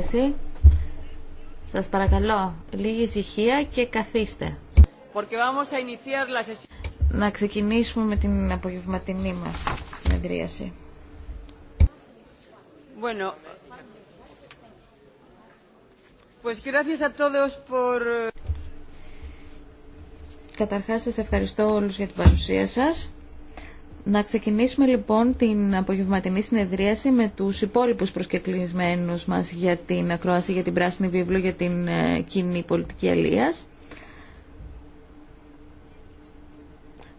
Σα Σας παρακαλώ, λίγη ησυχία και καθίστε. Να ξεκινήσουμε με την απογευματινή μας συνεδρίαση. Bueno. Pues a todos por... Καταρχάς σας ευχαριστώ όλους για την παρουσία σας. Να ξεκινήσουμε λοιπόν την απογευματινή συνεδρίαση με τους υπόλοιπους προσκεκλισμένους μας για την ακρόαση για την Πράσινη Βίβλο για την ε, κοινή πολιτική αλίας.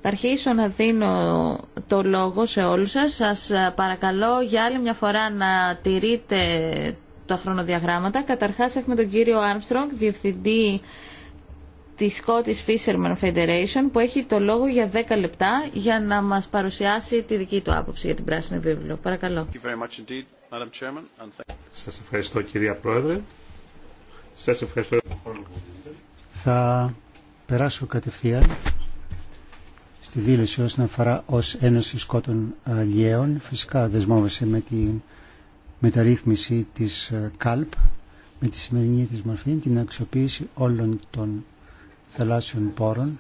Θα αρχίσω να δίνω το λόγο σε όλους σας. Σας ε, παρακαλώ για άλλη μια φορά να τηρείτε τα χρονοδιαγράμματα. Καταρχάς έχουμε τον κύριο Armstrong, Διευθυντή τη Scottish Fisherman Federation που έχει το λόγο για 10 λεπτά για να μας παρουσιάσει τη δική του άποψη για την Πράσινη Βίβλο. Παρακαλώ. Σας ευχαριστώ κυρία Πρόεδρε. Σας ευχαριστώ. Θα περάσω κατευθείαν στη δήλωση όσον αφορά ως Ένωση Σκότων Αλλιέων. Ε, Φυσικά δεσμόβεσαι με τη μεταρρύθμιση της ε, ΚΑΛΠ με τη σημερινή της μορφή την αξιοποίηση όλων των θελάσσιων πόρων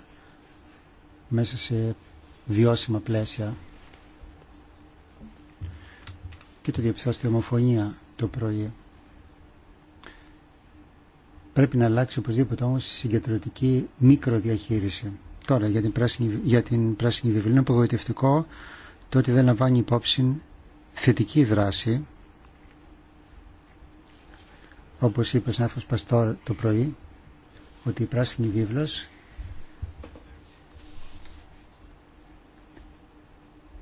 μέσα σε βιώσιμα πλαίσια και το διαψάστη ομοφωνία το πρωί. Πρέπει να αλλάξει οπωσδήποτε όμως η συγκεντρωτική μικροδιαχείριση. Τώρα για την πράσινη, για την πράσινη βιβλία είναι απογοητευτικό το ότι δεν λαμβάνει υπόψη θετική δράση όπως είπε ο Σνάφος Παστόρ το πρωί ότι η πράσινη βίβλος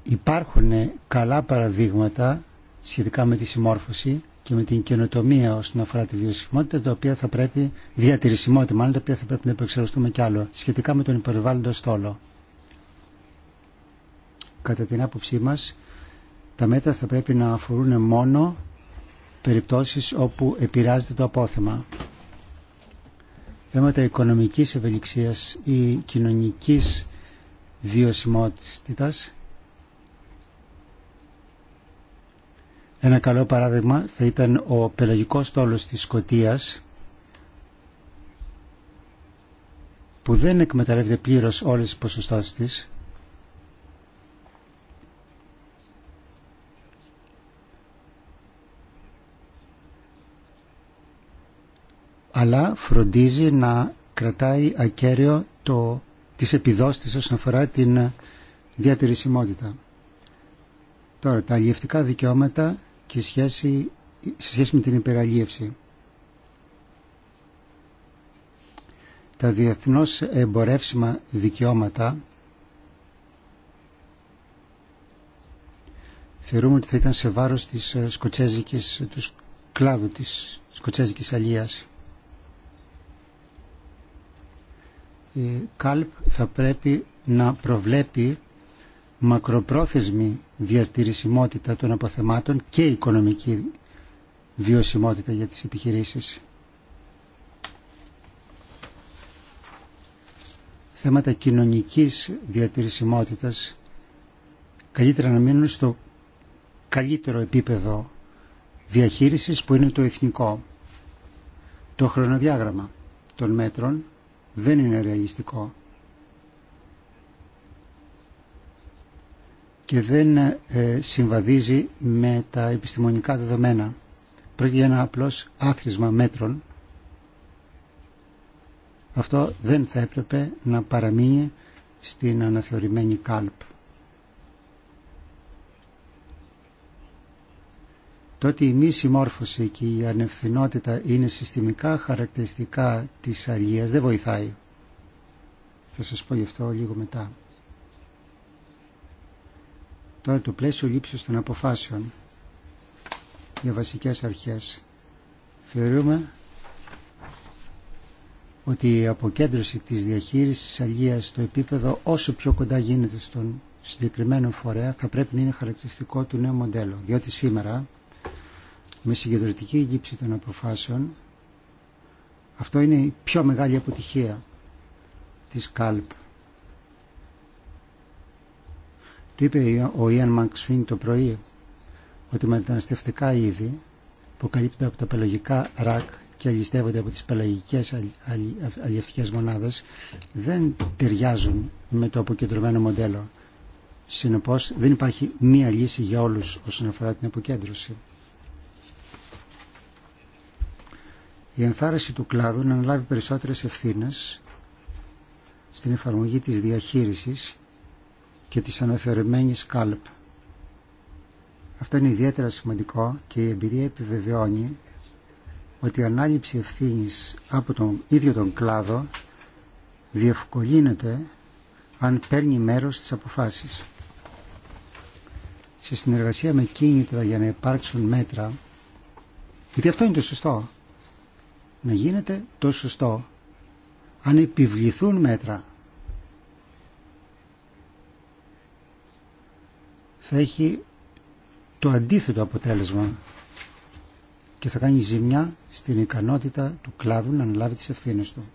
υπάρχουν καλά παραδείγματα σχετικά με τη συμμόρφωση και με την καινοτομία όσον αφορά τη βιωσιμότητα, τα οποία θα πρέπει, διατηρησιμότητα μάλλον, τα οποία θα πρέπει να επεξεργαστούμε κι άλλο, σχετικά με τον υπερβάλλοντο στόλο. Κατά την άποψή μας, τα μέτρα θα πρέπει να αφορούν μόνο περιπτώσεις όπου επηρεάζεται το απόθεμα θέματα οικονομικής ευελιξίας ή κοινωνικής βιωσιμότητας. Ένα καλό παράδειγμα θα ήταν ο πελαγικός στόλος της Σκοτίας που δεν εκμεταλλεύεται πλήρως όλες τις ποσοστάσεις της αλλά φροντίζει να κρατάει ακέραιο το, τις επιδόσεις όσον αφορά την διατηρησιμότητα. Τώρα, τα αλλιευτικά δικαιώματα και σχέση, σε σχέση με την υπεραλίευση. Τα διεθνώς εμπορεύσιμα δικαιώματα θεωρούμε ότι θα ήταν σε βάρος της ε, σκοτσέζικης, ε, του κλάδου της σκοτσέζικης αλλιάσης. η ΚΑΛΠ θα πρέπει να προβλέπει μακροπρόθεσμη διατηρησιμότητα των αποθεμάτων και οικονομική βιωσιμότητα για τις επιχειρήσεις. Θέματα κοινωνικής διατηρησιμότητας καλύτερα να μείνουν στο καλύτερο επίπεδο διαχείρισης που είναι το εθνικό. Το χρονοδιάγραμμα των μέτρων δεν είναι ρεαλιστικό. και δεν ε, συμβαδίζει με τα επιστημονικά δεδομένα. Πρόκειται για ένα απλώς άθροισμα μέτρων. Αυτό δεν θα έπρεπε να παραμείνει στην αναθεωρημένη κάλπ. Τότε η μη συμμόρφωση και η ανευθυνότητα είναι συστημικά χαρακτηριστικά της αλλίας, δεν βοηθάει. Θα σας πω γι' αυτό λίγο μετά. Τώρα το πλαίσιο λήψης των αποφάσεων για βασικές αρχές. Θεωρούμε ότι η αποκέντρωση της διαχείρισης της αλλίας στο επίπεδο όσο πιο κοντά γίνεται στον συγκεκριμένο φορέα θα πρέπει να είναι χαρακτηριστικό του νέου μοντέλου. Διότι σήμερα με συγκεντρωτική γύψη των αποφάσεων αυτό είναι η πιο μεγάλη αποτυχία της ΚΑΛΠ. Το είπε ο Ιαν Μαξουίν το πρωί ότι μεταναστευτικά είδη που καλύπτονται από τα πελογικά ρακ και αλληστεύονται από τις πελαγικές αλλιευτικές μονάδες δεν ταιριάζουν με το αποκεντρωμένο μοντέλο. Συνεπώς δεν υπάρχει μία λύση για όλους όσον αφορά την αποκέντρωση. η ενθάρρυνση του κλάδου να αναλάβει περισσότερες ευθύνες στην εφαρμογή της διαχείρισης και της αναφερεμένης κάλπ. Αυτό είναι ιδιαίτερα σημαντικό και η εμπειρία επιβεβαιώνει ότι η ανάληψη ευθύνης από τον ίδιο τον κλάδο διευκολύνεται αν παίρνει μέρος στις αποφάσεις. Σε συνεργασία με κίνητρα για να υπάρξουν μέτρα, γιατί αυτό είναι το σωστό, να γίνεται το σωστό. Αν επιβληθούν μέτρα θα έχει το αντίθετο αποτέλεσμα και θα κάνει ζημιά στην ικανότητα του κλάδου να αναλάβει τις ευθύνες του.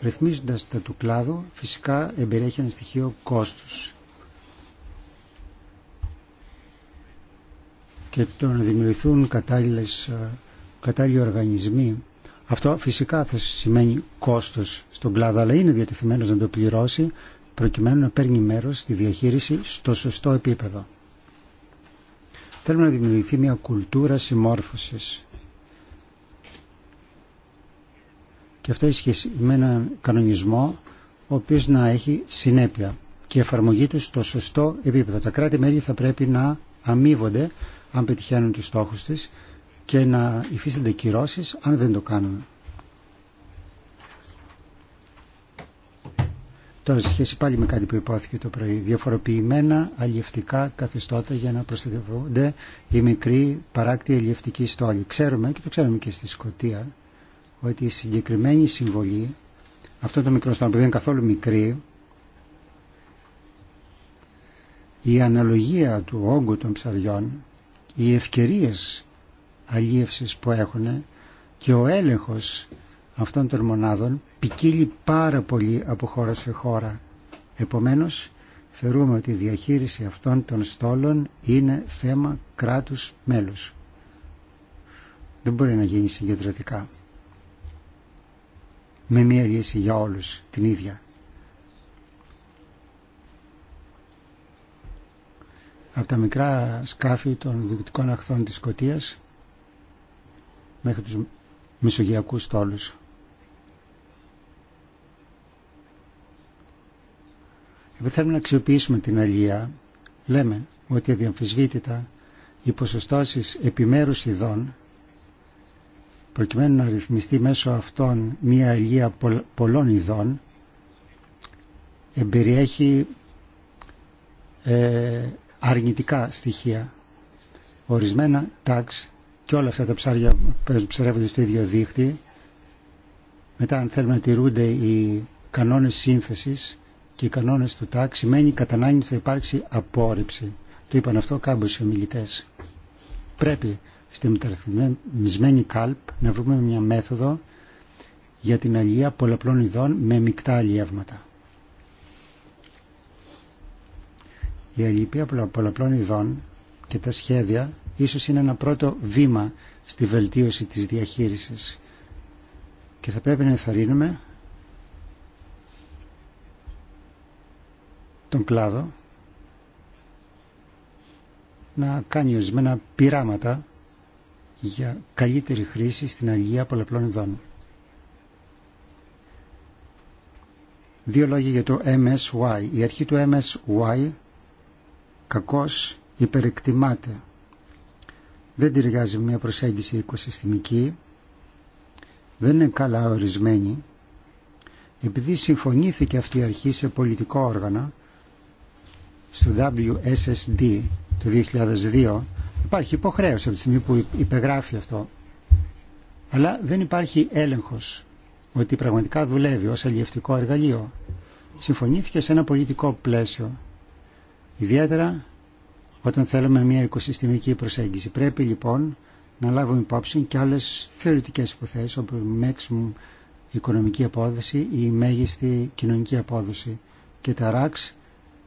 Ρυθμίζοντας τα του κλάδου φυσικά εμπεριέχει ένα στοιχείο κόστους. Και το να δημιουργηθούν κατάλληλες ε, κατάλληλοι οργανισμοί. Αυτό φυσικά θα σημαίνει κόστος στον κλάδο, αλλά είναι διατεθειμένος να το πληρώσει προκειμένου να παίρνει μέρος στη διαχείριση στο σωστό επίπεδο. Θέλουμε να δημιουργηθεί μια κουλτούρα συμμόρφωσης. Και αυτό ισχύει με έναν κανονισμό ο οποίος να έχει συνέπεια και εφαρμογή του στο σωστό επίπεδο. Τα κράτη-μέλη θα πρέπει να αμείβονται αν πετυχαίνουν τους στόχους της και να υφίστανται κυρώσεις αν δεν το κάνουν. Τώρα, σε σχέση πάλι με κάτι που υπόθηκε το πρωί, διαφοροποιημένα αλλιευτικά καθεστώτα για να προστατεύονται οι μικροί παράκτη αλλιευτικοί στόλοι. Ξέρουμε και το ξέρουμε και στη Σκοτία, ότι η συγκεκριμένη συμβολή αυτό το μικρό στόλο που δεν είναι καθόλου μικρή η αναλογία του όγκου των ψαριών οι ευκαιρίες αλίευσης που έχουν και ο έλεγχος αυτών των μονάδων ποικίλει πάρα πολύ από χώρα σε χώρα. Επομένως, θεωρούμε ότι η διαχείριση αυτών των στόλων είναι θέμα κράτους μέλους. Δεν μπορεί να γίνει συγκεντρωτικά. Με μία λύση για όλους, την ίδια. Από τα μικρά σκάφη των διοικητικών αχθών της Σκοτίας μέχρι τους μεσογειακούς στόλους. Επειδή θέλουμε να αξιοποιήσουμε την αλληλεία. λέμε ότι αδιαμφισβήτητα οι ποσοστώσεις επιμέρους ειδών, προκειμένου να ρυθμιστεί μέσω αυτών μία αλληλεία πολλών ειδών, εμπεριέχει ε, αρνητικά στοιχεία. Ορισμένα τάξη και όλα αυτά τα ψάρια ψαρεύονται στο ίδιο δίχτυ. Μετά αν θέλουμε να τηρούνται οι κανόνες σύνθεσης και οι κανόνες του τάξη, σημαίνει κατά ανάγκη θα υπάρξει απόρριψη. Το είπαν αυτό οι ομιλητέ. Πρέπει στη μεταρρυθμισμένη κάλπ να βρούμε μια μέθοδο για την αλληλεία πολλαπλών ειδών με μεικτά αλλιεύματα. Η αλληλεία πολλαπλών ειδών και τα σχέδια ίσως είναι ένα πρώτο βήμα στη βελτίωση της διαχείρισης και θα πρέπει να ενθαρρύνουμε τον κλάδο να κάνει ορισμένα πειράματα για καλύτερη χρήση στην αλληλεία πολλαπλών ειδών. Δύο λόγια για το MSY. Η αρχή του MSY κακώς υπερεκτιμάται δεν ταιριάζει μια προσέγγιση οικοσυστημική, δεν είναι καλά ορισμένη, επειδή συμφωνήθηκε αυτή η αρχή σε πολιτικό όργανο, στο WSSD το 2002, υπάρχει υποχρέωση από τη στιγμή που υπεγράφει αυτό, αλλά δεν υπάρχει έλεγχος ότι πραγματικά δουλεύει ως αλλιευτικό εργαλείο. Συμφωνήθηκε σε ένα πολιτικό πλαίσιο, ιδιαίτερα όταν θέλουμε μια οικοσυστημική προσέγγιση. Πρέπει λοιπόν να λάβουμε υπόψη και άλλες θεωρητικές υποθέσεις όπως maximum οικονομική απόδοση ή η μέγιστη κοινωνική απόδοση και τα RACS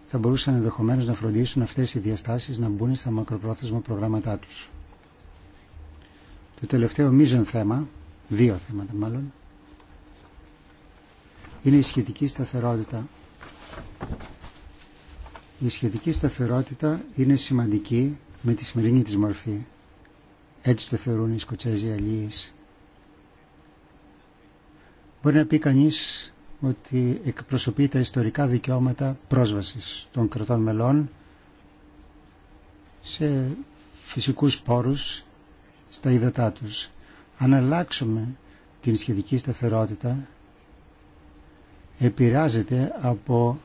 θα μπορούσαν ενδεχομένω να φροντίσουν αυτές οι διαστάσεις να μπουν στα μακροπρόθεσμα προγράμματά τους. Το τελευταίο μείζον θέμα, δύο θέματα μάλλον, είναι η σχετική σταθερότητα η σχετική σταθερότητα είναι σημαντική με τη σημερινή της μορφή. Έτσι το θεωρούν οι Σκοτσέζοι Αλλιείς. Μπορεί να πει κανείς ότι εκπροσωπεί τα ιστορικά δικαιώματα πρόσβασης των κρατών μελών σε φυσικούς πόρους στα υδατά τους. Αν αλλάξουμε την σχετική σταθερότητα επηρεάζεται από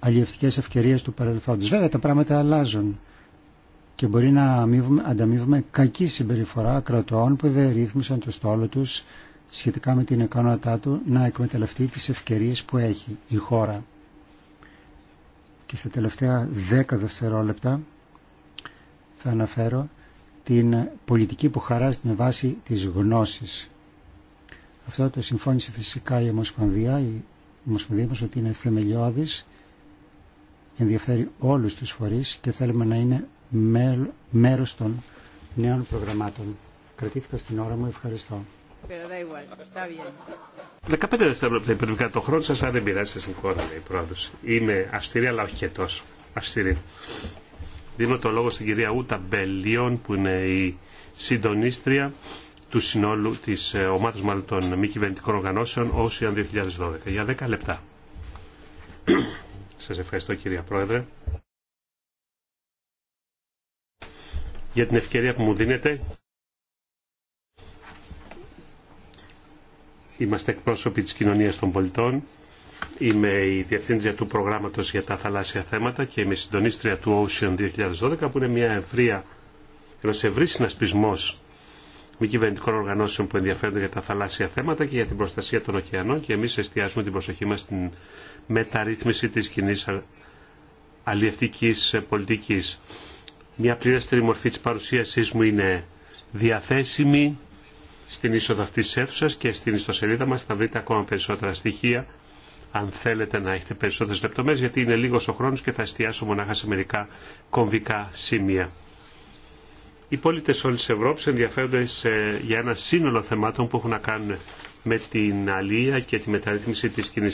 αλλιευτικές ευκαιρίες του παρελθόντος. Βέβαια τα πράγματα αλλάζουν και μπορεί να ανταμείβουμε κακή συμπεριφορά κρατών που δεν ρύθμισαν το στόλο τους σχετικά με την ικανότητά του να εκμεταλλευτεί τις ευκαιρίες που έχει η χώρα. Και στα τελευταία 10 δευτερόλεπτα θα αναφέρω την πολιτική που χαράζεται με βάση τις γνώσεις. Αυτό το συμφώνησε φυσικά η Ομοσπονδία, η Ομοσπονδία μας ότι είναι θεμελιώδης ενδιαφέρει όλους τους φορείς και θέλουμε να είναι μέρος των νέων προγραμμάτων. Κρατήθηκα στην ώρα μου, ευχαριστώ. 15 δευτερόλεπτα υπερβικά το χρόνο σα αν δεν πειράζει σας χώρα λέει η πρόεδρος. Είμαι αυστηρή, αλλά όχι και τόσο. Αυστηρή. Δίνω το λόγο στην κυρία Ούτα Μπελιών, που είναι η συντονίστρια του συνόλου της ε, ομάδας μάλλον των μη κυβερνητικών οργανώσεων όσοι 2012 για 10 λεπτά. Σας ευχαριστώ κυρία Πρόεδρε. Για την ευκαιρία που μου δίνετε. Είμαστε εκπρόσωποι της κοινωνίας των πολιτών. Είμαι η Διευθύντρια του Προγράμματος για τα Θαλάσσια Θέματα και είμαι συντονίστρια του Ocean 2012 που είναι μια ευρία, ένας ευρύς συνασπισμός μη κυβερνητικών οργανώσεων που ενδιαφέρονται για τα θαλάσσια θέματα και για την προστασία των ωκεανών και εμείς εστιάζουμε την προσοχή μας στην μεταρρύθμιση της κοινή αλλιευτικής πολιτικής. Μια πλήρεστερη μορφή της παρουσίασής μου είναι διαθέσιμη στην είσοδο αυτή τη αίθουσα και στην ιστοσελίδα μα θα βρείτε ακόμα περισσότερα στοιχεία αν θέλετε να έχετε περισσότερε λεπτομέρειε, γιατί είναι λίγο ο χρόνο και θα εστιάσω μονάχα σε μερικά κομβικά σημεία. Οι πολίτε όλη τη Ευρώπη ενδιαφέρονται σε, για ένα σύνολο θεμάτων που έχουν να κάνουν με την αλία και τη μεταρρύθμιση τη κοινή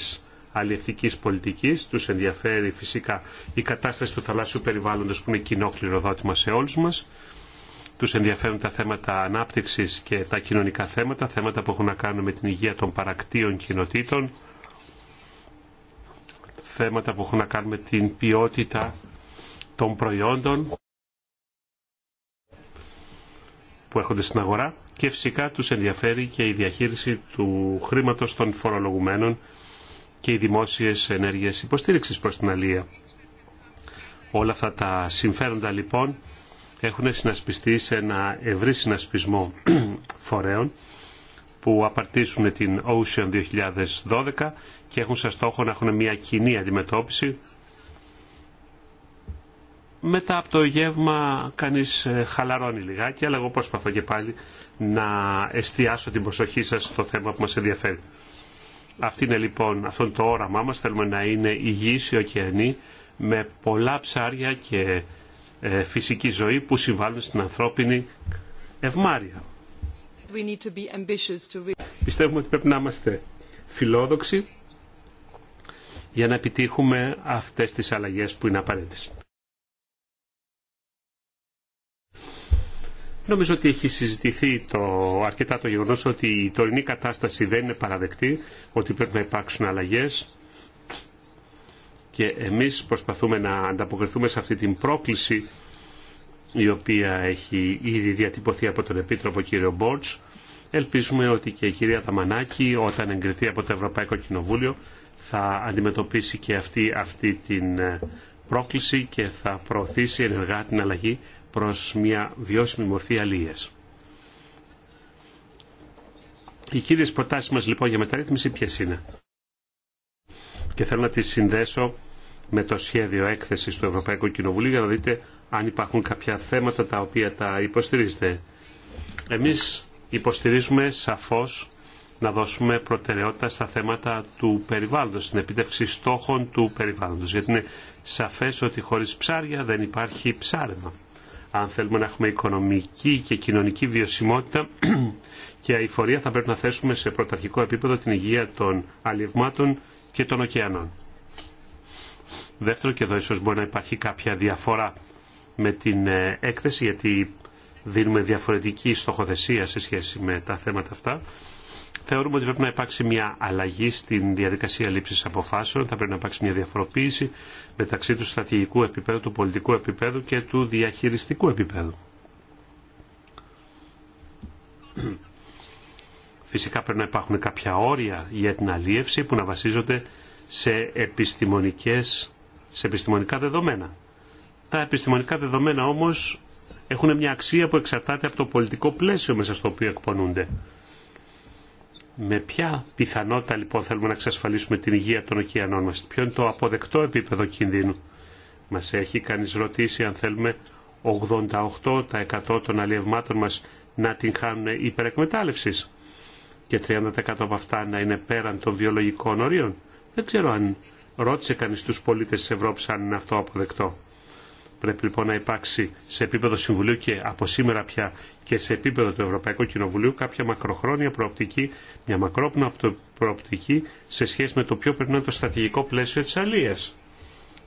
αλληλευτική πολιτική. Του ενδιαφέρει φυσικά η κατάσταση του θαλάσσιου περιβάλλοντο που είναι κοινό κληροδότημα σε όλου μα. Του ενδιαφέρουν τα θέματα ανάπτυξη και τα κοινωνικά θέματα, θέματα που έχουν να κάνουν με την υγεία των παρακτήων κοινοτήτων, θέματα που έχουν να κάνουν με την ποιότητα των προϊόντων που έρχονται στην αγορά και φυσικά τους ενδιαφέρει και η διαχείριση του χρήματος των φορολογουμένων και οι δημόσιες ενέργειες υποστήριξης προς την αλία. Όλα αυτά τα συμφέροντα λοιπόν έχουν συνασπιστεί σε ένα ευρύ συνασπισμό φορέων που απαρτίσουν την Ocean 2012 και έχουν σαν στόχο να έχουν μια κοινή αντιμετώπιση μετά από το γεύμα κανείς ε, χαλαρώνει λιγάκι, αλλά εγώ προσπαθώ και πάλι να εστιάσω την προσοχή σας στο θέμα που μας ενδιαφέρει. Αυτή είναι λοιπόν, αυτό είναι το όραμά μας, θέλουμε να είναι υγιής οι ωκεανοί με πολλά ψάρια και ε, φυσική ζωή που συμβάλλουν στην ανθρώπινη ευμάρεια. Πιστεύουμε ότι πρέπει να είμαστε φιλόδοξοι για να επιτύχουμε αυτές τις αλλαγές που είναι απαραίτητες. Νομίζω ότι έχει συζητηθεί το, αρκετά το γεγονός ότι η τωρινή κατάσταση δεν είναι παραδεκτή, ότι πρέπει να υπάρξουν αλλαγές και εμείς προσπαθούμε να ανταποκριθούμε σε αυτή την πρόκληση η οποία έχει ήδη διατυπωθεί από τον Επίτροπο κύριο Μπόρτς. Ελπίζουμε ότι και η κυρία Ταμανάκη όταν εγκριθεί από το Ευρωπαϊκό Κοινοβούλιο θα αντιμετωπίσει και αυτή, αυτή την ε, πρόκληση και θα προωθήσει ενεργά την αλλαγή προς μια βιώσιμη μορφή αλίας. Οι κύριες προτάσεις μας λοιπόν για μεταρρύθμιση ποιες είναι. Και θέλω να τις συνδέσω με το σχέδιο έκθεσης του Ευρωπαϊκού Κοινοβουλίου για να δείτε αν υπάρχουν κάποια θέματα τα οποία τα υποστηρίζετε. Εμείς υποστηρίζουμε σαφώς να δώσουμε προτεραιότητα στα θέματα του περιβάλλοντος, στην επίτευξη στόχων του περιβάλλοντος. Γιατί είναι σαφές ότι χωρίς ψάρια δεν υπάρχει ψάρεμα. Αν θέλουμε να έχουμε οικονομική και κοινωνική βιωσιμότητα και αηφορία θα πρέπει να θέσουμε σε πρωταρχικό επίπεδο την υγεία των αλλιευμάτων και των ωκεανών. Δεύτερο και εδώ ίσως μπορεί να υπάρχει κάποια διαφορά με την ε, έκθεση γιατί δίνουμε διαφορετική στοχοθεσία σε σχέση με τα θέματα αυτά. Θεωρούμε ότι πρέπει να υπάρξει μια αλλαγή στην διαδικασία λήψη αποφάσεων, θα πρέπει να υπάρξει μια διαφοροποίηση μεταξύ του στρατηγικού επίπεδου, του πολιτικού επίπεδου και του διαχειριστικού επίπεδου. Φυσικά πρέπει να υπάρχουν κάποια όρια για την αλίευση που να βασίζονται σε, επιστημονικές, σε επιστημονικά δεδομένα. Τα επιστημονικά δεδομένα όμως έχουν μια αξία που εξαρτάται από το πολιτικό πλαίσιο μέσα στο οποίο εκπονούνται. Με ποια πιθανότητα λοιπόν θέλουμε να εξασφαλίσουμε την υγεία των ωκεανών μας. Ποιο είναι το αποδεκτό επίπεδο κινδύνου. Μας έχει κανείς ρωτήσει αν θέλουμε 88% των αλλιευμάτων μας να την χάνουν υπερεκμετάλλευσης και 30% από αυτά να είναι πέραν των βιολογικών ορίων. Δεν ξέρω αν ρώτησε κανείς τους πολίτες της Ευρώπης αν είναι αυτό αποδεκτό. Πρέπει λοιπόν να υπάρξει σε επίπεδο Συμβουλίου και από σήμερα πια και σε επίπεδο του Ευρωπαϊκού Κοινοβουλίου κάποια μακροχρόνια προοπτική, μια μακρόπνοα προοπτική σε σχέση με το ποιο πρέπει να είναι το στρατηγικό πλαίσιο της αλίας.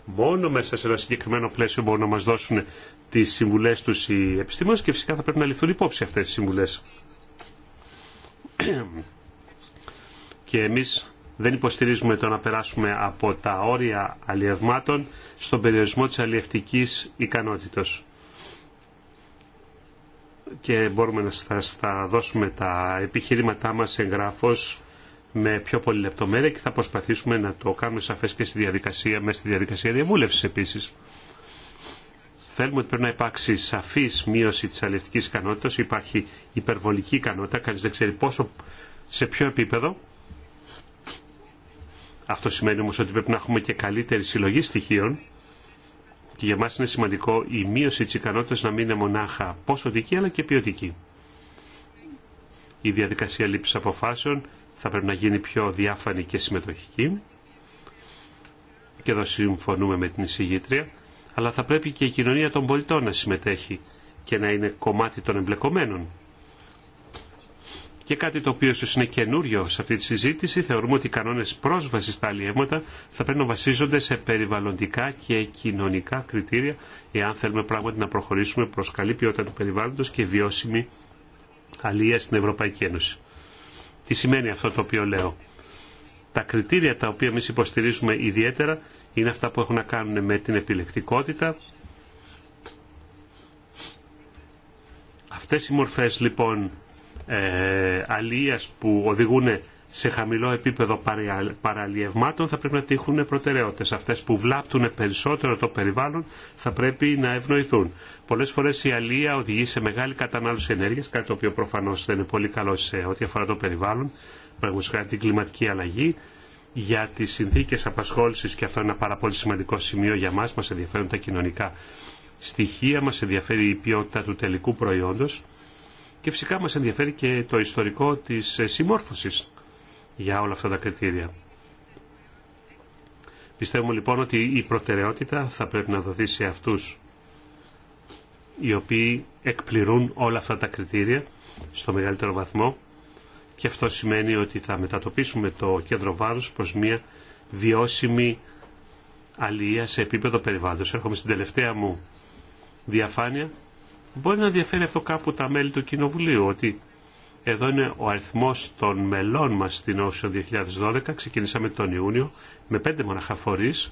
Μόνο μέσα σε ένα συγκεκριμένο πλαίσιο μπορούν να μας δώσουν τις συμβουλές τους οι επιστήμονες και φυσικά θα πρέπει να ληφθούν υπόψη αυτές τις συμβουλές. και εμείς δεν υποστηρίζουμε το να περάσουμε από τα όρια αλλιευμάτων στον περιορισμό της αλλιευτικής ικανότητας και μπορούμε να σας δώσουμε τα επιχειρήματά μας εγγράφως με πιο πολύ λεπτομέρεια και θα προσπαθήσουμε να το κάνουμε σαφές και στη διαδικασία, μέσα στη διαδικασία διαβούλευσης επίσης. Θέλουμε ότι πρέπει να υπάρξει σαφή μείωση τη αλληλευτική ικανότητα. υπάρχει υπερβολική ικανότητα, Κανεί δεν ξέρει πόσο, σε ποιο επίπεδο. Αυτό σημαίνει όμω ότι πρέπει να έχουμε και καλύτερη συλλογή στοιχείων και για μας είναι σημαντικό η μείωση της ικανότητας να μην είναι μονάχα ποσοτική αλλά και ποιοτική. Η διαδικασία λήψης αποφάσεων θα πρέπει να γίνει πιο διάφανη και συμμετοχική. Και εδώ συμφωνούμε με την εισηγήτρια. Αλλά θα πρέπει και η κοινωνία των πολιτών να συμμετέχει και να είναι κομμάτι των εμπλεκομένων και κάτι το οποίο ίσω είναι καινούριο σε αυτή τη συζήτηση, θεωρούμε ότι οι κανόνε πρόσβαση στα αλλιεύματα θα πρέπει να βασίζονται σε περιβαλλοντικά και κοινωνικά κριτήρια, εάν θέλουμε πράγματι να προχωρήσουμε προς καλή ποιότητα του περιβάλλοντο και βιώσιμη αλληλεία στην Ευρωπαϊκή Ένωση. Τι σημαίνει αυτό το οποίο λέω. Τα κριτήρια τα οποία εμεί υποστηρίζουμε ιδιαίτερα είναι αυτά που έχουν να κάνουν με την επιλεκτικότητα. Αυτές οι μορφές λοιπόν ε, που οδηγούν σε χαμηλό επίπεδο παραλιευμάτων θα πρέπει να τύχουν προτεραιότητες. Αυτές που βλάπτουν περισσότερο το περιβάλλον θα πρέπει να ευνοηθούν. Πολλές φορές η αλία οδηγεί σε μεγάλη κατανάλωση ενέργειας, κάτι το οποίο προφανώς δεν είναι πολύ καλό σε ό,τι αφορά το περιβάλλον, πραγματικά την κλιματική αλλαγή, για τις συνθήκες απασχόλησης και αυτό είναι ένα πάρα πολύ σημαντικό σημείο για μας, μας ενδιαφέρουν τα κοινωνικά στοιχεία, μας ενδιαφέρει η ποιότητα του τελικού προϊόντος και φυσικά μας ενδιαφέρει και το ιστορικό της ε, συμμόρφωσης για όλα αυτά τα κριτήρια. Πιστεύουμε λοιπόν ότι η προτεραιότητα θα πρέπει να δοθεί σε αυτούς οι οποίοι εκπληρούν όλα αυτά τα κριτήρια στο μεγαλύτερο βαθμό και αυτό σημαίνει ότι θα μετατοπίσουμε το κέντρο βάρους προς μια βιώσιμη αλληλεία σε επίπεδο περιβάλλοντος. Έρχομαι στην τελευταία μου διαφάνεια Μπορεί να ενδιαφέρει αυτό κάπου τα μέλη του Κοινοβουλίου, ότι εδώ είναι ο αριθμός των μελών μας στην Όσιο 2012. Ξεκινήσαμε τον Ιούνιο με πέντε μοναχα φορείς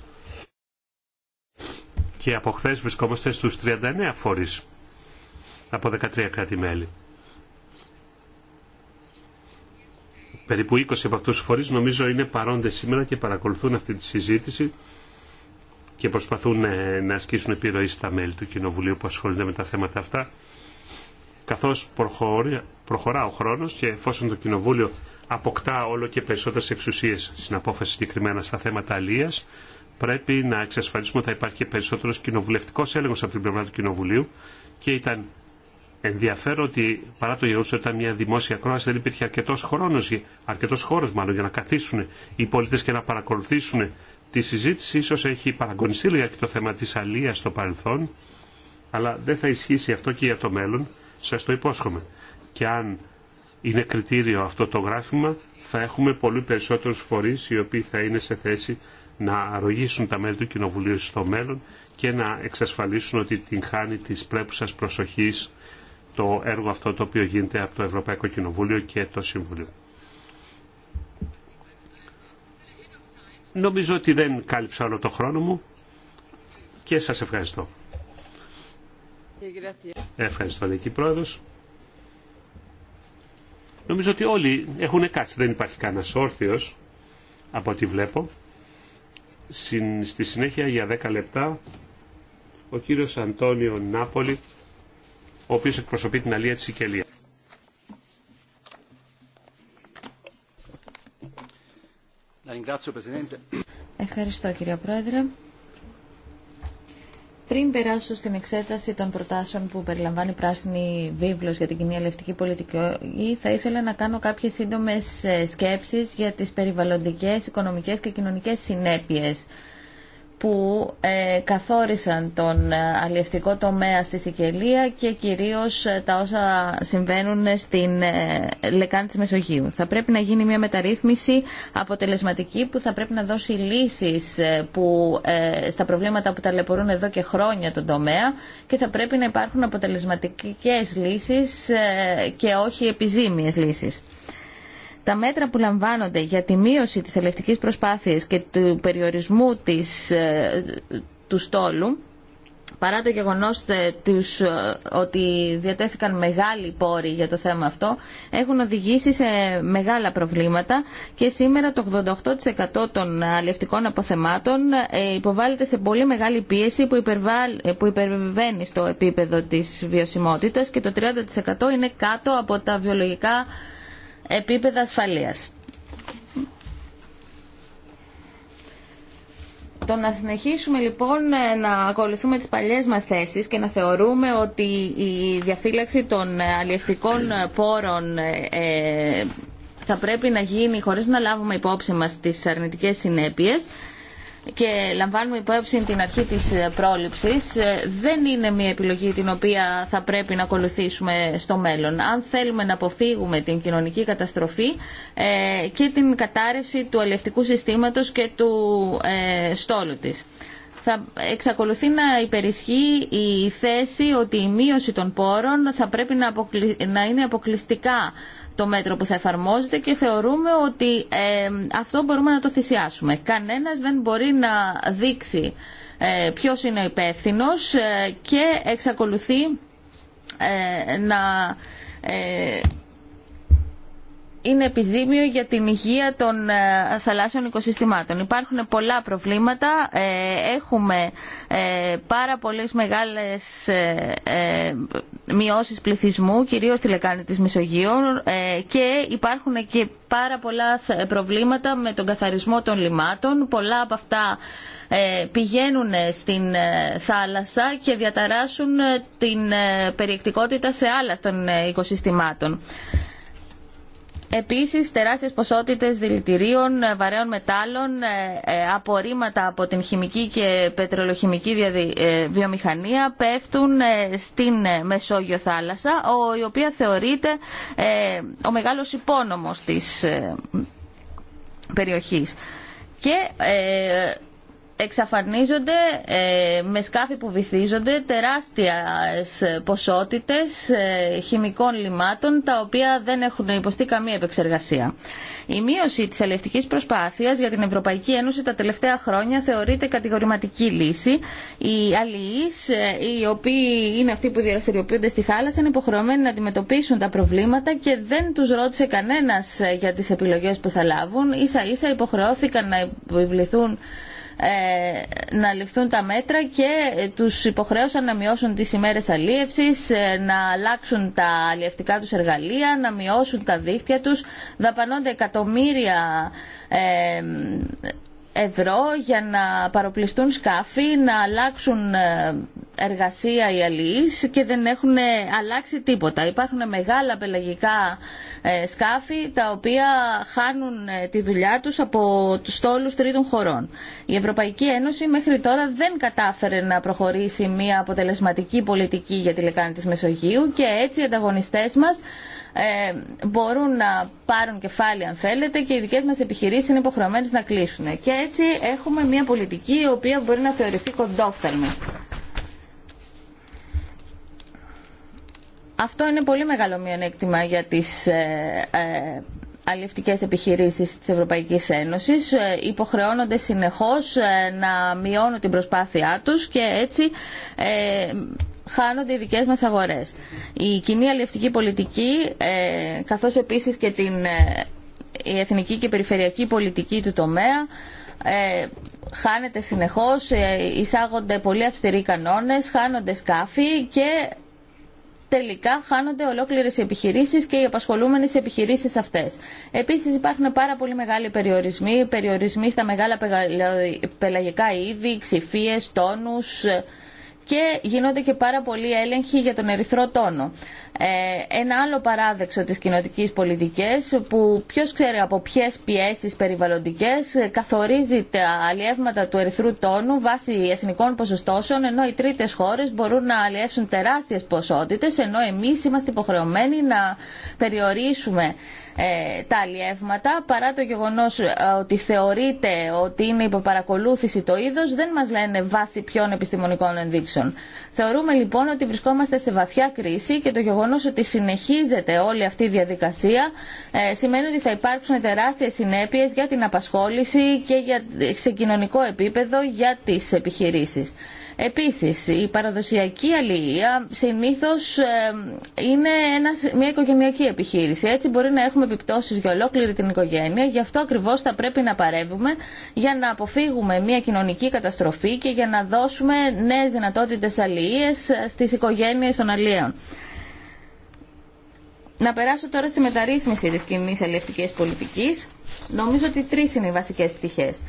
και από χθε βρισκόμαστε στους 39 φορείς από 13 κράτη-μέλη. Περίπου 20 από αυτούς τους φορείς νομίζω είναι παρόντες σήμερα και παρακολουθούν αυτή τη συζήτηση και προσπαθούν ε, να ασκήσουν επιρροή στα μέλη του Κοινοβουλίου που ασχολούνται με τα θέματα αυτά. καθώ προχωρά ο χρόνο και εφόσον το Κοινοβούλιο αποκτά όλο και περισσότερε εξουσίε στην απόφαση συγκεκριμένα στα θέματα αλίας, πρέπει να εξασφαλίσουμε ότι θα υπάρχει και περισσότερος κοινοβουλευτικό έλεγχο από την πλευρά του Κοινοβουλίου και ήταν ενδιαφέρον ότι παρά το γεγονό ότι ήταν μια δημόσια κρόαση δεν υπήρχε αρκετό χρόνο, αρκετό χώρο μάλλον για να καθίσουν οι πολίτε και να παρακολουθήσουν τη συζήτηση ίσω έχει παραγωνιστεί λίγα και το θέμα τη αλλία στο παρελθόν, αλλά δεν θα ισχύσει αυτό και για το μέλλον, σα το υπόσχομαι. Και αν είναι κριτήριο αυτό το γράφημα, θα έχουμε πολύ περισσότερου φορεί οι οποίοι θα είναι σε θέση να αρρωγήσουν τα μέλη του Κοινοβουλίου στο μέλλον και να εξασφαλίσουν ότι την χάνει τη πρέπουσα προσοχή το έργο αυτό το οποίο γίνεται από το Ευρωπαϊκό Κοινοβούλιο και το Συμβούλιο. Νομίζω ότι δεν κάλυψα όλο το χρόνο μου και σας ευχαριστώ. Ευχαριστώ, Νίκη Πρόεδρος. Νομίζω ότι όλοι έχουν κάτσει, δεν υπάρχει κανένα όρθιος από ό,τι βλέπω. Στη συνέχεια για 10 λεπτά ο κύριος Αντώνιο Νάπολη, ο οποίος εκπροσωπεί την Αλία της Σικελίας. Ευχαριστώ κύριε Πρόεδρε. Πριν περάσω στην εξέταση των προτάσεων που περιλαμβάνει πράσινη βίβλος για την κοινή ελευτική πολιτική, θα ήθελα να κάνω κάποιες σύντομες ε, σκέψεις για τις περιβαλλοντικές, οικονομικές και κοινωνικές συνέπειες που ε, καθόρισαν τον ε, αλλιευτικό τομέα στη Σικελία και κυρίως ε, τα όσα συμβαίνουν στην λεκάνη της Μεσογείου. Θα πρέπει να γίνει μια μεταρρύθμιση αποτελεσματική που θα πρέπει να δώσει λύσεις που, στα προβλήματα που ταλαιπωρούν εδώ και χρόνια τον τομέα και θα πρέπει να υπάρχουν αποτελεσματικές λύσεις και όχι επιζήμιες λύσεις τα μέτρα που λαμβάνονται για τη μείωση της ελευτικής προσπάθειας και του περιορισμού της, ε, του στόλου παρά το γεγονός ε, τους, ε, ότι διατέθηκαν μεγάλοι πόροι για το θέμα αυτό, έχουν οδηγήσει σε μεγάλα προβλήματα και σήμερα το 88% των αλληλευτικών αποθεμάτων υποβάλλεται σε πολύ μεγάλη πίεση που, που υπερβαίνει στο επίπεδο της βιωσιμότητας και το 30% είναι κάτω από τα βιολογικά επίπεδα ασφαλείας. Το να συνεχίσουμε λοιπόν ε, να ακολουθούμε τις παλιές μας θέσεις και να θεωρούμε ότι η διαφύλαξη των ε, αλλιευτικών ε, πόρων θα πρέπει να γίνει χωρίς να λάβουμε υπόψη μας τις αρνητικές συνέπειες και λαμβάνουμε υπόψη την αρχή της ε, πρόληψης ε, δεν είναι μια επιλογή την οποία θα πρέπει να ακολουθήσουμε στο μέλλον. Αν θέλουμε να αποφύγουμε την κοινωνική καταστροφή ε, και την κατάρρευση του αλληλευτικού συστήματος και του στόλου της θα εξακολουθεί να υπερισχύει η θέση ότι η μείωση των πόρων θα πρέπει να, να είναι αποκλειστικά το μέτρο που θα εφαρμόζεται και θεωρούμε ότι ε, αυτό μπορούμε να το θυσιάσουμε. Κανένας δεν μπορεί να δείξει ε, ποιος είναι ο υπεύθυνος ε, και εξακολουθεί ε, να ε, είναι επιζήμιο για την υγεία των ε, θαλάσσιων οικοσυστημάτων. Υπάρχουν πολλά προβλήματα. Ε, έχουμε ε, πάρα πολλές μεγάλες μειώσεις πληθυσμού, κυρίως στη λεκάνη της Μεσογείου και υπάρχουν και πάρα πολλά προβλήματα με τον καθαρισμό των λιμάτων. Πολλά από αυτά πηγαίνουν στην θάλασσα και διαταράσσουν την περιεκτικότητα σε άλλα των οικοσυστημάτων. Επίσης, τεράστιες ποσότητες δηλητηρίων, ε, βαρέων μετάλλων, ε, ε, απορρίμματα από την χημική και πετρελοχημική βιομηχανία πέφτουν στην Μεσόγειο θάλασσα, η οποία θεωρείται ο μεγάλος υπόνομος της περιοχής. Και εξαφανίζονται ε, με σκάφη που βυθίζονται τεράστιες ποσότητες ε, χημικών λιμάτων τα οποία δεν έχουν υποστεί καμία επεξεργασία. Η μείωση της αλληλευτικής προσπάθειας για την Ευρωπαϊκή Ένωση τα τελευταία χρόνια θεωρείται κατηγορηματική λύση. Οι αλληλείς, ε, οι οποίοι είναι αυτοί που διαστηριοποιούνται στη θάλασσα, είναι υποχρεωμένοι να αντιμετωπίσουν τα προβλήματα και δεν τους ρώτησε κανένας για τις επιλογές που θα λάβουν. Ίσα ίσα υποχρεώθηκαν να επιβληθούν ε, να ληφθούν τα μέτρα και τους υποχρέωσαν να μειώσουν τις ημέρες αλίευσης, ε, να αλλάξουν τα αλλιευτικά τους εργαλεία, να μειώσουν τα δίχτυα τους. Δαπανώνται εκατομμύρια ε, ευρώ για να παροπλιστούν σκάφη, να αλλάξουν ε, εργασία οι αλληλείς και δεν έχουν ε, αλλάξει τίποτα. Υπάρχουν μεγάλα πελαγικά ε, σκάφη τα οποία χάνουν τη δουλειά τους από τους στόλους τρίτων χωρών. Η Ευρωπαϊκή Ένωση μέχρι τώρα δεν κατάφερε να προχωρήσει μια αποτελεσματική πολιτική για τη λεκάνη της Μεσογείου και έτσι οι ανταγωνιστές μας ε, μπορούν να πάρουν κεφάλαια αν θέλετε και οι δικές μας επιχειρήσεις είναι υποχρεωμένες να κλείσουν. Και έτσι έχουμε μια πολιτική η οποία μπορεί να θεωρηθεί κοντόφθαλμη. Αυτό είναι πολύ μεγάλο μειονέκτημα για τις ε, ε, αλληλευτικές επιχειρήσεις της Ευρωπαϊκής Ένωσης υποχρεώνονται συνεχώς να μειώνουν την προσπάθειά τους και έτσι χάνονται οι δικέ μας αγορέ. Η κοινή αλληλευτική πολιτική, ε, καθώς επίσης και την, ε, η εθνική και περιφερειακή πολιτική του τομέα, ε, χάνεται συνεχώς, ε, εισάγονται πολύ αυστηροί κανόνες, χάνονται σκάφη και τελικά χάνονται ολόκληρε οι επιχειρήσει και οι απασχολούμενε επιχειρήσει αυτέ. Επίση υπάρχουν πάρα πολύ μεγάλοι περιορισμοί, περιορισμοί στα μεγάλα πελαγικά είδη, ξυφίε, τόνου, ε, και γίνονται και πάρα πολλοί έλεγχοι για τον ερυθρό τόνο. Ε, ένα άλλο παράδεξο της κοινοτικής πολιτικής που ποιος ξέρει από ποιες πιέσεις περιβαλλοντικές ε, καθορίζει τα αλλιεύματα του ερυθρού τόνου βάσει εθνικών ποσοστώσεων ενώ οι τρίτες χώρες μπορούν να αλλιεύσουν τεράστιες ποσότητες ενώ εμείς είμαστε υποχρεωμένοι να περιορίσουμε ε, τα αλλιεύματα παρά το γεγονός ότι θεωρείται ότι είναι παρακολούθηση το είδος δεν μας λένε βάσει ποιων επιστημονικών ενδείξεων. Θεωρούμε λοιπόν ότι βρισκόμαστε σε βαθιά κρίση και το γεγονός ότι συνεχίζεται όλη αυτή η διαδικασία ε, σημαίνει ότι θα υπάρξουν τεράστιε συνέπειες για την απασχόληση και για, σε κοινωνικό επίπεδο για τις επιχειρήσεις. Επίσης, η παραδοσιακή αλληλεία συνήθως ε, είναι μια οικογενειακή επιχείρηση. Έτσι μπορεί να έχουμε επιπτώσεις για ολόκληρη την οικογένεια. Γι' αυτό ακριβώς θα πρέπει να παρεύουμε για να αποφύγουμε μια κοινωνική καταστροφή και για να δώσουμε νέες δυνατότητες αλληλείες ε, στις οικογένειες των αλληλείων. Να περάσω τώρα στη μεταρρύθμιση της κοινή αλληλευτικής πολιτικής. Νομίζω ότι τρεις είναι οι βασικές πτυχές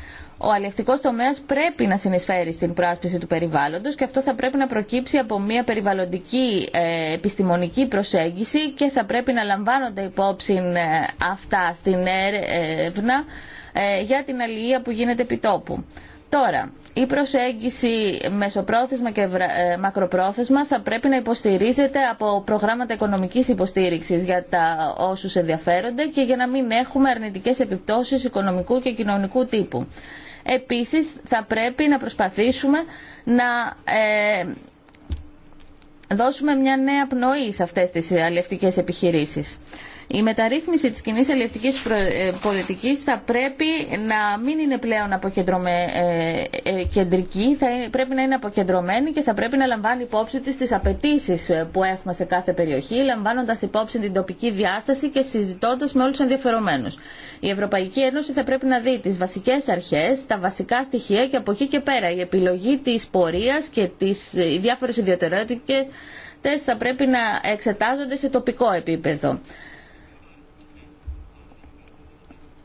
ο αλληλευτικός τομέας πρέπει να συνεισφέρει στην προάσπιση του περιβάλλοντος και αυτό θα πρέπει να προκύψει από μια περιβαλλοντική ε, επιστημονική προσέγγιση και θα πρέπει να λαμβάνονται υπόψη ε, αυτά στην έρευνα ε, για την αλληλεία που γίνεται επί τόπου. Τώρα, η προσέγγιση μεσοπρόθεσμα και μακροπρόθεσμα θα πρέπει να υποστηρίζεται από προγράμματα οικονομικής υποστήριξης για τα όσους ενδιαφέρονται και για να μην έχουμε αρνητικές επιπτώσεις οικονομικού και κοινωνικού τύπου. Επίσης θα πρέπει να προσπαθήσουμε να ε, δώσουμε μια νέα πνοή σε αυτές τις αλληλευτικές επιχειρήσεις. Η μεταρρύθμιση της κοινή ελευτικής ε, πολιτικής θα πρέπει να μην είναι πλέον ε, ε, κεντρική, θα πρέπει να είναι αποκεντρωμένη και θα πρέπει να λαμβάνει υπόψη της τις απαιτήσει που έχουμε σε κάθε περιοχή, λαμβάνοντας υπόψη την τοπική διάσταση και συζητώντας με όλους τους ενδιαφερομένους. Η Ευρωπαϊκή Ένωση θα πρέπει να δει τις βασικές αρχές, τα βασικά στοιχεία και από εκεί και πέρα η επιλογή της πορείας και τις διάφορες ιδιαιτερότητες θα πρέπει να εξετάζονται σε τοπικό επίπεδο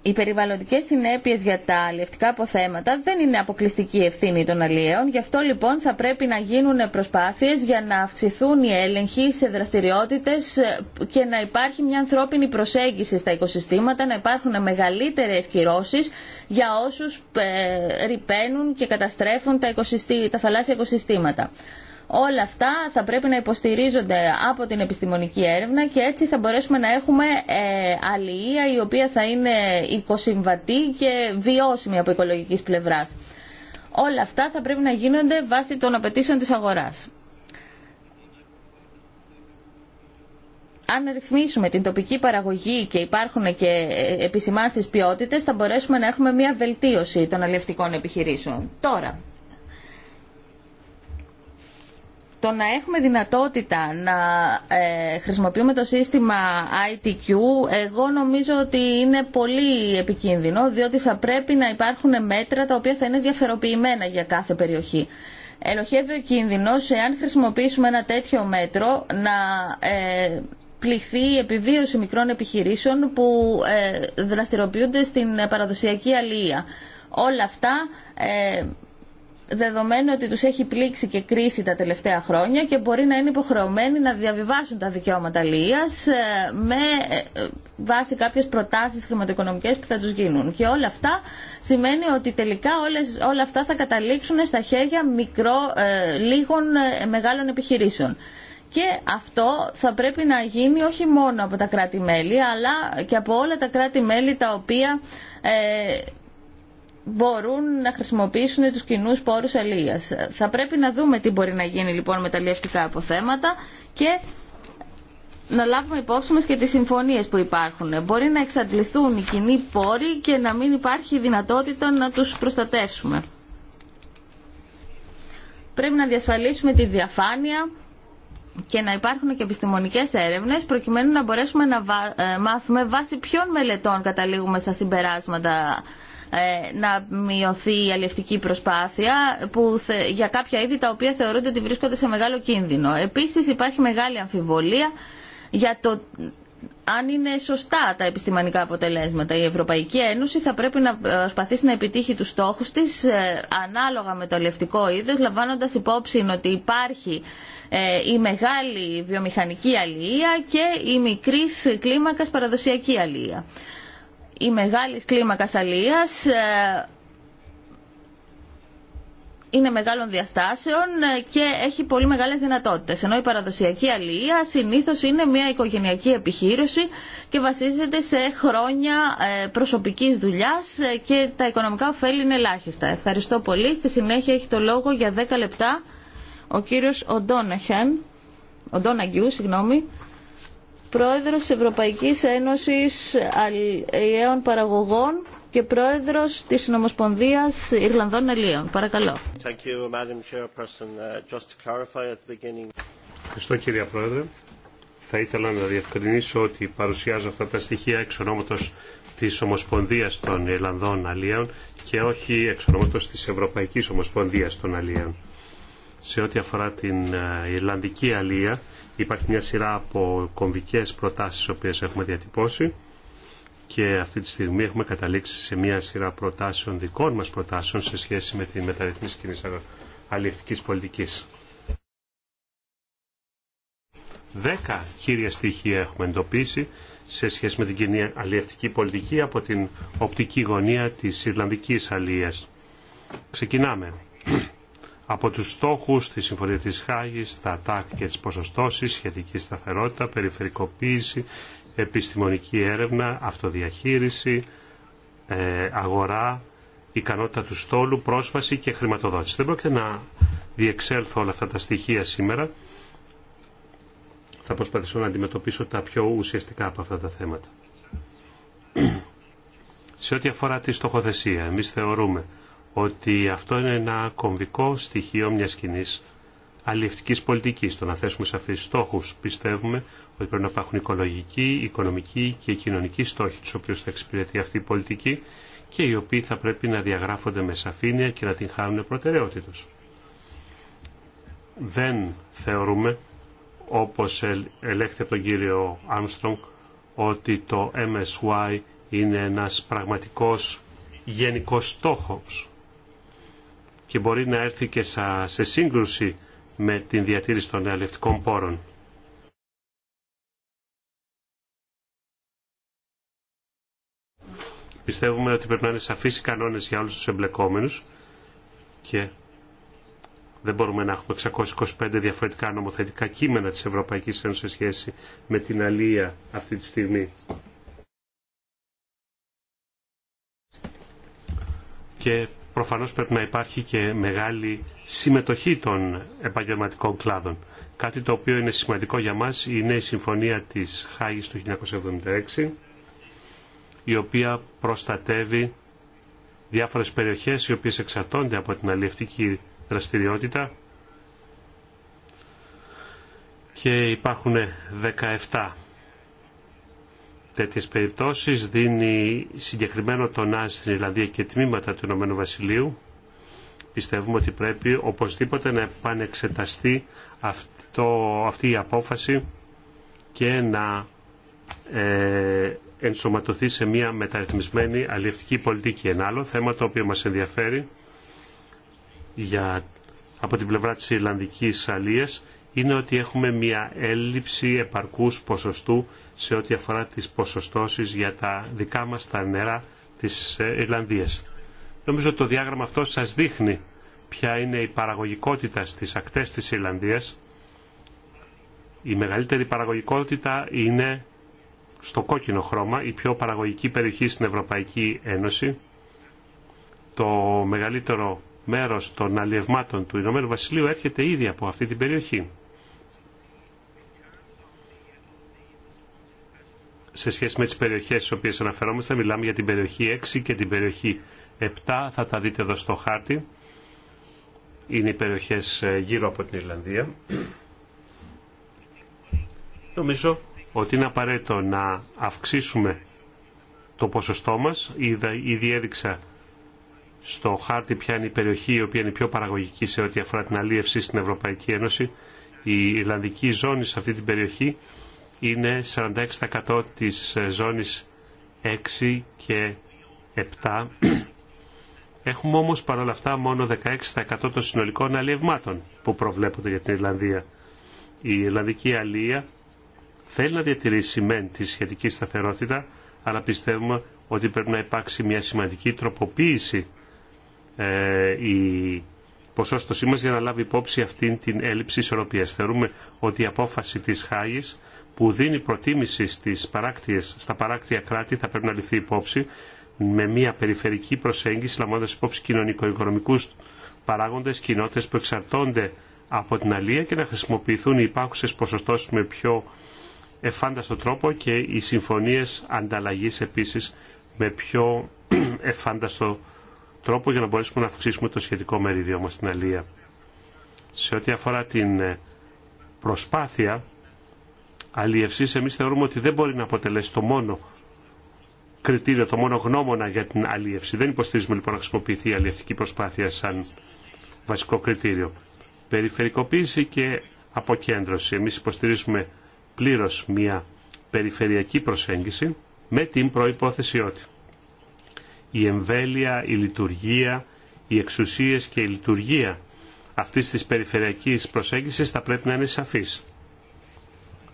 οι περιβαλλοντικές συνέπειε για τα αλλιευτικά αποθέματα δεν είναι αποκλειστική ευθύνη των αλλιέων, γι' αυτό λοιπόν θα πρέπει να γίνουν προσπάθειες για να αυξηθούν οι έλεγχοι σε δραστηριότητε και να υπάρχει μια ανθρώπινη προσέγγιση στα οικοσυστήματα, να υπάρχουν μεγαλύτερε κυρώσει για όσους ε, ρηπαίνουν και καταστρέφουν τα, τα θαλάσσια οικοσυστήματα. Όλα αυτά θα πρέπει να υποστηρίζονται από την επιστημονική έρευνα και έτσι θα μπορέσουμε να έχουμε ε, αλληλεία η οποία θα είναι οικοσυμβατή και βιώσιμη από οικολογικής πλευράς. Όλα αυτά θα πρέπει να γίνονται βάσει των απαιτήσεων της αγοράς. αν ρυθμίσουμε την τοπική παραγωγή και υπάρχουν και ε, επισημάνσεις ποιότητες, θα μπορέσουμε να έχουμε μια βελτίωση των αλληλευτικών επιχειρήσεων. Τώρα, Το να έχουμε δυνατότητα να ε, χρησιμοποιούμε το σύστημα ITQ, εγώ νομίζω ότι είναι πολύ επικίνδυνο, διότι θα πρέπει να υπάρχουν μέτρα τα οποία θα είναι διαφεροποιημένα για κάθε περιοχή. Ελοχεύει ο κίνδυνος, εάν χρησιμοποιήσουμε ένα τέτοιο μέτρο, να... Ε, πληθεί η επιβίωση μικρών επιχειρήσεων που ε, δραστηριοποιούνται στην παραδοσιακή αλληλεία. Όλα αυτά δεδομένου ότι τους έχει πλήξει και κρίση τα τελευταία χρόνια και μπορεί να είναι υποχρεωμένοι να διαβιβάσουν τα δικαιώματα λίας ε, με ε, βάση κάποιες προτάσεις χρηματοοικονομικές που θα τους γίνουν. Και όλα αυτά σημαίνει ότι τελικά όλες, όλα αυτά θα καταλήξουν στα χέρια μικρό, ε, λίγων μεγάλων επιχειρήσεων. Και αυτό θα πρέπει να γίνει όχι μόνο από τα κράτη-μέλη, αλλά και από όλα τα κράτη-μέλη τα οποία μπορούν να χρησιμοποιήσουν τους κοινού πόρους αλίας. Θα πρέπει να δούμε τι μπορεί να γίνει λοιπόν με τα λιευτικά αποθέματα και να λάβουμε υπόψη μας και τις συμφωνίες που υπάρχουν. Μπορεί να εξαντληθούν οι κοινοί πόροι και να μην υπάρχει δυνατότητα να τους προστατεύσουμε. Πρέπει να διασφαλίσουμε τη διαφάνεια και να υπάρχουν και επιστημονικές έρευνες προκειμένου να μπορέσουμε να ε, μάθουμε βάσει ποιων μελετών καταλήγουμε στα συμπεράσματα ε, να μειωθεί η αλληλευτική προσπάθεια που για κάποια είδη τα οποία θεωρούνται ότι βρίσκονται σε μεγάλο κίνδυνο. Επίσης υπάρχει μεγάλη αμφιβολία για το αν είναι σωστά τα επιστημονικά αποτελέσματα. Η Ευρωπαϊκή Ένωση θα πρέπει να προσπαθήσει να επιτύχει τους στόχους της ε, ανάλογα με το αλληλευτικό είδος, λαμβάνοντας υπόψη ότι υπάρχει ε, η μεγάλη βιομηχανική αλληλεία και η μικρή κλίμακας παραδοσιακή αλληλεία η μεγάλη κλίμακα αλίας ε, είναι μεγάλων διαστάσεων και έχει πολύ μεγάλες δυνατότητες. Ενώ η παραδοσιακή αλληλεία συνήθως είναι μια οικογενειακή επιχείρηση και βασίζεται σε χρόνια ε, προσωπικής δουλειάς ε, και τα οικονομικά ωφέλη είναι ελάχιστα. Ευχαριστώ πολύ. Στη συνέχεια έχει το λόγο για 10 λεπτά ο κύριος Οντόναχιαν, πρόεδρος της Ευρωπαϊκής Ένωσης Αλλιέων Παραγωγών και πρόεδρος της Νομοσπονδίας Ιρλανδών Αλλιέων. Παρακαλώ. Uh, Ευχαριστώ κύριε Πρόεδρε. Θα ήθελα να διευκρινίσω ότι παρουσιάζω αυτά τα στοιχεία εξ ονόματος της Ομοσπονδίας των Ιρλανδών Αλλιέων και όχι εξ ονόματος της Ευρωπαϊκής Ομοσπονδίας των Αλλιέων σε ό,τι αφορά την ε, Ιρλανδική αλία υπάρχει μια σειρά από κομβικές προτάσεις τις οποίες έχουμε διατυπώσει και αυτή τη στιγμή έχουμε καταλήξει σε μια σειρά προτάσεων δικών μας προτάσεων σε σχέση με τη μεταρρυθμίση κοινή αλληλευτικής πολιτικής. Δέκα κύρια στοιχεία έχουμε εντοπίσει σε σχέση με την κοινή αλληλευτική πολιτική από την οπτική γωνία της Ιρλανδικής αλίας. Ξεκινάμε από τους στόχους της Συμφωνίας της Χάγης, τα ΤΑΚ και τις ποσοστώσεις, σχετική σταθερότητα, περιφερικοποίηση, επιστημονική έρευνα, αυτοδιαχείριση, ε, αγορά, ικανότητα του στόλου, πρόσβαση και χρηματοδότηση. Δεν πρόκειται να διεξέλθω όλα αυτά τα στοιχεία σήμερα. Θα προσπαθήσω να αντιμετωπίσω τα πιο ουσιαστικά από αυτά τα θέματα. Σε ό,τι αφορά τη στοχοθεσία, εμείς θεωρούμε ότι αυτό είναι ένα κομβικό στοιχείο μιας κοινή αλληλευτικής πολιτικής. Το να θέσουμε σαφείς στόχου. πιστεύουμε ότι πρέπει να υπάρχουν οικολογικοί, οικονομικοί και κοινωνικοί στόχοι του οποίου θα εξυπηρετεί αυτή η πολιτική και οι οποίοι θα πρέπει να διαγράφονται με σαφήνεια και να την χάνουν προτεραιότητος. Δεν θεωρούμε, όπω ελέγχθη από τον κύριο Άμστρονγκ, ότι το MSY είναι ένας πραγματικός γενικός στόχος και μπορεί να έρθει και σε σύγκρουση με την διατήρηση των αλληλευτικών πόρων. Πιστεύουμε ότι πρέπει να είναι σαφείς οι κανόνες για όλους τους εμπλεκόμενους και δεν μπορούμε να έχουμε 625 διαφορετικά νομοθετικά κείμενα της Ευρωπαϊκής Ένωσης σε σχέση με την αλία αυτή τη στιγμή. Και προφανώς πρέπει να υπάρχει και μεγάλη συμμετοχή των επαγγελματικών κλάδων. Κάτι το οποίο είναι σημαντικό για μας είναι η Συμφωνία της Χάγης του 1976, η οποία προστατεύει διάφορες περιοχές οι οποίες εξαρτώνται από την αλληλευτική δραστηριότητα και υπάρχουν 17 τέτοιες περιπτώσεις δίνει συγκεκριμένο τονά στην Ιρλανδία και τμήματα του Ηνωμένου Βασιλείου. Πιστεύουμε ότι πρέπει οπωσδήποτε να επανεξεταστεί αυτό, αυτή η απόφαση και να ε, ενσωματωθεί σε μια μεταρρυθμισμένη αλληλευτική πολιτική. Ένα άλλο θέμα το οποίο μας ενδιαφέρει για, από την πλευρά της Ιρλανδικής Αλίας είναι ότι έχουμε μια έλλειψη επαρκούς ποσοστού σε ό,τι αφορά τις ποσοστώσεις για τα δικά μας τα νερά της ε, Ιρλανδίας. Νομίζω ότι το διάγραμμα αυτό σας δείχνει ποια είναι η παραγωγικότητα στις ακτές της Ιρλανδίας. Η μεγαλύτερη παραγωγικότητα είναι στο κόκκινο χρώμα, η πιο παραγωγική περιοχή στην Ευρωπαϊκή Ένωση. Το μεγαλύτερο μέρος των αλλιευμάτων του Ηνωμένου Βασιλείου έρχεται ήδη από αυτή την περιοχή. σε σχέση με τις περιοχές στις οποίες αναφερόμαστε, μιλάμε για την περιοχή 6 και την περιοχή 7, θα τα δείτε εδώ στο χάρτη. Είναι οι περιοχές ε, γύρω από την Ιρλανδία. Νομίζω ότι είναι απαραίτητο να αυξήσουμε το ποσοστό μας. Ήδη έδειξα στο χάρτη ποια είναι η περιοχή η οποία είναι πιο παραγωγική σε ό,τι αφορά την αλίευση στην Ευρωπαϊκή Ένωση. Η Ιρλανδική ζώνη σε αυτή την περιοχή είναι 46% της ε, ζώνης 6 και 7. Έχουμε όμως παρόλα αυτά μόνο 16% των συνολικών αλλιευμάτων που προβλέπονται για την Ιρλανδία. Η Ιρλανδική Αλία θέλει να διατηρήσει μεν τη σχετική σταθερότητα, αλλά πιστεύουμε ότι πρέπει να υπάρξει μια σημαντική τροποποίηση ε, η ποσόστοσή μας για να λάβει υπόψη αυτήν την έλλειψη ισορροπίας. Θεωρούμε ότι η απόφαση της Χάγης που δίνει προτίμηση στις παράκτιες, στα παράκτια κράτη θα πρέπει να ληφθεί υπόψη με μια περιφερική προσέγγιση λαμβάνοντας υπόψη κοινωνικο-οικονομικούς παράγοντες, κοινότητες που εξαρτώνται από την αλία και να χρησιμοποιηθούν οι υπάρχουσες ποσοστώσεις με πιο εφάνταστο τρόπο και οι συμφωνίες ανταλλαγής επίσης με πιο εφάνταστο τρόπο για να μπορέσουμε να αυξήσουμε το σχετικό μερίδιο μας στην αλία. Σε ό,τι αφορά την ε, προσπάθεια αλλιευσή, εμεί θεωρούμε ότι δεν μπορεί να αποτελέσει το μόνο κριτήριο, το μόνο γνώμονα για την αλλιεύση. Δεν υποστηρίζουμε λοιπόν να χρησιμοποιηθεί η αλλιευτική προσπάθεια σαν βασικό κριτήριο. Περιφερικοποίηση και αποκέντρωση. Εμεί υποστηρίζουμε πλήρω μια περιφερειακή προσέγγιση με την προπόθεση ότι η εμβέλεια, η λειτουργία, οι εξουσίες και η λειτουργία αυτή της περιφερειακής προσέγγιση θα πρέπει να είναι σαφής.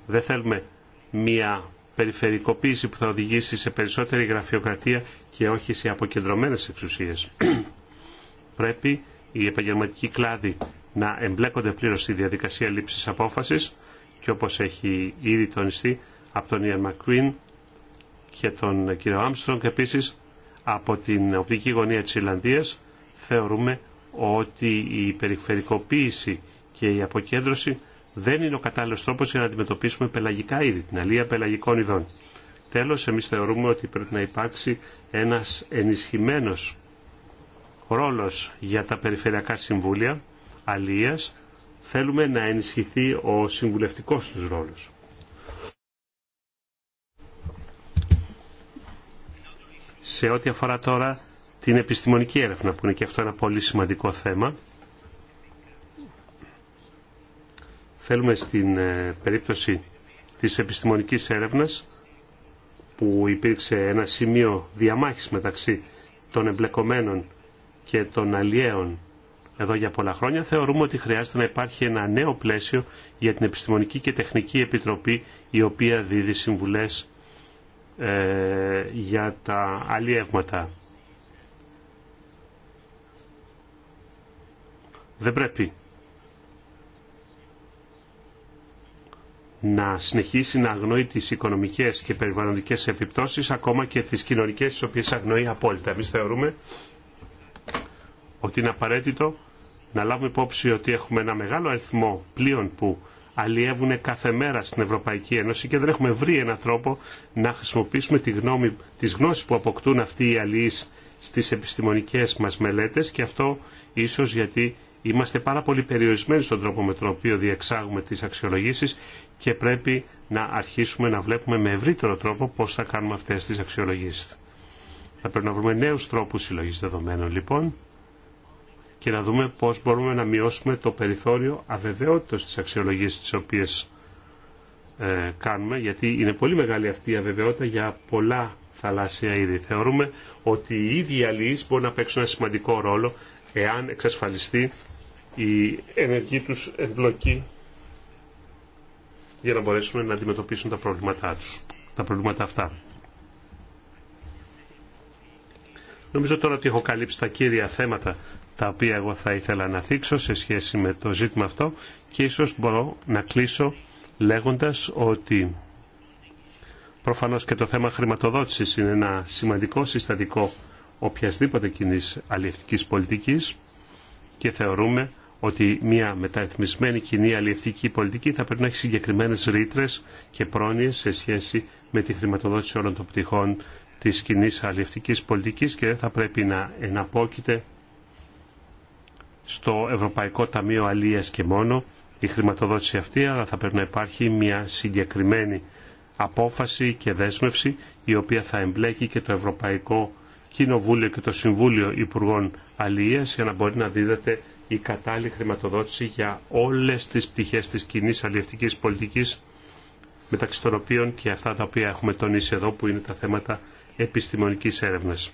Δεν θέλουμε μία περιφερικοποίηση που θα οδηγήσει σε περισσότερη γραφειοκρατία και όχι σε αποκεντρωμένες εξουσίες. Πρέπει οι επαγγελματικοί κλάδοι να εμπλέκονται πλήρως στη διαδικασία λήψης απόφασης και όπως έχει ήδη τονιστεί από τον Ιαν Μακκουίν και τον κύριο και επίσης από την οπτική γωνία της Ιλλανδίας θεωρούμε ότι η περιφερικοποίηση και η αποκέντρωση δεν είναι ο κατάλληλο τρόπο για να αντιμετωπίσουμε πελαγικά είδη, την αλία πελαγικών ειδών. Τέλος, εμεί θεωρούμε ότι πρέπει να υπάρξει ένας ενισχυμένος ρόλος για τα περιφερειακά συμβούλια αλίας. Θέλουμε να ενισχυθεί ο συμβουλευτικό τους ρόλος. Σε ό,τι αφορά τώρα την επιστημονική έρευνα, που είναι και αυτό ένα πολύ σημαντικό θέμα, Θέλουμε στην ε, περίπτωση της επιστημονικής έρευνας που υπήρξε ένα σημείο διαμάχης μεταξύ των εμπλεκομένων και των αλλιέων εδώ για πολλά χρόνια, θεωρούμε ότι χρειάζεται να υπάρχει ένα νέο πλαίσιο για την Επιστημονική και Τεχνική Επιτροπή, η οποία δίδει συμβουλές ε, για τα αλλιεύματα. Δεν πρέπει να συνεχίσει να αγνοεί τις οικονομικές και περιβαλλοντικές επιπτώσεις, ακόμα και τις κοινωνικές, τις οποίες αγνοεί απόλυτα. Εμείς θεωρούμε ότι είναι απαραίτητο να λάβουμε υπόψη ότι έχουμε ένα μεγάλο αριθμό πλοίων που αλλιεύουν κάθε μέρα στην Ευρωπαϊκή Ένωση και δεν έχουμε βρει έναν τρόπο να χρησιμοποιήσουμε τη γνώμη, τις γνώσεις που αποκτούν αυτοί οι αλληλείς στις επιστημονικές μας μελέτες και αυτό ίσως γιατί Είμαστε πάρα πολύ περιορισμένοι στον τρόπο με τον οποίο διεξάγουμε τις αξιολογήσεις και πρέπει να αρχίσουμε να βλέπουμε με ευρύτερο τρόπο πώς θα κάνουμε αυτές τις αξιολογήσεις. Θα πρέπει να βρούμε νέους τρόπους συλλογής δεδομένων λοιπόν και να δούμε πώς μπορούμε να μειώσουμε το περιθώριο αβεβαιότητας της αξιολογής τις οποίες ε, κάνουμε, γιατί είναι πολύ μεγάλη αυτή η αβεβαιότητα για πολλά θαλάσσια είδη. Θεωρούμε ότι οι ίδιοι αλληλείς μπορούν να παίξουν ένα σημαντικό ρόλο εάν εξασφαλιστεί η ενεργή τους εμπλοκή για να μπορέσουν να αντιμετωπίσουν τα προβλήματά τους, τα προβλήματα αυτά. Νομίζω τώρα ότι έχω καλύψει τα κύρια θέματα τα οποία εγώ θα ήθελα να θίξω σε σχέση με το ζήτημα αυτό και ίσως μπορώ να κλείσω λέγοντας ότι προφανώς και το θέμα χρηματοδότησης είναι ένα σημαντικό συστατικό οποιασδήποτε κοινή αλληλευτικής πολιτικής και θεωρούμε ότι μια μεταρρυθμισμένη κοινή αλληλευτική πολιτική θα πρέπει να έχει συγκεκριμένε ρήτρε και πρόνοιε σε σχέση με τη χρηματοδότηση όλων των πτυχών τη κοινή αλληλευτική πολιτική και δεν θα πρέπει να εναπόκειται στο Ευρωπαϊκό Ταμείο Αλία και μόνο η χρηματοδότηση αυτή, αλλά θα πρέπει να υπάρχει μια συγκεκριμένη απόφαση και δέσμευση η οποία θα εμπλέκει και το Ευρωπαϊκό Κοινοβούλιο και το Συμβούλιο Υπουργών Αλίας για να μπορεί να δίδεται η κατάλληλη χρηματοδότηση για όλες τις πτυχές της κοινή αλληλευτικής πολιτικής μεταξύ των οποίων και αυτά τα οποία έχουμε τονίσει εδώ που είναι τα θέματα επιστημονικής έρευνας.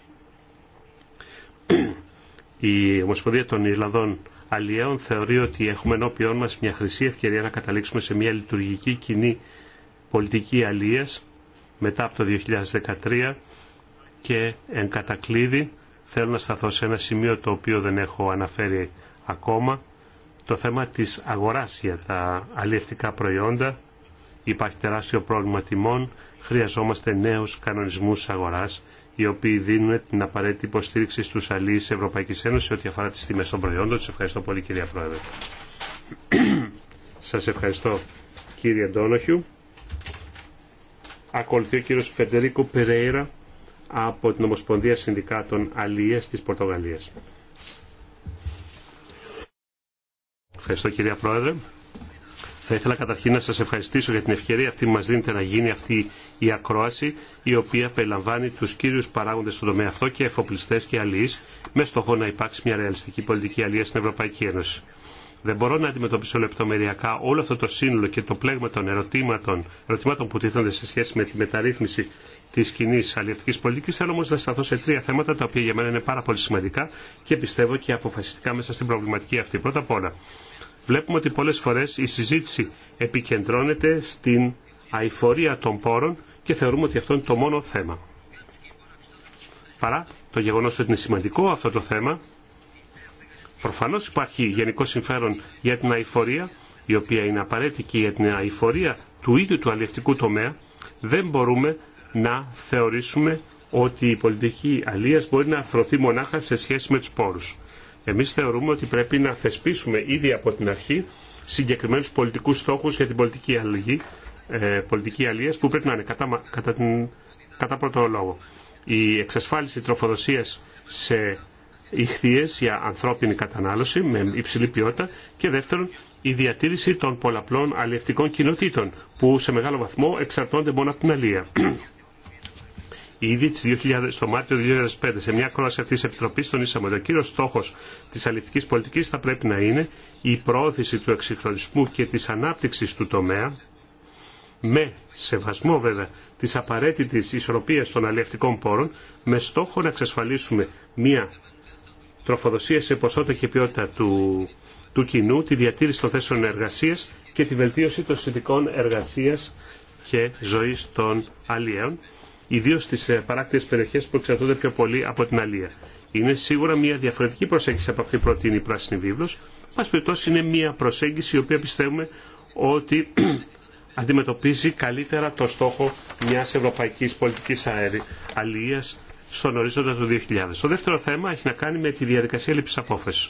Η Ομοσπονδία των Ιρλανδών Αλλιέων θεωρεί ότι έχουμε ενώπιόν μας μια χρυσή ευκαιρία να καταλήξουμε σε μια λειτουργική κοινή πολιτική αλλίας μετά από το 2013 και εν κατακλείδη θέλω να σταθώ σε ένα σημείο το οποίο δεν έχω αναφέρει ακόμα το θέμα της αγοράς για τα αλληλευτικά προϊόντα. Υπάρχει τεράστιο πρόβλημα τιμών. Χρειαζόμαστε νέους κανονισμούς αγοράς οι οποίοι δίνουν την απαραίτητη υποστήριξη στους αλληλείς Ευρωπαϊκής Ένωσης ό,τι αφορά τις τιμές των προϊόντων. Σας ευχαριστώ πολύ κυρία Πρόεδρε. Σας ευχαριστώ κύριε Ντόνοχιου. Ακολουθεί ο κύριος Φεντερίκο Περέιρα από την Ομοσπονδία Συνδικάτων Αλίας της Πορτογαλίας. Ευχαριστώ κυρία Πρόεδρε. Θα ήθελα καταρχήν να σας ευχαριστήσω για την ευκαιρία αυτή που μας δίνεται να γίνει αυτή η ακρόαση η οποία περιλαμβάνει τους κύριους παράγοντες στον τομέα αυτό και εφοπλιστές και αλληλείς με στόχο να υπάρξει μια ρεαλιστική πολιτική αλληλεία στην Ευρωπαϊκή Ένωση. Δεν μπορώ να αντιμετωπίσω λεπτομεριακά όλο αυτό το σύνολο και το πλέγμα των ερωτήματων, ερωτήματων που τίθενται σε σχέση με τη μεταρρύθμιση τη κοινή αλληλευτική πολιτική. Θέλω όμω να σταθώ σε τρία θέματα τα οποία για μένα είναι πάρα πολύ σημαντικά και πιστεύω και αποφασιστικά μέσα στην προβληματική αυτή. Πρώτα απ' όλα, βλέπουμε ότι πολλές φορές η συζήτηση επικεντρώνεται στην αηφορία των πόρων και θεωρούμε ότι αυτό είναι το μόνο θέμα. Παρά το γεγονός ότι είναι σημαντικό αυτό το θέμα, προφανώς υπάρχει γενικό συμφέρον για την αηφορία, η οποία είναι απαραίτητη για την αηφορία του ίδιου του αλληλευτικού τομέα, δεν μπορούμε να θεωρήσουμε ότι η πολιτική αλίας μπορεί να αφρωθεί μονάχα σε σχέση με τους πόρους. Εμείς θεωρούμε ότι πρέπει να θεσπίσουμε ήδη από την αρχή συγκεκριμένους πολιτικούς στόχους για την πολιτική ε, πολιτική αλληλείας που πρέπει να είναι κατά, κατά, κατά πρώτο λόγο. Η εξασφάλιση τροφοδοσίας σε ηχθείες για ανθρώπινη κατανάλωση με υψηλή ποιότητα και δεύτερον η διατήρηση των πολλαπλών αλληλευτικών κοινοτήτων που σε μεγάλο βαθμό εξαρτώνται μόνο από την αλληλεία. Ήδη στο Μάρτιο 2005, σε μια κρόαση αυτή τη Επιτροπή, τονίσαμε ότι ο κύριο στόχο τη αληθικής πολιτική θα πρέπει να είναι η προώθηση του εξυγχρονισμού και τη ανάπτυξη του τομέα, με σεβασμό βέβαια τη απαραίτητη ισορροπία των αλληλευτικών πόρων, με στόχο να εξασφαλίσουμε μια τροφοδοσία σε ποσότητα και ποιότητα του, του κοινού, τη διατήρηση των θέσεων εργασία και τη βελτίωση των συνδικών εργασία και ζωή των αλλιέων ιδίω στι ε, παράκτιε περιοχέ που εξαρτώνται πιο πολύ από την αλεία. Είναι σίγουρα μια διαφορετική προσέγγιση από αυτή που προτείνει η Πράσινη Βίβλο. Μα περιπτώσει είναι μια προσέγγιση η οποία πιστεύουμε ότι αντιμετωπίζει καλύτερα το στόχο μια ευρωπαϊκή πολιτική αλληλεία στον ορίζοντα του 2000. Το δεύτερο θέμα έχει να κάνει με τη διαδικασία λήψη απόφαση.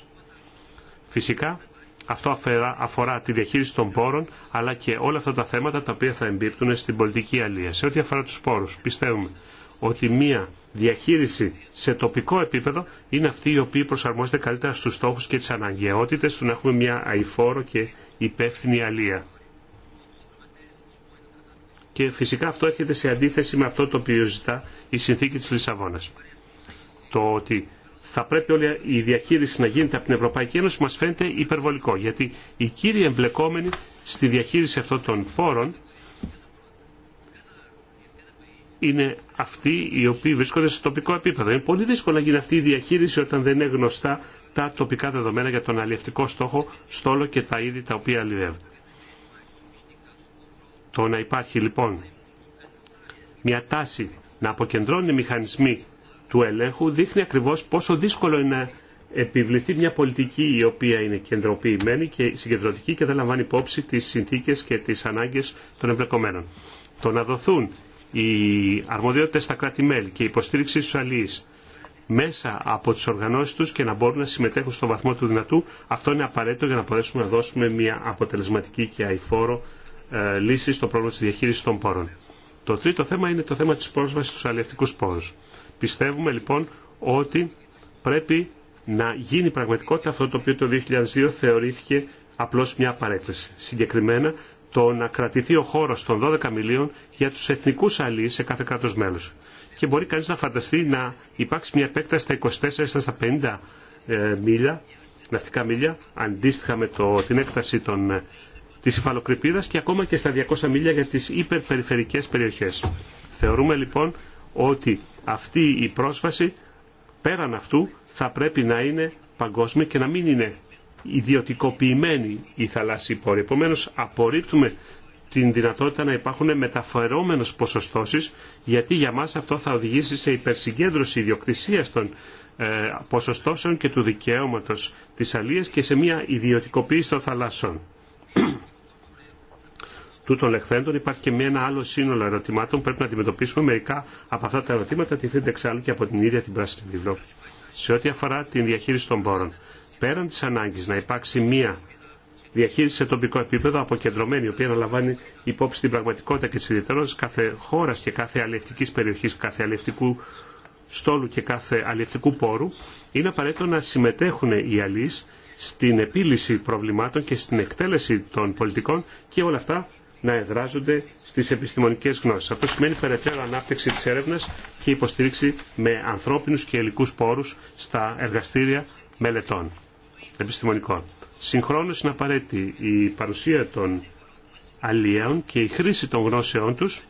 Φυσικά, αυτό αφορά τη διαχείριση των πόρων αλλά και όλα αυτά τα θέματα τα οποία θα εμπίπτουν στην πολιτική αλία. Σε ό,τι αφορά τους πόρους πιστεύουμε ότι μία διαχείριση σε τοπικό επίπεδο είναι αυτή η οποία προσαρμόζεται καλύτερα στους στόχους και τις αναγκαιότητες του να έχουμε μια αηφόρο και υπεύθυνη αλία. Και φυσικά αυτό έρχεται σε αντίθεση με αυτό το οποίο ζητά η συνθήκη της Λισαβόνας. Το ότι θα πρέπει όλη η διαχείριση να γίνεται από την Ευρωπαϊκή Ένωση μας φαίνεται υπερβολικό γιατί οι κύριοι εμπλεκόμενοι στη διαχείριση αυτών των πόρων είναι αυτοί οι οποίοι βρίσκονται σε τοπικό επίπεδο. Είναι πολύ δύσκολο να γίνει αυτή η διαχείριση όταν δεν είναι γνωστά τα τοπικά δεδομένα για τον αλλιευτικό στόχο, στόλο και τα είδη τα οποία αλληλεύουν. Το να υπάρχει λοιπόν μια τάση να αποκεντρώνει μηχανισμοί του ελέγχου δείχνει ακριβώς πόσο δύσκολο είναι να επιβληθεί μια πολιτική η οποία είναι κεντροποιημένη και συγκεντρωτική και δεν λαμβάνει υπόψη τις συνθήκες και τις ανάγκες των εμπλεκομένων. Το να δοθούν οι αρμοδιότητες στα κράτη-μέλη και η υποστήριξη στους αλληλείς μέσα από τις οργανώσεις τους και να μπορούν να συμμετέχουν στο βαθμό του δυνατού, αυτό είναι απαραίτητο για να μπορέσουμε να δώσουμε μια αποτελεσματική και αηφόρο ε, λύση στο πρόβλημα της διαχείρισης των πόρων. Το τρίτο θέμα είναι το θέμα της πρόσβασης στους αλληλευτικού πόρους. Πιστεύουμε λοιπόν ότι πρέπει να γίνει πραγματικότητα αυτό το οποίο το 2002 θεωρήθηκε απλώς μια παρέκκληση. Συγκεκριμένα το να κρατηθεί ο χώρος των 12 μιλίων για τους εθνικούς αλληλείς σε κάθε κράτος μέλος. Και μπορεί κανείς να φανταστεί να υπάρξει μια επέκταση στα 24 στα 50 ε, μίλια, ναυτικά μίλια, αντίστοιχα με το, την έκταση των, ε, της υφαλοκρηπίδας και ακόμα και στα 200 μίλια για τις υπερπεριφερικές περιοχές. Θεωρούμε λοιπόν ότι αυτή η πρόσβαση πέραν αυτού θα πρέπει να είναι παγκόσμια και να μην είναι ιδιωτικοποιημένη η θαλάσσιοι πόρη. Επομένω, απορρίπτουμε την δυνατότητα να υπάρχουν μεταφερόμενε ποσοστώσει, γιατί για μα αυτό θα οδηγήσει σε υπερσυγκέντρωση ιδιοκτησία των ε, ποσοστώσεων και του δικαιώματο τη αλίας και σε μια ιδιωτικοποίηση των θαλάσσων τούτων λεχθέντων υπάρχει και μια ένα άλλο σύνολο ερωτημάτων που πρέπει να αντιμετωπίσουμε. Μερικά από αυτά τα ερωτήματα τίθενται εξάλλου και από την ίδια την Πράσινη Βίβλο. Σε ό,τι αφορά την διαχείριση των πόρων, πέραν τη ανάγκη να υπάρξει μια διαχείριση σε τοπικό επίπεδο αποκεντρωμένη, η οποία αναλαμβάνει υπόψη την πραγματικότητα και τι ιδιαιτερότητε κάθε χώρα και κάθε αλληλευτική περιοχή, κάθε αλληλευτικού στόλου και κάθε αλληλευτικού πόρου, είναι απαραίτητο να συμμετέχουν οι αλληλεί στην επίλυση προβλημάτων και στην εκτέλεση των πολιτικών και όλα αυτά να εδράζονται στις επιστημονικές γνώσεις. Αυτό σημαίνει περαιτέρω ανάπτυξη της έρευνας και υποστήριξη με ανθρώπινους και υλικούς πόρους στα εργαστήρια μελετών επιστημονικών. Συγχρόνως είναι απαραίτητη η παρουσία των αλλιέων και η χρήση των γνώσεών τους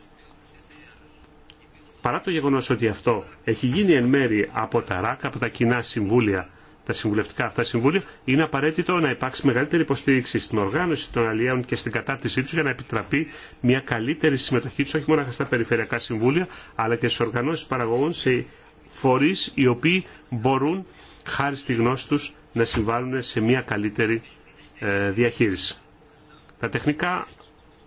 παρά το γεγονός ότι αυτό έχει γίνει εν μέρη από τα ΡΑΚ, από τα κοινά συμβούλια τα συμβουλευτικά αυτά συμβούλια, είναι απαραίτητο να υπάρξει μεγαλύτερη υποστήριξη στην οργάνωση των αλλιέων και στην κατάρτισή του για να επιτραπεί μια καλύτερη συμμετοχή του όχι μόνο στα περιφερειακά συμβούλια, αλλά και στι οργανώσει παραγωγών σε φορεί οι οποίοι μπορούν χάρη στη γνώση του να συμβάλλουν σε μια καλύτερη ε, διαχείριση. Τα τεχνικά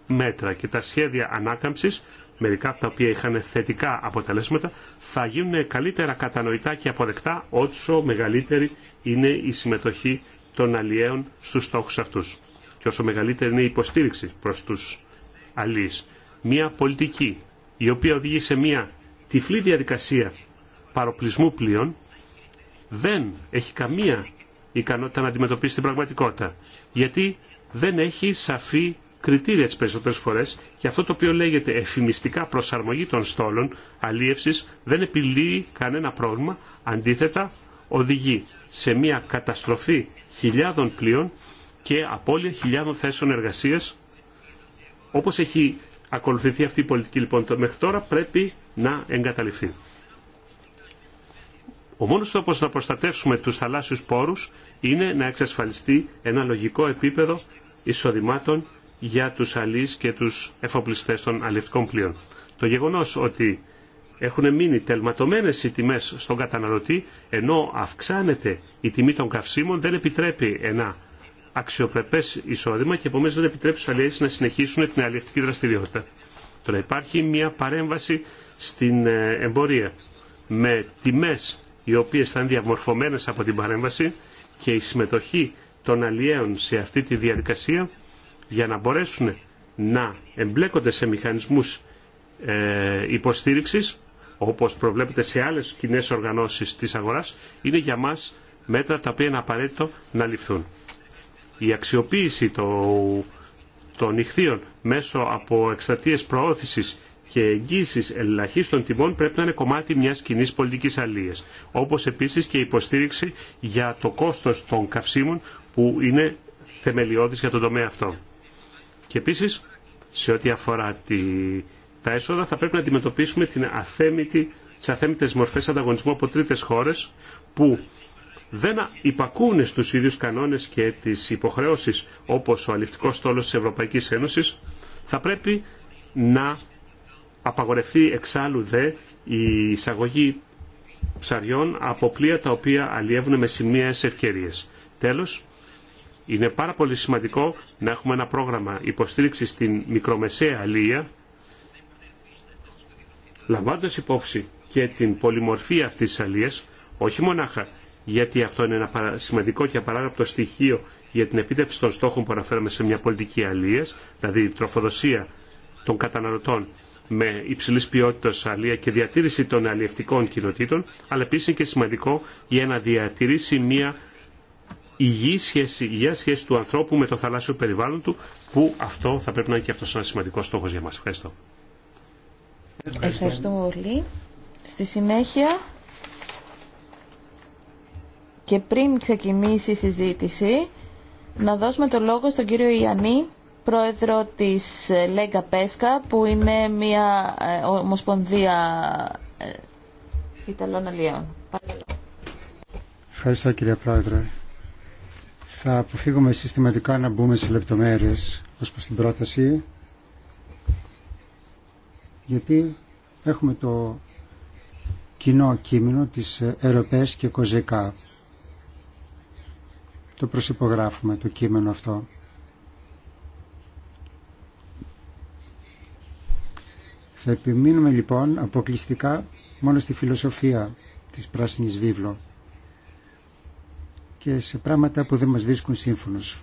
μέτρα και τα σχέδια ανάκαμψης μερικά από τα οποία είχαν θετικά αποτελέσματα, θα γίνουν καλύτερα κατανοητά και αποδεκτά όσο μεγαλύτερη είναι η συμμετοχή των αλλιέων στους στόχους αυτούς και όσο μεγαλύτερη είναι η υποστήριξη προς τους αλλιείς. Μία πολιτική η οποία οδηγεί σε μία τυφλή διαδικασία παροπλισμού πλοίων δεν έχει καμία ικανότητα να αντιμετωπίσει την πραγματικότητα γιατί δεν έχει σαφή κριτήρια τις περισσότερες φορές και αυτό το οποίο λέγεται εφημιστικά προσαρμογή των στόλων αλίευσης δεν επιλύει κανένα πρόβλημα, αντίθετα οδηγεί σε μια καταστροφή χιλιάδων πλοίων και απώλεια χιλιάδων θέσεων εργασίας. Όπως έχει ακολουθηθεί αυτή η πολιτική λοιπόν μέχρι τώρα πρέπει να εγκαταληφθεί. Ο μόνος τρόπος να προστατεύσουμε τους θαλάσσιους πόρους είναι να εξασφαλιστεί ένα λογικό επίπεδο εισοδημάτων για τους αλείς και τους εφοπλιστές των αλευτικών πλοίων. Το γεγονός ότι έχουν μείνει τελματωμένες οι τιμές στον καταναλωτή, ενώ αυξάνεται η τιμή των καυσίμων, δεν επιτρέπει ένα αξιοπρεπές εισόδημα και επομένως δεν επιτρέπει στους αλλιές να συνεχίσουν την αλληλευτική δραστηριότητα. Τώρα υπάρχει μια παρέμβαση στην ε, εμπορία με τιμές οι οποίες θα είναι διαμορφωμένες από την παρέμβαση και η συμμετοχή των αλλιέων σε αυτή τη διαδικασία για να μπορέσουν να εμπλέκονται σε μηχανισμούς ε, υποστήριξης, όπως προβλέπεται σε άλλες κοινέ οργανώσεις της αγοράς, είναι για μας μέτρα τα οποία είναι απαραίτητο να ληφθούν. Η αξιοποίηση των νυχθείων μέσω από εκστατείες προώθησης και εγγύηση ελαχίστων τιμών πρέπει να είναι κομμάτι μια κοινή πολιτική αλληλεία. Όπω επίση και η υποστήριξη για το κόστο των καυσίμων που είναι θεμελιώδη για τον τομέα αυτό. Και επίσης, σε ό,τι αφορά τη, τα έσοδα, θα πρέπει να αντιμετωπίσουμε την αθέμητη, τις αθέμητες μορφές ανταγωνισμού από τρίτες χώρες που δεν υπακούν στους ίδιους κανόνες και τις υποχρεώσεις όπως ο αληφτικός στόλος της Ευρωπαϊκής Ένωσης, θα πρέπει να απαγορευτεί εξάλλου δε η εισαγωγή ψαριών από πλοία τα οποία αλλιεύουν με σημεία ευκαιρίες. Τέλος, είναι πάρα πολύ σημαντικό να έχουμε ένα πρόγραμμα υποστήριξης στην μικρομεσαία αλία, λαμβάνοντας υπόψη και την πολυμορφία αυτής της αλίας, όχι μονάχα γιατί αυτό είναι ένα σημαντικό και απαράγραπτο στοιχείο για την επίτευξη των στόχων που αναφέραμε σε μια πολιτική αλίας, δηλαδή η τροφοδοσία των καταναλωτών με υψηλή ποιότητα αλεία και διατήρηση των αλλιευτικών κοινοτήτων, αλλά επίση είναι και σημαντικό για να διατηρήσει μια υγιή σχέση, σχέση του ανθρώπου με το θαλάσσιο περιβάλλον του, που αυτό θα πρέπει να είναι και αυτό ένα σημαντικό στόχο για μα. Ευχαριστώ. Ευχαριστούμε πολύ. Στη συνέχεια και πριν ξεκινήσει η συζήτηση, να δώσουμε το λόγο στον κύριο Ιαννή, πρόεδρο της Λέγκα ε, Πέσκα, που είναι μια ε, ομοσπονδία ε, Ιταλών Αλλιών Ευχαριστώ κύριε πρόεδρε θα αποφύγουμε συστηματικά να μπούμε σε λεπτομέρειες ως προς την πρόταση γιατί έχουμε το κοινό κείμενο της Ευρωπαίας και Κοζεκά. Το προσυπογράφουμε το κείμενο αυτό. Θα επιμείνουμε λοιπόν αποκλειστικά μόνο στη φιλοσοφία της Πράσινης Βίβλου και σε πράγματα που δεν μας βρίσκουν σύμφωνος.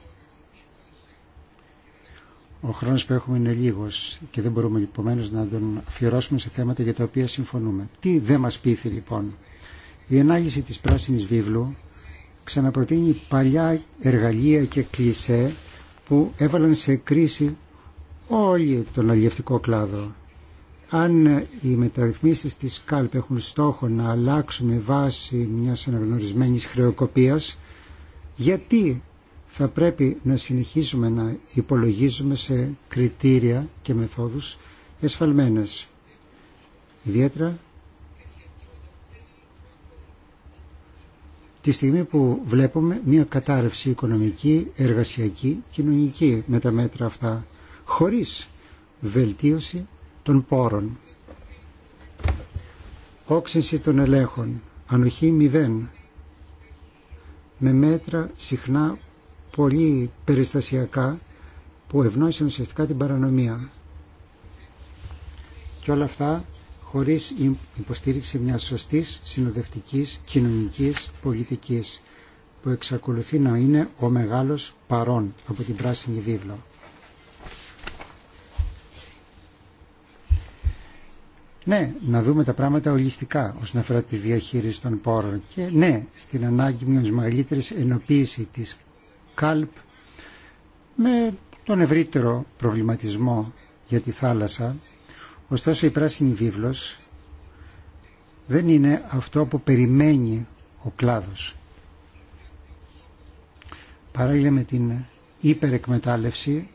Ο χρόνος που έχουμε είναι λίγος και δεν μπορούμε λοιπόν να τον αφιερώσουμε σε θέματα για τα οποία συμφωνούμε. Τι δεν μας πείθει λοιπόν. Η ανάλυση της πράσινης βίβλου ξαναπροτείνει παλιά εργαλεία και κλισέ που έβαλαν σε κρίση όλη τον αλληλευτικό κλάδο. Αν οι μεταρρυθμίσεις της ΚΑΛΠ έχουν στόχο να αλλάξουν με βάση μιας αναγνωρισμένης χρεοκοπίας, γιατί θα πρέπει να συνεχίσουμε να υπολογίζουμε σε κριτήρια και μεθόδους εσφαλμένες. Ιδιαίτερα τη στιγμή που βλέπουμε μια κατάρρευση οικονομική, εργασιακή, κοινωνική με τα μέτρα αυτά, χωρίς βελτίωση των πόρων. Όξυνση των ελέγχων, ανοχή μηδέν, με μέτρα συχνά πολύ περιστασιακά που ευνόησαν ουσιαστικά την παρανομία. Και όλα αυτά χωρίς υποστήριξη μιας σωστής συνοδευτικής κοινωνικής πολιτικής που εξακολουθεί να είναι ο μεγάλος παρόν από την Πράσινη Βίβλο. Ναι, να δούμε τα πράγματα ολιστικά όσον αφορά τη διαχείριση των πόρων και ναι, στην ανάγκη μιας μεγαλύτερης ενοποίηση της ΚΑΛΠ με τον ευρύτερο προβληματισμό για τη θάλασσα. Ωστόσο η πράσινη βίβλος δεν είναι αυτό που περιμένει ο κλάδος. Παράλληλα με την υπερεκμετάλλευση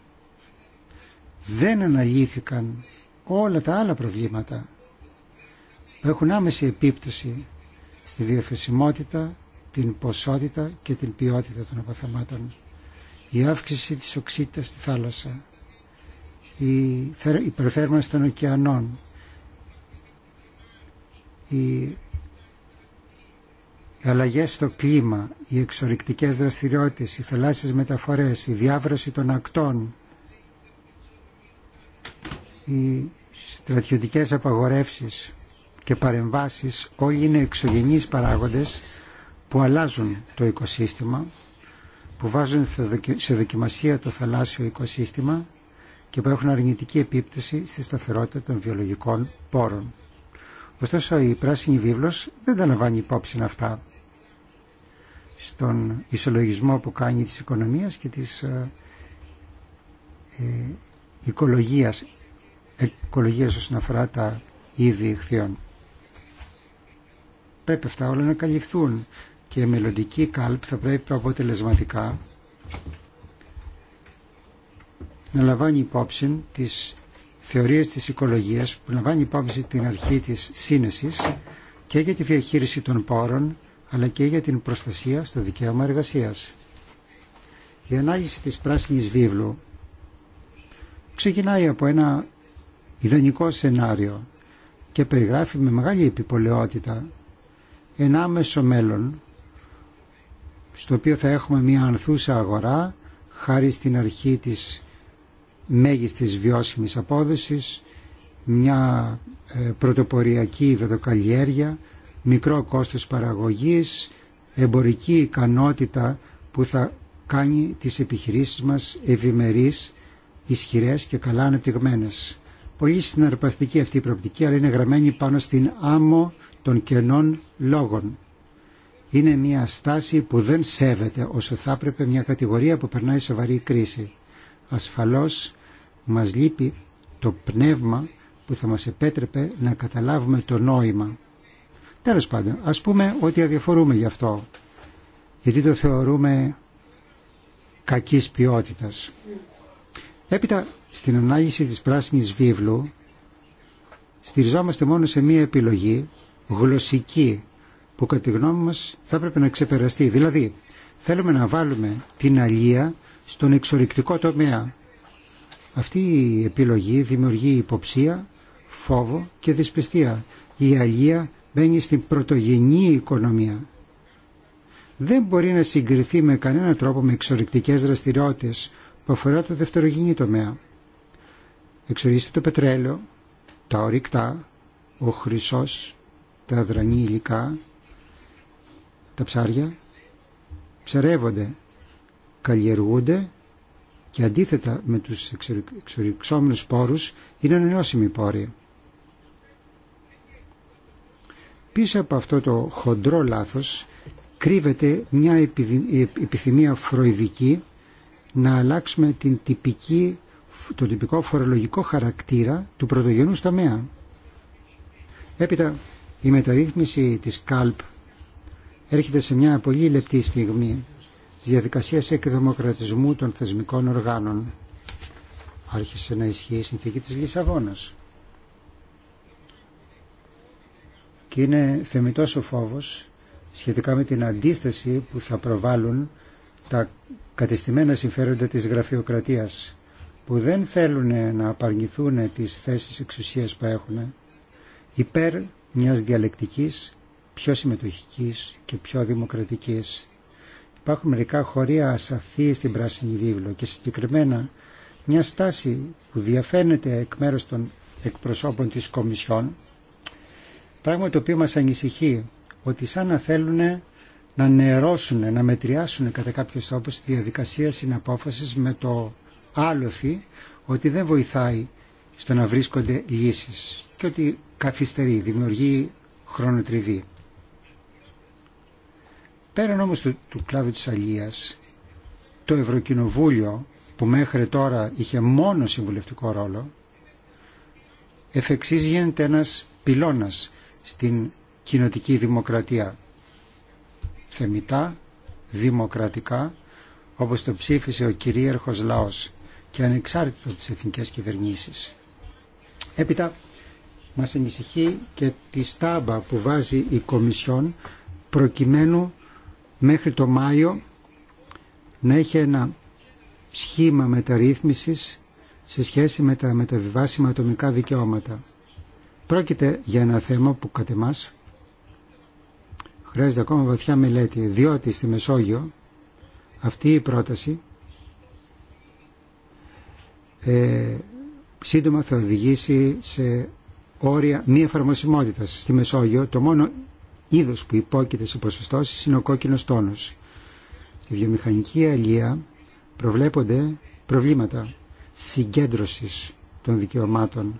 δεν αναλύθηκαν όλα τα άλλα προβλήματα έχουν άμεση επίπτωση στη διαθεσιμότητα, την ποσότητα και την ποιότητα των αποθεμάτων. Η αύξηση της οξύτητας στη θάλασσα, η υπερθέρμανση των ωκεανών, οι αλλαγές στο κλίμα, οι εξορρυκτικές δραστηριότητες, οι θελάσσιες μεταφορές, η διάβρωση των ακτών, οι στρατιωτικές απαγορεύσεις, και παρεμβάσεις όλοι είναι εξωγενείς παράγοντες που αλλάζουν το οικοσύστημα, που βάζουν σε δοκιμασία το θαλάσσιο οικοσύστημα και που έχουν αρνητική επίπτωση στη σταθερότητα των βιολογικών πόρων. Ωστόσο η πράσινη βίβλος δεν τα λαμβάνει υπόψη αυτά στον ισολογισμό που κάνει της οικονομίας και της ε, ε οικολογίας, ε, οικολογίας όσον αφορά τα είδη χθειών. Πρέπει αυτά όλα να καλυφθούν και η μελλοντική ΚΑΛΠ θα πρέπει αποτελεσματικά να λαμβάνει υπόψη τις θεωρίες της οικολογίας που λαμβάνει υπόψη την αρχή της σύνεσης και για τη διαχείριση των πόρων αλλά και για την προστασία στο δικαίωμα εργασίας. Η ανάλυση της πράσινης βίβλου ξεκινάει από ένα ιδανικό σενάριο και περιγράφει με μεγάλη επιπολαιότητα ενάμεσο μέλλον στο οποίο θα έχουμε μια ανθούσα αγορά χάρη στην αρχή της μέγιστης βιώσιμης απόδοσης, μια ε, πρωτοποριακή βεδοκαλλιέργεια, μικρό κόστος παραγωγής, εμπορική ικανότητα που θα κάνει τις επιχειρήσεις μας ευημερείς, ισχυρές και καλά αναπτυγμένες. Πολύ συναρπαστική αυτή η προοπτική, αλλά είναι γραμμένη πάνω στην άμμο των κενών λόγων. Είναι μια στάση που δεν σέβεται όσο θα έπρεπε μια κατηγορία που περνάει σοβαρή κρίση. Ασφαλώς μας λείπει το πνεύμα που θα μας επέτρεπε να καταλάβουμε το νόημα. Τέλος πάντων, ας πούμε ότι αδιαφορούμε γι' αυτό, γιατί το θεωρούμε κακής ποιότητας. Έπειτα, στην ανάλυση της πράσινης βίβλου, στηριζόμαστε μόνο σε μία επιλογή γλωσσική που κατά τη γνώμη μας θα πρέπει να ξεπεραστεί. Δηλαδή θέλουμε να βάλουμε την αλία στον εξορρυκτικό τομέα. Αυτή η επιλογή δημιουργεί υποψία, φόβο και δυσπιστία. Η αλία μπαίνει στην πρωτογενή οικονομία. Δεν μπορεί να συγκριθεί με κανένα τρόπο με εξορρυκτικές δραστηριότητες που αφορά το δευτερογενή τομέα. Εξορίστε το πετρέλαιο, τα ορυκτά, ο χρυσός, τα αδρανή υλικά, τα ψάρια, ψερεύονται, καλλιεργούνται και αντίθετα με τους εξοριξόμενους πόρους είναι ανανεώσιμοι πόροι. Πίσω από αυτό το χοντρό λάθος κρύβεται μια επιθυμία φροηδική να αλλάξουμε την τυπική, το τυπικό φορολογικό χαρακτήρα του πρωτογενού τομέα. Έπειτα η μεταρρύθμιση της ΚΑΛΠ έρχεται σε μια πολύ λεπτή στιγμή της διαδικασίας εκδημοκρατισμού των θεσμικών οργάνων. Άρχισε να ισχύει η συνθήκη της Λισαβόνας. Και είναι θεμητός ο φόβος σχετικά με την αντίσταση που θα προβάλλουν τα κατεστημένα συμφέροντα της γραφειοκρατίας που δεν θέλουν να απαρνηθούν τις θέσεις εξουσίας που έχουν υπέρ μιας διαλεκτικής, πιο συμμετοχικής και πιο δημοκρατικής. Υπάρχουν μερικά χωρία ασαφή στην Πράσινη Βίβλο και συγκεκριμένα μια στάση που διαφαίνεται εκ μέρους των εκπροσώπων της Κομισιόν, πράγμα το οποίο μας ανησυχεί, ότι σαν να θέλουν να νερώσουν, να μετριάσουν κατά κάποιο τρόπο τη διαδικασία συναπόφασης με το άλοθη ότι δεν βοηθάει στο να βρίσκονται λύσεις και ότι καθυστερεί, δημιουργεί χρονοτριβή. Πέραν όμως του, του κλάδου της Αλίας, το Ευρωκοινοβούλιο που μέχρι τώρα είχε μόνο συμβουλευτικό ρόλο, εφεξής γίνεται ένας πυλώνας στην κοινοτική δημοκρατία. Θεμητά, δημοκρατικά, όπως το ψήφισε ο κυρίαρχος λαός και ανεξάρτητο της τις εθνικές Έπειτα μας ανησυχεί και τη στάμπα που βάζει η Κομισιόν προκειμένου μέχρι το Μάιο να έχει ένα σχήμα μεταρρύθμισης σε σχέση με τα μεταβιβάσιμα ατομικά δικαιώματα. Πρόκειται για ένα θέμα που κατ' εμάς χρειάζεται ακόμα βαθιά μελέτη, διότι στη Μεσόγειο αυτή η πρόταση ε, σύντομα θα οδηγήσει σε όρια μη εφαρμοσιμότητα στη Μεσόγειο, το μόνο είδο που υπόκειται σε ποσοστώσει είναι ο κόκκινο τόνο. Στη βιομηχανική αλία προβλέπονται προβλήματα συγκέντρωση των δικαιωμάτων.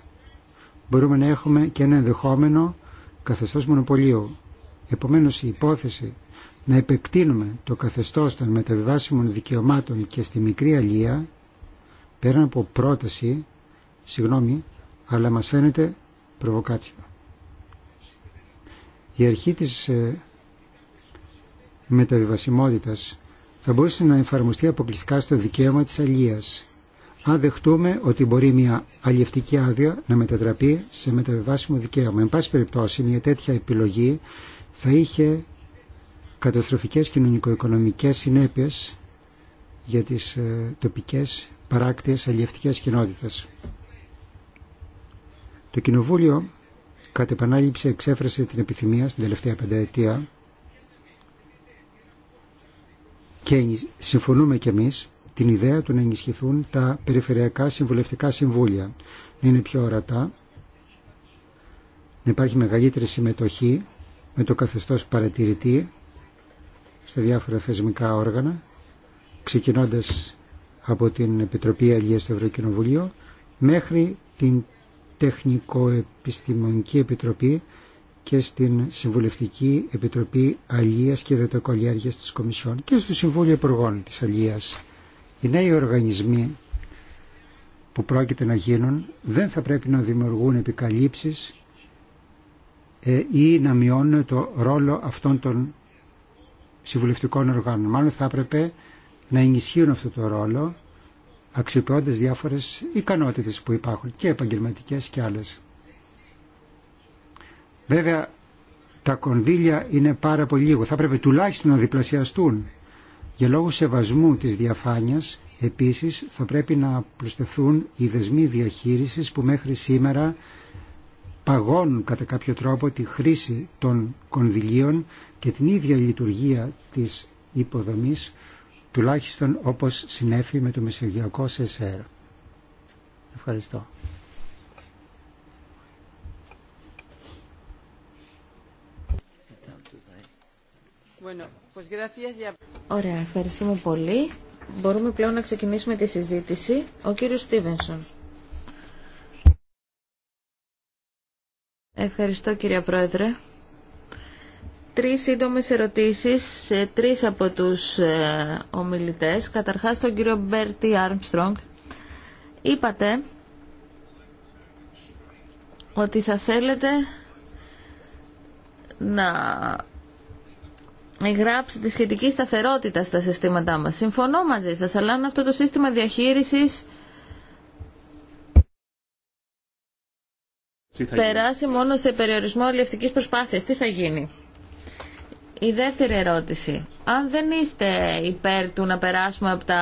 Μπορούμε να έχουμε και ένα ενδεχόμενο καθεστώς μονοπωλίου. Επομένως η υπόθεση να επεκτείνουμε το καθεστώ των μεταβιβάσιμων δικαιωμάτων και στη μικρή αλία, πέραν από πρόταση, συγγνώμη, αλλά μας φαίνεται η αρχή της ε, μεταβιβασιμότητας θα μπορούσε να εφαρμοστεί αποκλειστικά στο δικαίωμα της αλίας. Αν δεχτούμε ότι μπορεί μια αλλιευτική άδεια να μετατραπεί σε μεταβιβάσιμο δικαίωμα. Εν πάση περιπτώσει μια τέτοια επιλογή θα είχε καταστροφικές κοινωνικο-οικονομικές συνέπειες για τις ε, τοπικές παράκτειες αλλιευτικές κοινότητες. Το Κοινοβούλιο κατ' επανάληψη εξέφρασε την επιθυμία στην τελευταία πενταετία και συμφωνούμε κι εμείς την ιδέα του να ενισχυθούν τα περιφερειακά συμβουλευτικά συμβούλια, να είναι πιο ορατά, να υπάρχει μεγαλύτερη συμμετοχή με το καθεστώς παρατηρητή στα διάφορα θεσμικά όργανα, ξεκινώντας από την Επιτροπή Αλληλείας του Ευρωκοινοβουλίου μέχρι την Τεχνικο-Επιστημονική Επιτροπή και στην Συμβουλευτική Επιτροπή Αλίας και Δετοκολιάριας της Κομισιόν και στο Συμβούλιο Υπουργών της Αλίας. Οι νέοι οργανισμοί που πρόκειται να γίνουν δεν θα πρέπει να δημιουργούν επικαλύψεις ε, ή να μειώνουν το ρόλο αυτών των συμβουλευτικών οργάνων. Μάλλον θα έπρεπε να ενισχύουν αυτό το ρόλο αξιοποιώντας διάφορες ικανότητες που υπάρχουν και επαγγελματικές και άλλες. Βέβαια τα κονδύλια είναι πάρα πολύ λίγο. Θα πρέπει τουλάχιστον να διπλασιαστούν. Για λόγους σεβασμού της διαφάνειας επίσης θα πρέπει να προστεθούν οι δεσμοί διαχείρισης που μέχρι σήμερα παγώνουν κατά κάποιο τρόπο τη χρήση των κονδυλίων και την ίδια λειτουργία της υποδομής τουλάχιστον όπως συνέφη με το μεσογειακό ΣΕΣΕΡ. Ευχαριστώ. Ωραία, ευχαριστούμε πολύ. Μπορούμε πλέον να ξεκινήσουμε τη συζήτηση. Ο κύριος Στίβενσον. Ευχαριστώ κύριε Πρόεδρε τρεις σύντομες ερωτήσεις σε τρεις από τους ε, ομιλητές. Καταρχάς τον κύριο Μπέρτι Άρμστρονγκ. Είπατε ότι θα θέλετε να γράψει τη σχετική σταθερότητα στα συστήματά μας. Συμφωνώ μαζί σας, αλλά αν αυτό το σύστημα διαχείρισης περάσει μόνο σε περιορισμό αλληλευτικής προσπάθειας, τι θα γίνει. Η δεύτερη ερώτηση. Αν δεν είστε υπέρ του να περάσουμε από τα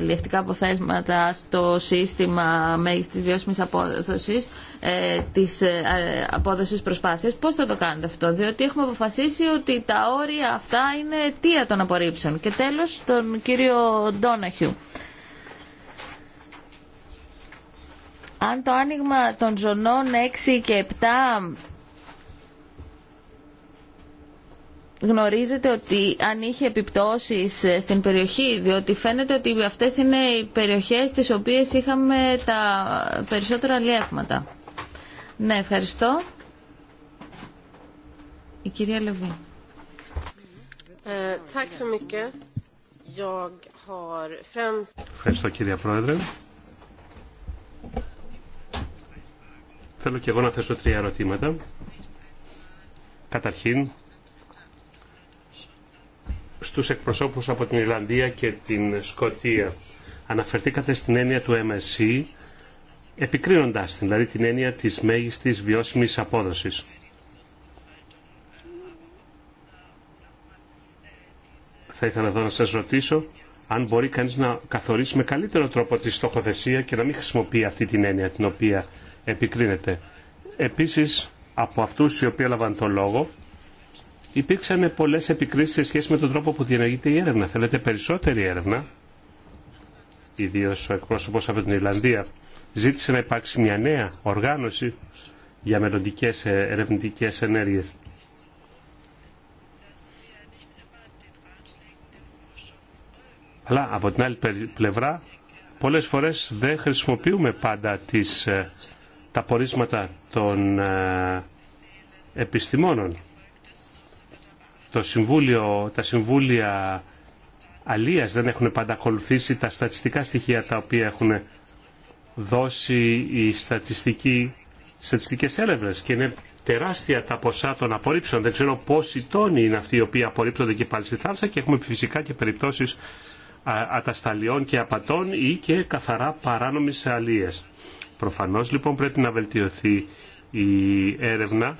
λιευτικά αποθέσματα στο σύστημα μέγιστης βιώσιμης απόδοσης, ε, της ε, απόδοσης προσπάθειας, πώς θα το κάνετε αυτό, διότι έχουμε αποφασίσει ότι τα όρια αυτά είναι αιτία των απορρίψεων. Και τέλος, τον κύριο Ντόναχιου. Αν το άνοιγμα των ζωνών 6 και 7 γνωρίζετε ότι αν είχε επιπτώσεις ε, στην περιοχή, διότι φαίνεται ότι αυτές είναι οι περιοχές τις οποίες είχαμε τα περισσότερα λιεύματα. Ναι, ευχαριστώ. Η κυρία Λεβί. Ε, ευχαριστώ κύριε Πρόεδρε. Θέλω και εγώ να θέσω τρία ερωτήματα. Καταρχήν, στους εκπροσώπους από την Ιρλανδία και την Σκοτία. Αναφερθήκατε στην έννοια του MSC, επικρίνοντας την, δηλαδή την έννοια της μέγιστης βιώσιμης απόδοσης. Θα ήθελα εδώ να σας ρωτήσω αν μπορεί κανείς να καθορίσει με καλύτερο τρόπο τη στοχοθεσία και να μην χρησιμοποιεί αυτή την έννοια την οποία επικρίνεται. Επίσης, από αυτούς οι οποίοι έλαβαν τον λόγο, υπήρξαν πολλές επικρίσεις σε σχέση με τον τρόπο που διενεργείται η έρευνα. Θέλετε περισσότερη έρευνα. Ιδίω ο εκπρόσωπο από την Ιρλανδία ζήτησε να υπάρξει μια νέα οργάνωση για μελλοντικέ ε, ερευνητικέ ενέργειες. Αλλά από την άλλη πλευρά πολλές φορές δεν χρησιμοποιούμε πάντα ε, τα πορίσματα των ε, επιστημόνων το συμβούλιο, τα συμβούλια αλίας δεν έχουν πάντα ακολουθήσει τα στατιστικά στοιχεία τα οποία έχουν δώσει οι στατιστικοί, στατιστικές έλευνες. και είναι τεράστια τα ποσά των απορρίψεων. Δεν ξέρω πόσοι τόνοι είναι αυτοί οι οποίοι απορρίπτονται και πάλι στη θάλασσα και έχουμε φυσικά και περιπτώσεις ατασταλιών και απατών ή και καθαρά παράνομης αλίας. Προφανώς λοιπόν πρέπει να βελτιωθεί η και καθαρα παρανομης αλιες προφανως λοιπον πρεπει να βελτιωθει η ερευνα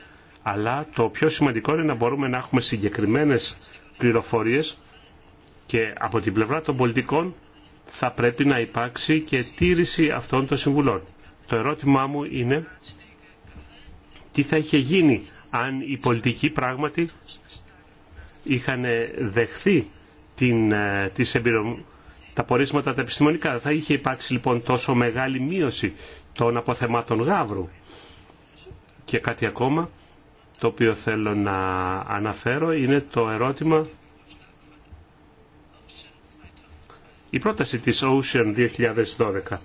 αλλά το πιο σημαντικό είναι να μπορούμε να έχουμε συγκεκριμένες πληροφορίες και από την πλευρά των πολιτικών θα πρέπει να υπάρξει και τήρηση αυτών των συμβουλών. Το ερώτημά μου είναι τι θα είχε γίνει αν οι πολιτικοί πράγματι είχαν δεχθεί την, ε, τις εμπειρο... τα πορίσματα τα επιστημονικά. Θα είχε υπάρξει λοιπόν τόσο μεγάλη μείωση των αποθεμάτων γάβρου. Και κάτι ακόμα, το οποίο θέλω να αναφέρω είναι το ερώτημα η πρόταση της Ocean 2012.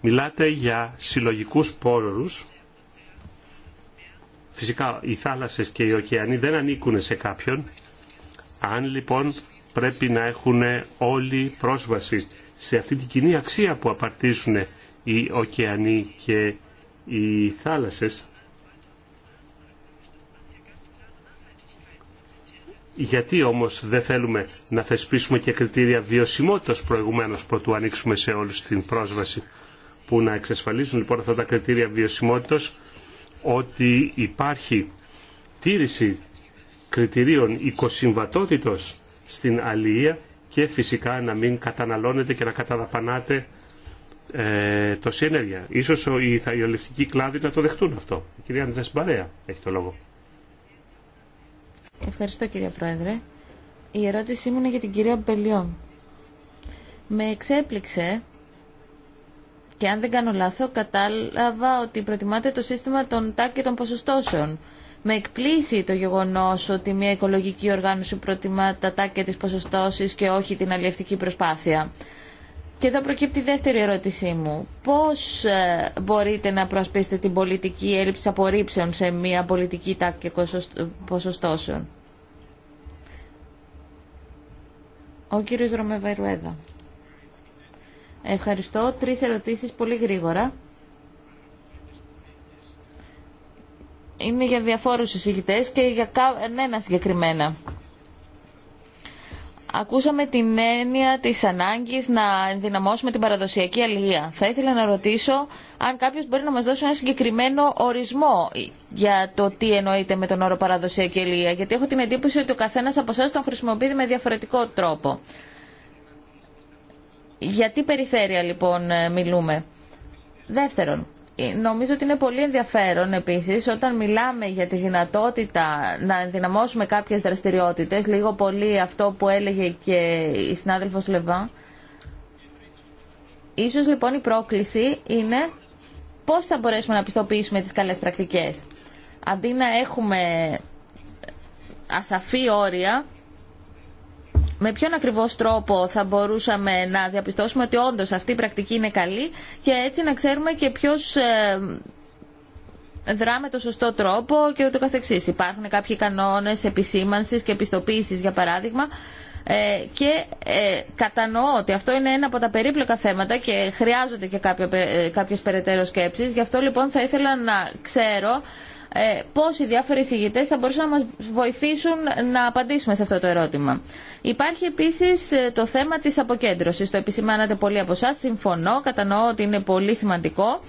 Μιλάτε για συλλογικούς πόρους. Φυσικά οι θάλασσες και οι ωκεανοί δεν ανήκουν σε κάποιον. Αν λοιπόν πρέπει να έχουν όλοι πρόσβαση σε αυτή την κοινή αξία που απαρτίζουν οι ωκεανοί και οι θάλασσες, Γιατί όμως δεν θέλουμε να θεσπίσουμε και κριτήρια βιωσιμότητας προηγουμένως πρωτού ανοίξουμε σε όλους την πρόσβαση που να εξασφαλίσουν λοιπόν αυτά τα κριτήρια βιωσιμότητας ότι υπάρχει τήρηση κριτηρίων οικοσυμβατότητος στην αλληλεία και φυσικά να μην καταναλώνεται και να καταδαπανάτε ε, τόση ενέργεια. Ίσως οι, θαϊολευτικοί κλάδοι να το δεχτούν αυτό. Η κυρία Ανδρέας Μπαρέα έχει το λόγο. Ευχαριστώ κύριε Πρόεδρε. Η ερώτησή μου είναι για την κυρία Μπελιό. Με εξέπληξε και αν δεν κάνω λάθο κατάλαβα ότι προτιμάτε το σύστημα των τάκ και των ποσοστώσεων. Με εκπλήσει το γεγονός ότι μια οικολογική οργάνωση προτιμά τα τάκ και τις και όχι την αλλιευτική προσπάθεια. Και εδώ προκύπτει η δεύτερη ερώτησή μου. Πώς ε, μπορείτε να προασπίσετε την πολιτική έλλειψη απορρίψεων σε μια πολιτική τάκη ποσοστώσεων. Ο κύριος Ρωμεβαϊρουέδα. Ευχαριστώ. Τρεις ερωτήσεις πολύ γρήγορα. Είναι για διαφόρους εισηγητές και για ένα συγκεκριμένα. Ακούσαμε την έννοια της ανάγκης να ενδυναμώσουμε την παραδοσιακή αλληλεία. Θα ήθελα να ρωτήσω αν κάποιος μπορεί να μας δώσει ένα συγκεκριμένο ορισμό για το τι εννοείται με τον όρο παραδοσιακή αλληλεία. Γιατί έχω την εντύπωση ότι ο καθένας από εσάς τον χρησιμοποιεί με διαφορετικό τρόπο. Για τι περιφέρεια λοιπόν ε, μιλούμε. Δεύτερον, Νομίζω ότι είναι πολύ ενδιαφέρον επίσης όταν μιλάμε για τη δυνατότητα να ενδυναμώσουμε κάποιες δραστηριότητες, λίγο πολύ αυτό που έλεγε και η συνάδελφος Λεβάν. Ίσως λοιπόν η πρόκληση είναι πώς θα μπορέσουμε να πιστοποιήσουμε τις καλές πρακτικές. Αντί να έχουμε ασαφή όρια, με ποιον ακριβώ τρόπο θα μπορούσαμε να διαπιστώσουμε ότι όντω αυτή η πρακτική είναι καλή και έτσι να ξέρουμε και ποιος ε, δρά με το σωστό τρόπο και ούτω καθεξής. Υπάρχουν κάποιοι κανόνες επισήμανσης και επιστοποίησης για παράδειγμα ε, και ε, κατανοώ ότι αυτό είναι ένα από τα περίπλοκα θέματα και χρειάζονται και κάποιες περαιτέρω σκέψεις. Γι' αυτό λοιπόν θα ήθελα να ξέρω ε, πώς οι διάφοροι εισηγητές θα μπορούσαν να μας βοηθήσουν να απαντήσουμε σε αυτό το ερώτημα. Υπάρχει επίσης ε, το θέμα της αποκέντρωσης. Το επισημάνατε πολλοί από εσά. Συμφωνώ, κατανοώ ότι είναι πολύ σημαντικό.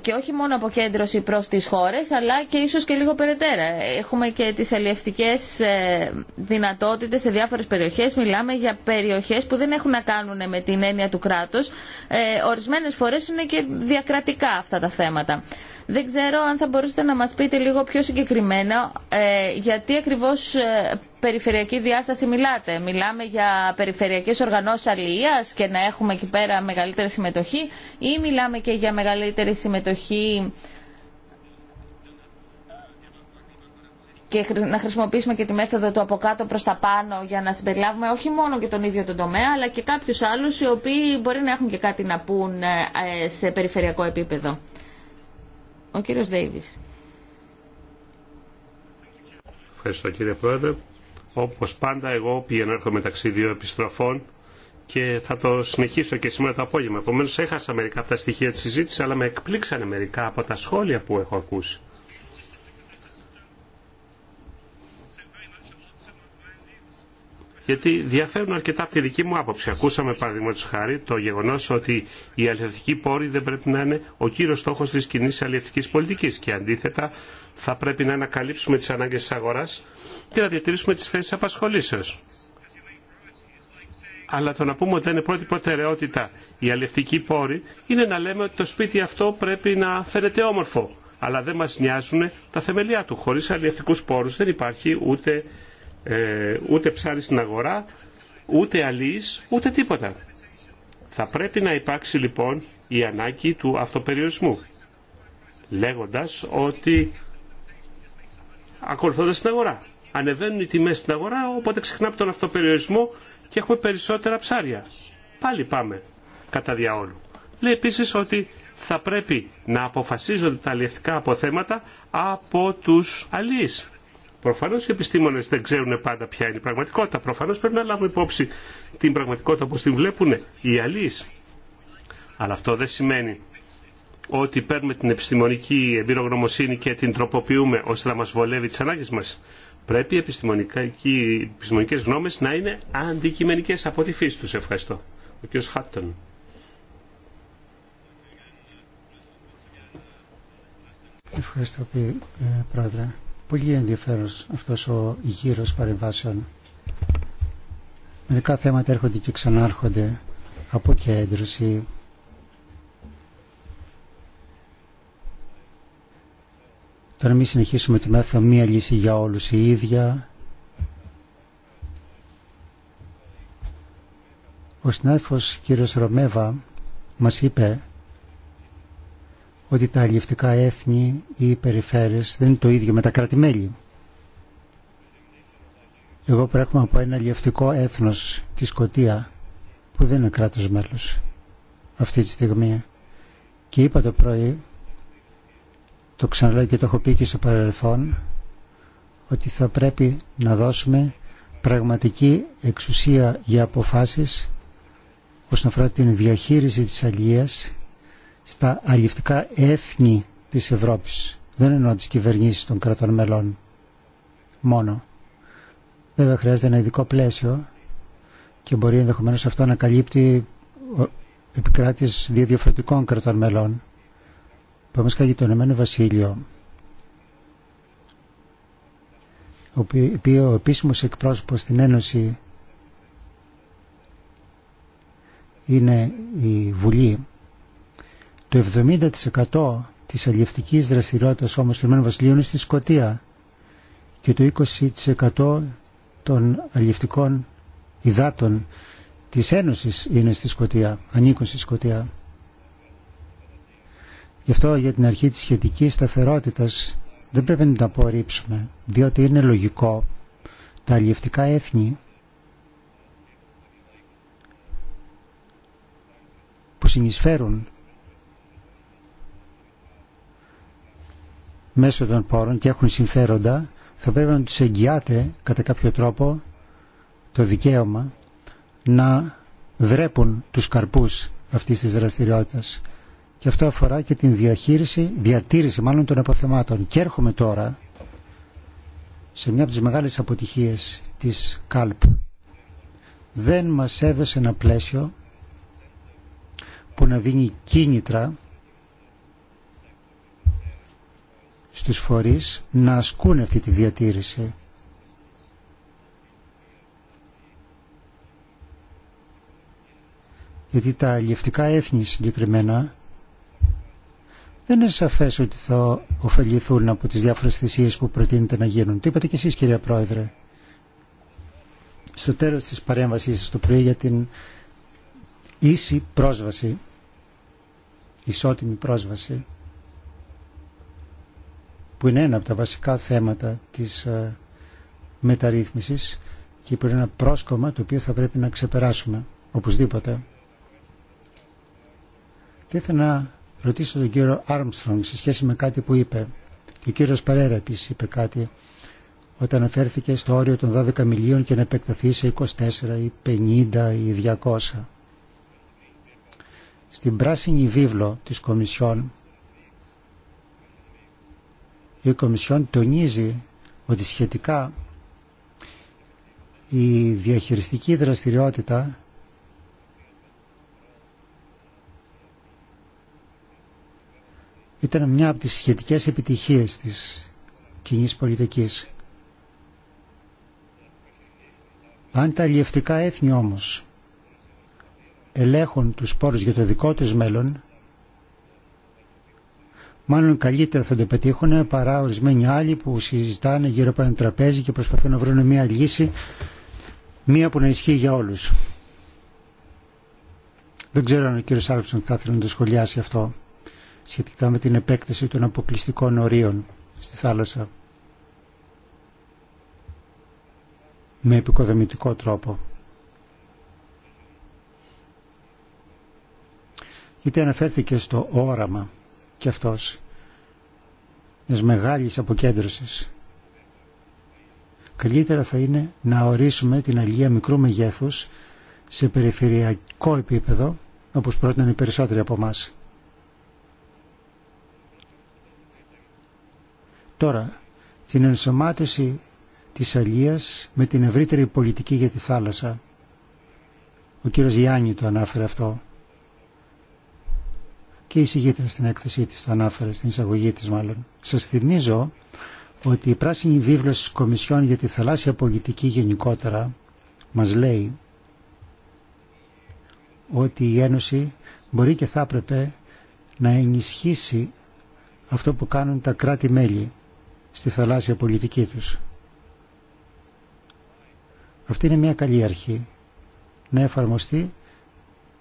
και όχι μόνο αποκέντρωση προς τις χώρες, αλλά και ίσως και λίγο περαιτέρα. Έχουμε και τις αλλιευτικές ε, δυνατότητες σε διάφορες περιοχές. Μιλάμε για περιοχές που δεν έχουν να κάνουν με την έννοια του κράτους. Ε, ορισμένες φορές είναι και διακρατικά αυτά τα θέματα. Δεν ξέρω αν θα μπορούσατε να μας πείτε λίγο πιο συγκεκριμένα ε, γιατί ακριβώς ε, περιφερειακή διάσταση μιλάτε. Μιλάμε για περιφερειακές οργανώσεις αλληλείας και να έχουμε εκεί πέρα μεγαλύτερη συμμετοχή ή μιλάμε και για μεγαλύτερη συμμετοχή και να χρησιμοποιήσουμε και τη μέθοδο του από κάτω προς τα πάνω για να συμπεριλάβουμε όχι μόνο και τον ίδιο τον τομέα αλλά και κάποιους άλλους οι οποίοι μπορεί να έχουν και κάτι να πούν ε, ε, σε περιφερειακό επίπεδο. Ο κύριος Ντέιβις. Ευχαριστώ κύριε Πρόεδρε. Όπως πάντα εγώ πηγαίνω έρχομαι μεταξύ δύο επιστροφών και θα το συνεχίσω και σήμερα το απόγευμα. Επομένω έχασα μερικά από τα στοιχεία της συζήτησης αλλά με εκπλήξανε μερικά από τα σχόλια που έχω ακούσει. γιατί διαφέρουν αρκετά από τη δική μου άποψη. Ακούσαμε παραδείγματο χάρη το γεγονό ότι οι αλληλευτικοί πόροι δεν πρέπει να είναι ο κύριο στόχο τη κοινή αλληλευτική πολιτική και αντίθετα θα πρέπει να ανακαλύψουμε τι ανάγκε τη αγορά και να διατηρήσουμε τι θέσει απασχολήσεω. Αλλά το να πούμε ότι είναι πρώτη προτεραιότητα η αλληλευτική πόρη είναι να λέμε ότι το σπίτι αυτό πρέπει να φαίνεται όμορφο. Αλλά δεν μα νοιάζουν τα θεμελιά του. Χωρί αλληλευτικού πόρου δεν υπάρχει ούτε ε, ούτε ψάρι στην αγορά, ούτε αλής, ούτε τίποτα. Θα πρέπει να υπάρξει λοιπόν η ανάγκη του αυτοπεριορισμού, λέγοντας ότι ακολουθώντας την αγορά. Ανεβαίνουν οι τιμές στην αγορά, οπότε ξεχνάμε τον αυτοπεριορισμό και έχουμε περισσότερα ψάρια. Πάλι πάμε κατά διαόλου. Λέει επίσης ότι θα πρέπει να αποφασίζονται τα αλληλευτικά αποθέματα από τους αλείς. Προφανώς οι επιστήμονες δεν ξέρουν πάντα ποια είναι η πραγματικότητα. Προφανώς πρέπει να λάβουμε υπόψη την πραγματικότητα όπως την βλέπουν οι αλλοί. Αλλά αυτό δεν σημαίνει ότι παίρνουμε την επιστημονική εμπειρογνωμοσύνη και την τροποποιούμε ώστε να μας βολεύει τι ανάγκε μας. Πρέπει οι επιστημονικέ γνώμε να είναι αντικειμενικές από τη φύση του. Ευχαριστώ. Ο κ. Χάπτον. Ευχαριστώ, ε, Πρόεδρε. Πολύ ενδιαφέρον αυτός ο γύρος παρεμβάσεων. Μερικά θέματα έρχονται και ξανάρχονται. από κέντρωση. Τώρα μην συνεχίσουμε τη μέθοδο μία λύση για όλους η ίδια. Ο συνάδελφος κύριος Ρωμέβα μας είπε ότι τα αλληλευτικά έθνη ή περιφέρειες δεν είναι το ίδιο με τα κράτη-μέλη. Εγώ προέρχομαι από ένα αλληλευτικό έθνος, τη Σκωτία, που δεν είναι κράτος μέλος αυτή τη στιγμή. Και είπα το πρωί, το ξαναλέω και το έχω πει και στο παρελθόν, ότι θα πρέπει να δώσουμε πραγματική εξουσία για αποφάσεις όσον αφορά την διαχείριση της αλληλείας στα αλληλευτικά έθνη της Ευρώπης. Δεν εννοώ τις κυβερνήσεις των κρατών μελών μόνο. Βέβαια χρειάζεται ένα ειδικό πλαίσιο και μπορεί ενδεχομένως αυτό να καλύπτει επικράτης δύο διαφορετικών κρατών μελών. Πάμε κάτι το Ηνωμένο Βασίλειο, ο οποίο ο επίσημος εκπρόσωπος στην Ένωση είναι η Βουλή το 70% της αλληλευτικής δραστηριότητας όμως του Ηνωμένου Βασιλείου είναι στη Σκοτία και το 20% των αλλιευτικών υδάτων της Ένωσης είναι στη Σκοτία, ανήκουν στη Σκοτία. Γι' αυτό για την αρχή της σχετικής σταθερότητας δεν πρέπει να την απορρίψουμε, διότι είναι λογικό τα αλλιευτικά έθνη που συνεισφέρουν μέσω των πόρων και έχουν συμφέροντα, θα πρέπει να τους εγγυάται κατά κάποιο τρόπο το δικαίωμα να δρέπουν τους καρπούς αυτής της δραστηριότητας. Και αυτό αφορά και την διαχείριση, διατήρηση μάλλον των αποθεμάτων. Και έρχομαι τώρα σε μια από τις μεγάλες αποτυχίες της ΚΑΛΠ. Δεν μας έδωσε ένα πλαίσιο που να δίνει κίνητρα στους φορείς να ασκούν αυτή τη διατήρηση. Γιατί τα αλληλευτικά έθνη συγκεκριμένα δεν είναι σαφές ότι θα ωφεληθούν από τις διάφορες θυσίες που προτείνεται να γίνουν. Τι είπατε και εσείς κυρία Πρόεδρε. Στο τέλος της παρέμβασής σας το πρωί για την ίση πρόσβαση, ισότιμη πρόσβαση που είναι ένα από τα βασικά θέματα της ε, μεταρρύθμισης και που είναι ένα πρόσκομα το οποίο θα πρέπει να ξεπεράσουμε οπωσδήποτε. Θα ήθελα να ρωτήσω τον κύριο Άρμστρονγκ σε σχέση με κάτι που είπε. Και ο κύριος Παρέρα επίσης είπε κάτι όταν αναφέρθηκε στο όριο των 12 μιλίων και να επεκταθεί σε 24 ή 50 ή 200. Στην πράσινη βίβλο της Κομισιόν η Κομισιόν τονίζει ότι σχετικά η διαχειριστική δραστηριότητα ήταν μια από τις σχετικές επιτυχίες της κοινής πολιτικής. Αν τα αλλιευτικά έθνη όμως ελέγχουν τους πόρους για το δικό τους μέλλον, μάλλον καλύτερα θα το πετύχουν παρά ορισμένοι άλλοι που συζητάνε γύρω από ένα τραπέζι και προσπαθούν να βρουν μια λύση, μια που να ισχύει για όλους. Δεν ξέρω αν ο κύριος Άλφσον θα ήθελε να το σχολιάσει αυτό σχετικά με την επέκταση των αποκλειστικών ορίων στη θάλασσα με επικοδομητικό τρόπο. Γιατί αναφέρθηκε στο όραμα και αυτός μιας μεγάλης αποκέντρωσης. Καλύτερα θα είναι να ορίσουμε την αλληλεία μικρού μεγέθους σε περιφερειακό επίπεδο, όπως πρότειναν οι περισσότεροι από εμά. Τώρα, την ενσωμάτωση της αλίας με την ευρύτερη πολιτική για τη θάλασσα. Ο κύριος Γιάννη το ανάφερε αυτό και η συγγήτρια στην έκθεσή της το ανάφερε, στην εισαγωγή της μάλλον. Σας θυμίζω ότι η πράσινη βίβλος της Κομισιόν για τη θαλάσσια πολιτική γενικότερα μας λέει ότι η Ένωση μπορεί και θα έπρεπε να ενισχύσει αυτό που κάνουν τα κράτη-μέλη στη θαλάσσια πολιτική τους. Αυτή είναι μια καλή αρχή να εφαρμοστεί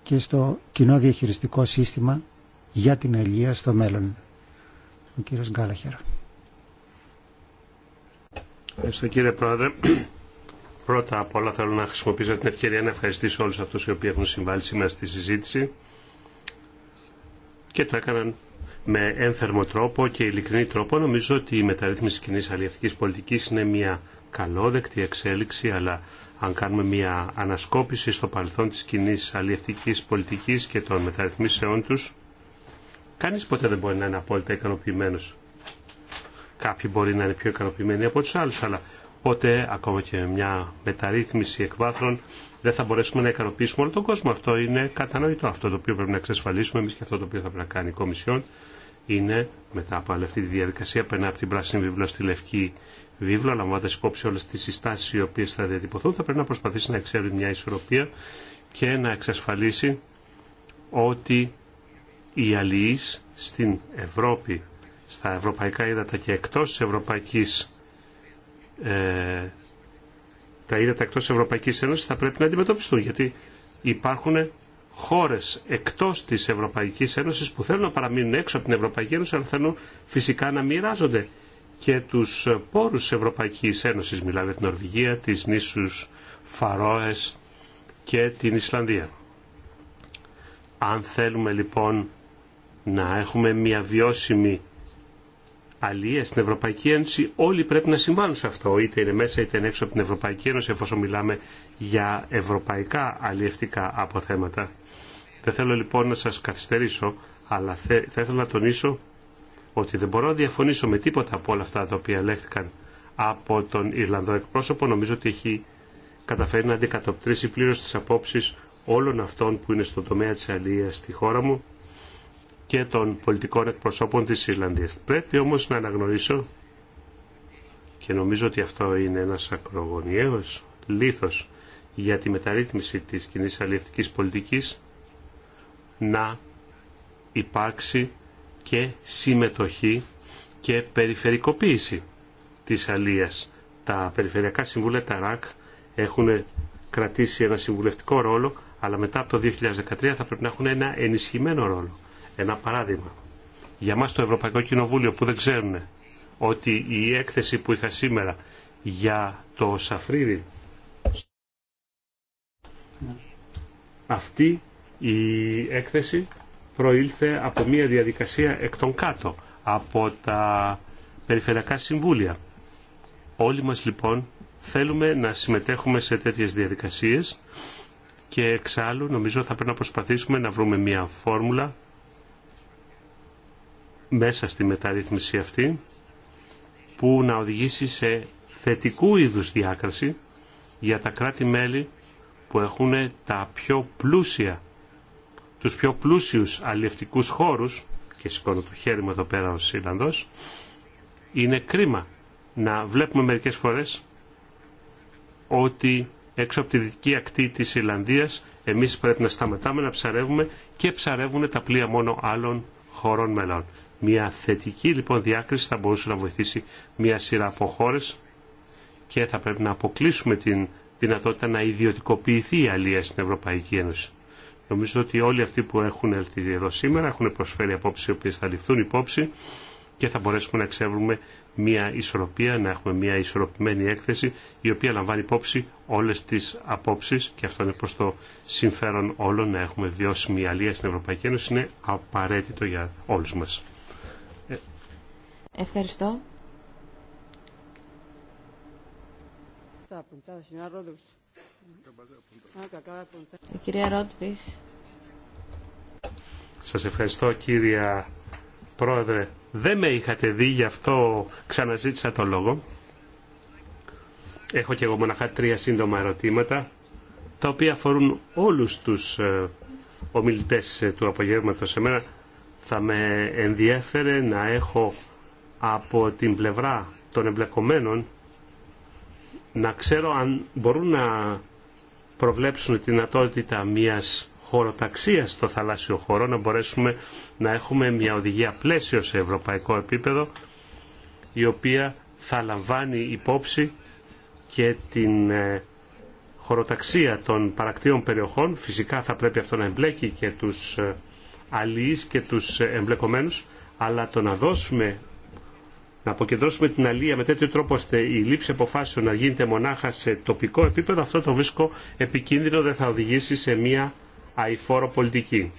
και στο κοινό διαχειριστικό σύστημα για την αλληλεία στο μέλλον. Ο κύριος Γκάλαχερ. Ευχαριστώ κύριε Πρόεδρε. Πρώτα απ' όλα θέλω να χρησιμοποιήσω την ευκαιρία να ευχαριστήσω όλους αυτούς οι οποίοι έχουν συμβάλει σήμερα στη συζήτηση και το έκαναν με ένθερμο τρόπο και ειλικρινή τρόπο. Νομίζω ότι η μεταρρύθμιση κοινή αλληλευτικής πολιτικής είναι μια καλόδεκτη εξέλιξη, αλλά αν κάνουμε μια ανασκόπηση στο παρελθόν της κοινή αλληλευτικής πολιτικής και των μεταρρυθμίσεών τους, Κανείς ποτέ δεν μπορεί να είναι απόλυτα ικανοποιημένο. Κάποιοι μπορεί να είναι πιο ικανοποιημένοι από τους άλλους, αλλά ποτέ, ακόμα και μια μεταρρύθμιση εκβάθρων δεν θα μπορέσουμε να ικανοποιήσουμε όλο τον κόσμο. Αυτό είναι κατανοητό. Αυτό το οποίο πρέπει να εξασφαλίσουμε εμεί και αυτό το οποίο θα πρέπει να κάνει η Κομισιόν είναι μετά από αυτή τη διαδικασία περνά από την πράσινη βίβλο στη λευκή βίβλο, λαμβάνοντα υπόψη όλε τι συστάσει οι οποίε θα διατυπωθούν, θα πρέπει να προσπαθήσει να εξέλθει μια ισορροπία και να εξασφαλίσει ότι οι αλληλείς στην Ευρώπη, στα ευρωπαϊκά ύδατα και εκτός της Ευρωπαϊκής ε, τα ύδατα εκτός της Ευρωπαϊκής Ένωσης θα πρέπει να αντιμετωπιστούν γιατί υπάρχουν χώρες εκτός της Ευρωπαϊκής Ένωσης που θέλουν να παραμείνουν έξω από την Ευρωπαϊκή Ένωση αλλά θέλουν φυσικά να μοιράζονται και τους πόρους της Ευρωπαϊκής Ένωσης. Μιλάμε για την Νορβηγία, τις νήσους Φαρόες και την Ισλανδία. Αν θέλουμε λοιπόν να έχουμε μια βιώσιμη αλληλεία στην Ευρωπαϊκή Ένωση, όλοι πρέπει να συμβάλλουν σε αυτό, είτε είναι μέσα είτε είναι έξω από την Ευρωπαϊκή Ένωση, εφόσον μιλάμε για ευρωπαϊκά αλληλευτικά αποθέματα. Δεν θέλω λοιπόν να σας καθυστερήσω, αλλά θα ήθελα να τονίσω ότι δεν μπορώ να διαφωνήσω με τίποτα από όλα αυτά τα οποία ελέγχθηκαν από τον Ιρλανδό εκπρόσωπο. Νομίζω ότι έχει καταφέρει να αντικατοπτρίσει πλήρως τις απόψεις όλων αυτών που είναι στον τομέα της αλληλείας στη χώρα μου και των πολιτικών εκπροσώπων της Ιρλανδίας. Πρέπει όμως να αναγνωρίσω και νομίζω ότι αυτό είναι ένας ακρογωνιαίος λήθος για τη μεταρρύθμιση της κοινή αλληλευτικής πολιτικής να υπάρξει και συμμετοχή και περιφερικοποίηση της αλίας. Τα Περιφερειακά Συμβούλια, τα ΡΑΚ, έχουν κρατήσει ένα συμβουλευτικό ρόλο, αλλά μετά από το 2013 θα πρέπει να έχουν ένα ενισχυμένο ρόλο. Ένα παράδειγμα. Για μας το Ευρωπαϊκό Κοινοβούλιο που δεν ξέρουν ότι η έκθεση που είχα σήμερα για το Σαφρίδι αυτή η έκθεση προήλθε από μια διαδικασία εκ των κάτω από τα περιφερειακά συμβούλια. Όλοι μας λοιπόν θέλουμε να συμμετέχουμε σε τέτοιες διαδικασίες και εξάλλου νομίζω θα πρέπει να προσπαθήσουμε να βρούμε μια φόρμουλα μέσα στη μεταρρύθμιση αυτή που να οδηγήσει σε θετικού είδους διάκριση για τα κράτη-μέλη που έχουν τα πιο πλούσια, τους πιο πλούσιους αλληλευτικούς χώρους και σηκώνω το χέρι μου εδώ πέρα ο Σύλλανδος είναι κρίμα να βλέπουμε μερικές φορές ότι έξω από τη δυτική ακτή της Ιλλανδίας εμείς πρέπει να σταματάμε να ψαρεύουμε και ψαρεύουν τα πλοία μόνο άλλων χωρών μελών. Μια θετική λοιπόν διάκριση θα μπορούσε να βοηθήσει μια σειρά από χώρε και θα πρέπει να αποκλείσουμε την δυνατότητα να ιδιωτικοποιηθεί η αλία στην Ευρωπαϊκή Ένωση. Νομίζω ότι όλοι αυτοί που έχουν έρθει εδώ σήμερα έχουν προσφέρει απόψει οι οποίε θα ληφθούν υπόψη και θα μπορέσουμε να ξέρουμε μια ισορροπία, να έχουμε μια ισορροπημένη έκθεση η οποία λαμβάνει υπόψη όλες τις απόψεις και αυτό είναι προς το συμφέρον όλων να έχουμε βιώσιμη αλία στην Ευρωπαϊκή Ένωση είναι απαραίτητο για όλους μας. Ε, ευχαριστώ. κυρία Σας ευχαριστώ κύρια Πρόεδρε. Δεν με είχατε δει, γι' αυτό ξαναζήτησα το λόγο. Έχω και εγώ μοναχά τρία σύντομα ερωτήματα, τα οποία αφορούν όλους τους ε, ομιλητές ε, του απογεύματος. Εμένα θα με ενδιέφερε να έχω από την πλευρά των εμπλεκομένων να ξέρω αν μπορούν να προβλέψουν τη δυνατότητα μιας χωροταξία στο θαλάσσιο χώρο, να μπορέσουμε να έχουμε μια οδηγία πλαίσιο σε ευρωπαϊκό επίπεδο, η οποία θα λαμβάνει υπόψη και την ε, χωροταξία των παρακτήων περιοχών. Φυσικά θα πρέπει αυτό να εμπλέκει και τους ε, αλληλείς και τους ε, εμπλεκομένους, αλλά το να δώσουμε να αποκεντρώσουμε την αλληλεία με τέτοιο τρόπο ώστε η λήψη αποφάσεων να γίνεται μονάχα σε τοπικό επίπεδο, αυτό το βρίσκω επικίνδυνο, δεν θα οδηγήσει σε μια αηφόρο πολιτική.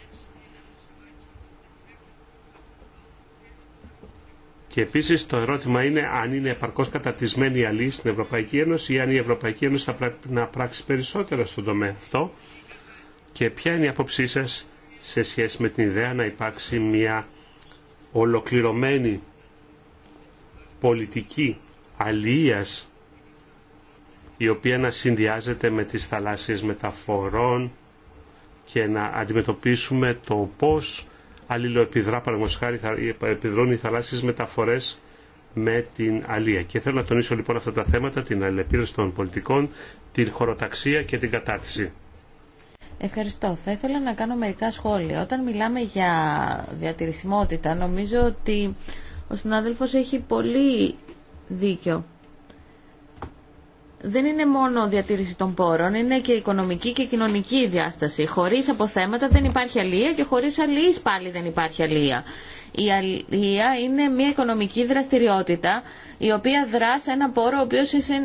Και επίση το ερώτημα είναι αν είναι επαρκώ κατατισμένη η αλή στην Ευρωπαϊκή Ένωση ή αν η Ευρωπαϊκή Ένωση θα πρέπει να πράξει περισσότερο στον τομέα αυτό και ποια είναι η άποψή σα σε σχέση με την ιδέα να υπάρξει μια ολοκληρωμένη πολιτική αλίας η οποία να συνδυάζεται με τις θαλάσσιες μεταφορών, και να αντιμετωπίσουμε το πώς αλληλοεπιδρά χάρη επιδρώνει οι θαλάσσιες μεταφορές με την αλία. Και θέλω να τονίσω λοιπόν αυτά τα θέματα, την αλληλεπίδραση των πολιτικών, την χωροταξία και την κατάρτιση. Ευχαριστώ. Θα ήθελα να κάνω μερικά σχόλια. Όταν μιλάμε για διατηρησιμότητα, νομίζω ότι ο συνάδελφος έχει πολύ δίκιο δεν είναι μόνο διατήρηση των πόρων, είναι και οικονομική και κοινωνική διάσταση. Χωρίς αποθέματα δεν υπάρχει αλία και χωρίς αλίες πάλι δεν υπάρχει αλία. Η αλία είναι μια οικονομική δραστηριότητα η οποία δρά σε ένα πόρο ο οποίο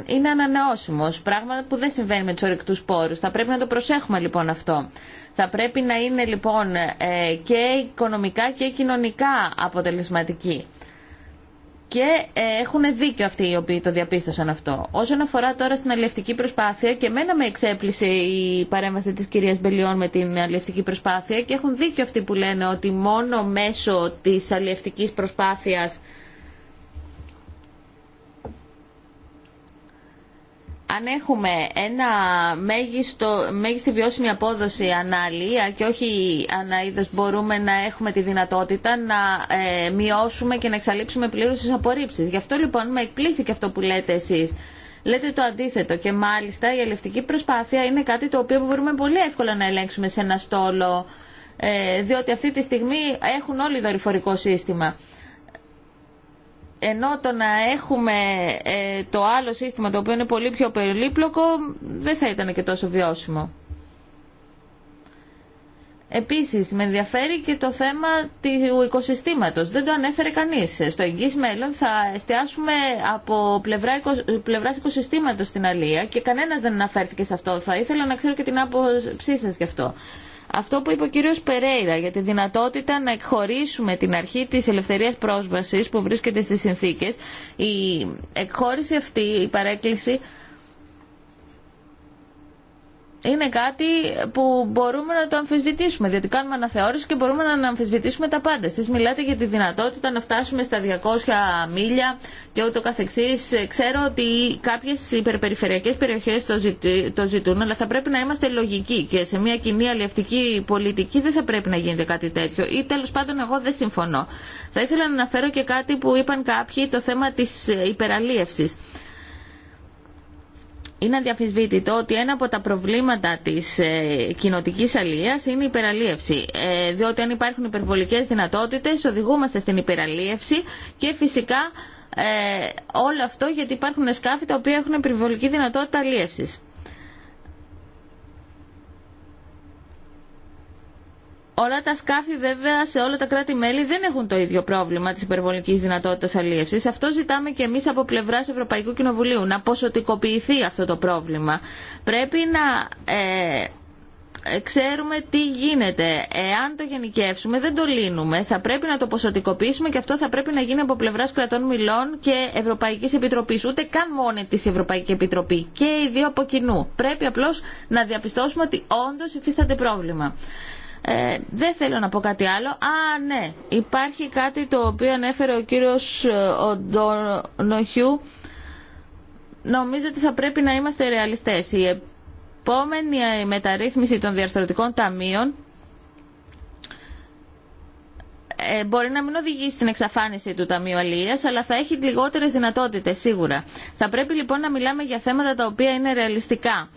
είναι ανανεώσιμο. Πράγμα που δεν συμβαίνει με του ορεικτού πόρου. Θα πρέπει να το προσέχουμε λοιπόν αυτό. Θα πρέπει να είναι λοιπόν ε, και οικονομικά και κοινωνικά αποτελεσματική. Και ε, έχουν δίκιο αυτοί οι οποίοι το διαπίστωσαν αυτό. Όσον αφορά τώρα στην αλληλευτική προσπάθεια, και εμένα με εξέπλησε η παρέμβαση τη κυρία Μπελιών με την αλληλευτική προσπάθεια και έχουν δίκιο αυτοί που λένε ότι μόνο μέσω τη αλληλευτική προσπάθεια αν έχουμε ένα μέγιστο, μέγιστη βιώσιμη απόδοση ανάλυα και όχι αναείδες μπορούμε να έχουμε τη δυνατότητα να ε, μειώσουμε και να εξαλείψουμε πλήρως τις απορρίψεις. Γι' αυτό λοιπόν με εκπλήσει και αυτό που λέτε εσείς. Λέτε το αντίθετο και μάλιστα η ελευτική προσπάθεια είναι κάτι το οποίο μπορούμε πολύ εύκολα να ελέγξουμε σε ένα στόλο ε, διότι αυτή τη στιγμή έχουν όλοι δορυφορικό σύστημα ενώ το να έχουμε ε, το άλλο σύστημα το οποίο είναι πολύ πιο περίπλοκο δεν θα ήταν και τόσο βιώσιμο. Επίσης, με ενδιαφέρει και το θέμα του οικοσυστήματος. Δεν το ανέφερε κανείς. Στο εγγύς μέλλον θα εστιάσουμε από πλευρά οικο... πλευράς οικοσυστήματος στην Αλία και κανένας δεν αναφέρθηκε σε αυτό. Θα ήθελα να ξέρω και την άποψή σας γι' αυτό. Αυτό που είπε ο κύριος Περέιρα για τη δυνατότητα να εκχωρήσουμε την αρχή της ελευθερίας πρόσβασης που βρίσκεται στις συνθήκες, η εκχώρηση αυτή, η παρέκκληση είναι κάτι που μπορούμε να το αμφισβητήσουμε, διότι κάνουμε αναθεώρηση και μπορούμε να αμφισβητήσουμε τα πάντα. Εσείς μιλάτε για τη δυνατότητα να φτάσουμε στα 200 μίλια και ούτω καθεξής. Ξέρω ότι κάποιες υπερπεριφερειακές περιοχές το, το ζητούν, αλλά θα πρέπει να είμαστε λογικοί και σε μια κοινή αλληλευτική πολιτική δεν θα πρέπει να γίνεται κάτι τέτοιο. Ή τέλος πάντων εγώ δεν συμφωνώ. Θα ήθελα να αναφέρω και κάτι που είπαν κάποιοι, το θέμα της υπεραλίευση είναι αδιαφυσβήτητο ότι ένα από τα προβλήματα της ε, κοινοτικής είναι η υπεραλίευση. Ε, διότι αν υπάρχουν υπερβολικές δυνατότητες οδηγούμαστε στην υπεραλίευση και φυσικά ε, όλο αυτό γιατί υπάρχουν σκάφη τα οποία έχουν υπερβολική δυνατότητα αλίευσης. Όλα τα σκάφη βέβαια σε όλα τα κράτη-μέλη δεν έχουν το ίδιο πρόβλημα τη υπερβολική δυνατότητα αλίευση. Αυτό ζητάμε και εμεί από πλευρά Ευρωπαϊκού Κοινοβουλίου, να ποσοτικοποιηθεί αυτό το πρόβλημα. Πρέπει να ε, ε, ξέρουμε τι γίνεται. Εάν το γενικεύσουμε δεν το λύνουμε. Θα πρέπει να το ποσοτικοποιήσουμε και αυτό θα πρέπει να γίνει από πλευρά κρατών μιλών και Ευρωπαϊκή Επιτροπή. Ούτε καν μόνη τη Ευρωπαϊκή Επιτροπή και οι δύο από κοινού. Πρέπει απλώ να διαπιστώσουμε ότι όντω υφίσταται πρόβλημα. Ε, δεν θέλω να πω κάτι άλλο. Α, ναι, υπάρχει κάτι το οποίο ανέφερε ο κύριος ε, Οντονοχιού. Νομίζω ότι θα πρέπει να είμαστε ρεαλιστές. Η επόμενη ε, μεταρρύθμιση των διαρθρωτικών ταμείων μπορεί να μην οδηγήσει στην εξαφάνιση του Ταμείου Αλληλείας, αλλά θα έχει λιγότερες δυνατότητες σίγουρα. Θα πρέπει λοιπόν να μιλάμε για θέματα τα οποία είναι ρεαλιστικά.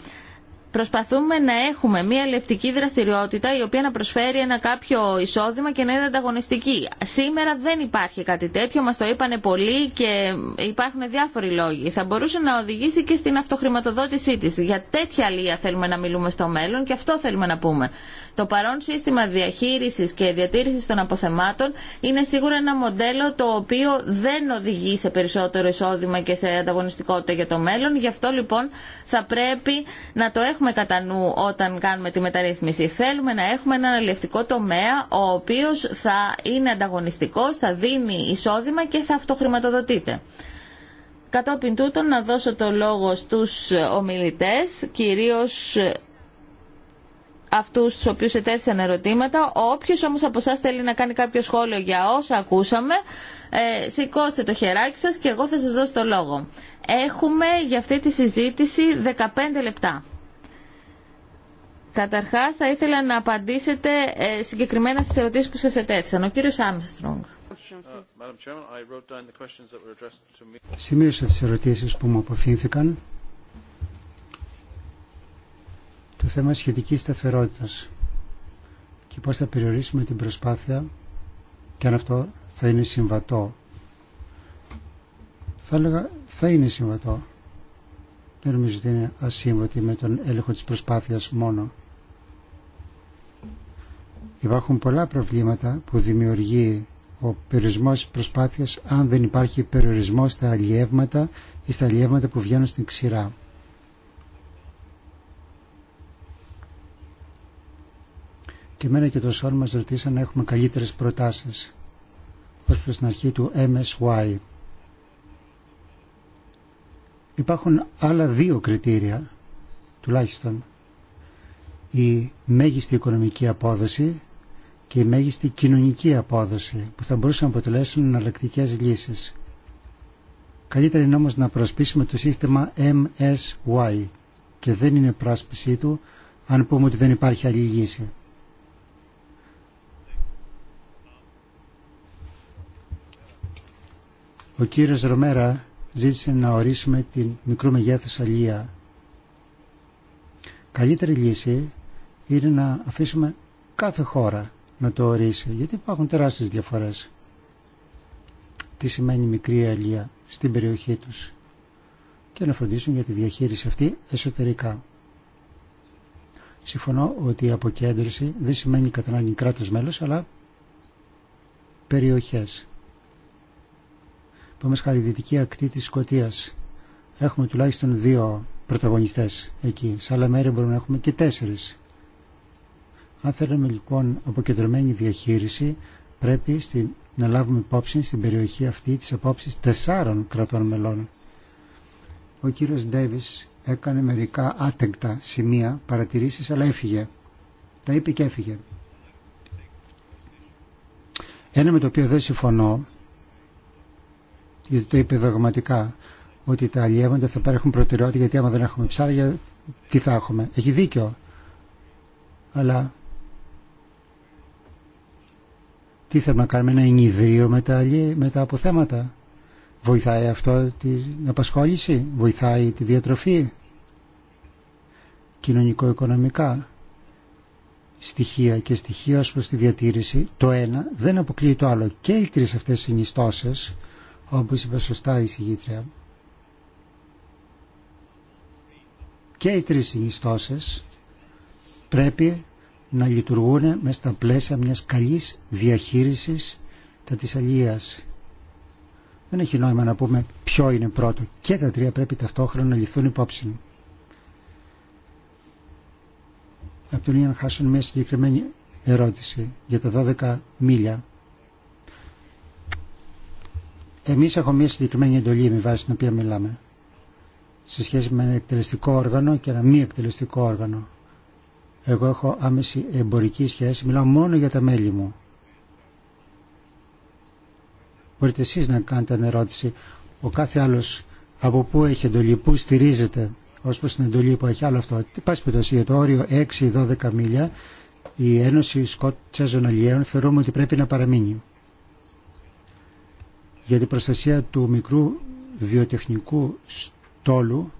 Προσπαθούμε να έχουμε μια λευτική δραστηριότητα η οποία να προσφέρει ένα κάποιο εισόδημα και να είναι ανταγωνιστική. Σήμερα δεν υπάρχει κάτι τέτοιο, μα το είπανε πολλοί και υπάρχουν διάφοροι λόγοι. Θα μπορούσε να οδηγήσει και στην αυτοχρηματοδότησή τη. Για τέτοια λεία θέλουμε να μιλούμε στο μέλλον και αυτό θέλουμε να πούμε. Το παρόν σύστημα διαχείριση και διατήρηση των αποθεμάτων είναι σίγουρα ένα μοντέλο το οποίο δεν οδηγεί σε περισσότερο εισόδημα και σε ανταγωνιστικότητα για το μέλλον. Γι' αυτό λοιπόν θα πρέπει να το έχουμε κατά νου όταν κάνουμε τη μεταρρύθμιση. Θέλουμε να έχουμε ένα αλληλευτικό τομέα ο οποίο θα είναι ανταγωνιστικό, θα δίνει εισόδημα και θα αυτοχρηματοδοτείται. Κατόπιν τούτων να δώσω το λόγο στους ομιλητές, κυρίως αυτούς τους οποίους ετέθησαν ερωτήματα. Όποιος όμως από εσά θέλει να κάνει κάποιο σχόλιο για όσα ακούσαμε, ε, σηκώστε το χεράκι σας και εγώ θα σας δώσω το λόγο. Έχουμε για αυτή τη συζήτηση 15 λεπτά. Καταρχάς θα ήθελα να απαντήσετε ε, συγκεκριμένα στις ερωτήσεις που σας ετέθησαν. Ο κύριος Άμστρονγκ. Σημείωσα τις ερωτήσεις που μου αποφύγθηκαν το θέμα σχετικής σταθερότητας και πώς θα περιορίσουμε την προσπάθεια και αν αυτό θα είναι συμβατό. Θα έλεγα θα είναι συμβατό. Δεν νομίζω ότι είναι ασύμβατη με τον έλεγχο της προσπάθειας μόνο. Υπάρχουν πολλά προβλήματα που δημιουργεί ο περιορισμός της προσπάθειας αν δεν υπάρχει περιορισμός στα αλλιεύματα ή στα αλλιεύματα που βγαίνουν στην ξηρά. Και μένα και το Σόρ μας ρωτήσαν να έχουμε καλύτερες προτάσεις ως προς την αρχή του MSY. Υπάρχουν άλλα δύο κριτήρια, τουλάχιστον. Η μέγιστη οικονομική απόδοση και η μέγιστη κοινωνική απόδοση που θα μπορούσαν να αποτελέσουν εναλλακτικέ λύσεις. Καλύτερα είναι όμως να προσπίσουμε το σύστημα MSY και δεν είναι πράσπιση του αν πούμε ότι δεν υπάρχει άλλη λύση. Ο κύριος Ρομέρα ζήτησε να ορίσουμε την μικρού μεγέθους αλληλεία. Καλύτερη λύση είναι να αφήσουμε κάθε χώρα να το ορίσει, γιατί υπάρχουν τεράστιες διαφορές. Τι σημαίνει μικρή αλληλεία στην περιοχή τους και να φροντίσουν για τη διαχείριση αυτή εσωτερικά. Συμφωνώ ότι η αποκέντρωση δεν σημαίνει κατά ανάγκη κράτος μέλος, αλλά περιοχές το στη ακτή της Σκοτίας. Έχουμε τουλάχιστον δύο πρωταγωνιστές εκεί. Σε άλλα μέρη μπορούμε να έχουμε και τέσσερις. Αν θέλουμε λοιπόν αποκεντρωμένη διαχείριση, πρέπει στη, να λάβουμε υπόψη στην περιοχή αυτή της απόψεις τεσσάρων κρατών μελών. Ο κύριος Ντέβις έκανε μερικά άτεγκτα σημεία παρατηρήσεις, αλλά έφυγε. Τα είπε και έφυγε. Ένα με το οποίο δεν συμφωνώ γιατί το είπε δογματικά ότι τα αλλιεύοντα θα παρέχουν προτεραιότητα γιατί άμα δεν έχουμε ψάρια τι θα έχουμε. Έχει δίκιο. Αλλά τι θέλουμε να κάνουμε ένα ενιδρίο με τα, με τα αποθέματα. Βοηθάει αυτό την απασχόληση, βοηθάει τη διατροφή, κοινωνικο-οικονομικά στοιχεία και στοιχεία ως προς τη διατήρηση. Το ένα δεν αποκλείει το άλλο και οι τρεις αυτές συνιστώσεις όπως είπε σωστά η συγγήτρια. Και οι τρεις συνιστώσεις πρέπει να λειτουργούν μέσα στα πλαίσια μιας καλής διαχείρισης τα της αλίας. Δεν έχει νόημα να πούμε ποιο είναι πρώτο. Και τα τρία πρέπει ταυτόχρονα να ληφθούν υπόψη. Από τον Ιαν χάσουν μια συγκεκριμένη ερώτηση για τα 12 μίλια εμείς έχουμε μια συγκεκριμένη εντολή με βάση την οποία μιλάμε σε σχέση με ένα εκτελεστικό όργανο και ένα μη εκτελεστικό όργανο. Εγώ έχω άμεση εμπορική σχέση, μιλάω μόνο για τα μέλη μου. Μπορείτε εσείς να κάνετε την ερώτηση. Ο κάθε άλλος από πού έχει εντολή, πού στηρίζεται ω προ την εντολή που έχει άλλο αυτό. Τι πάση περιπτώσει για το όριο 6-12 μίλια η Ένωση Τσέζων Αλλιέων θεωρούμε ότι πρέπει να παραμείνει για την προστασία του μικρού βιοτεχνικού στόλου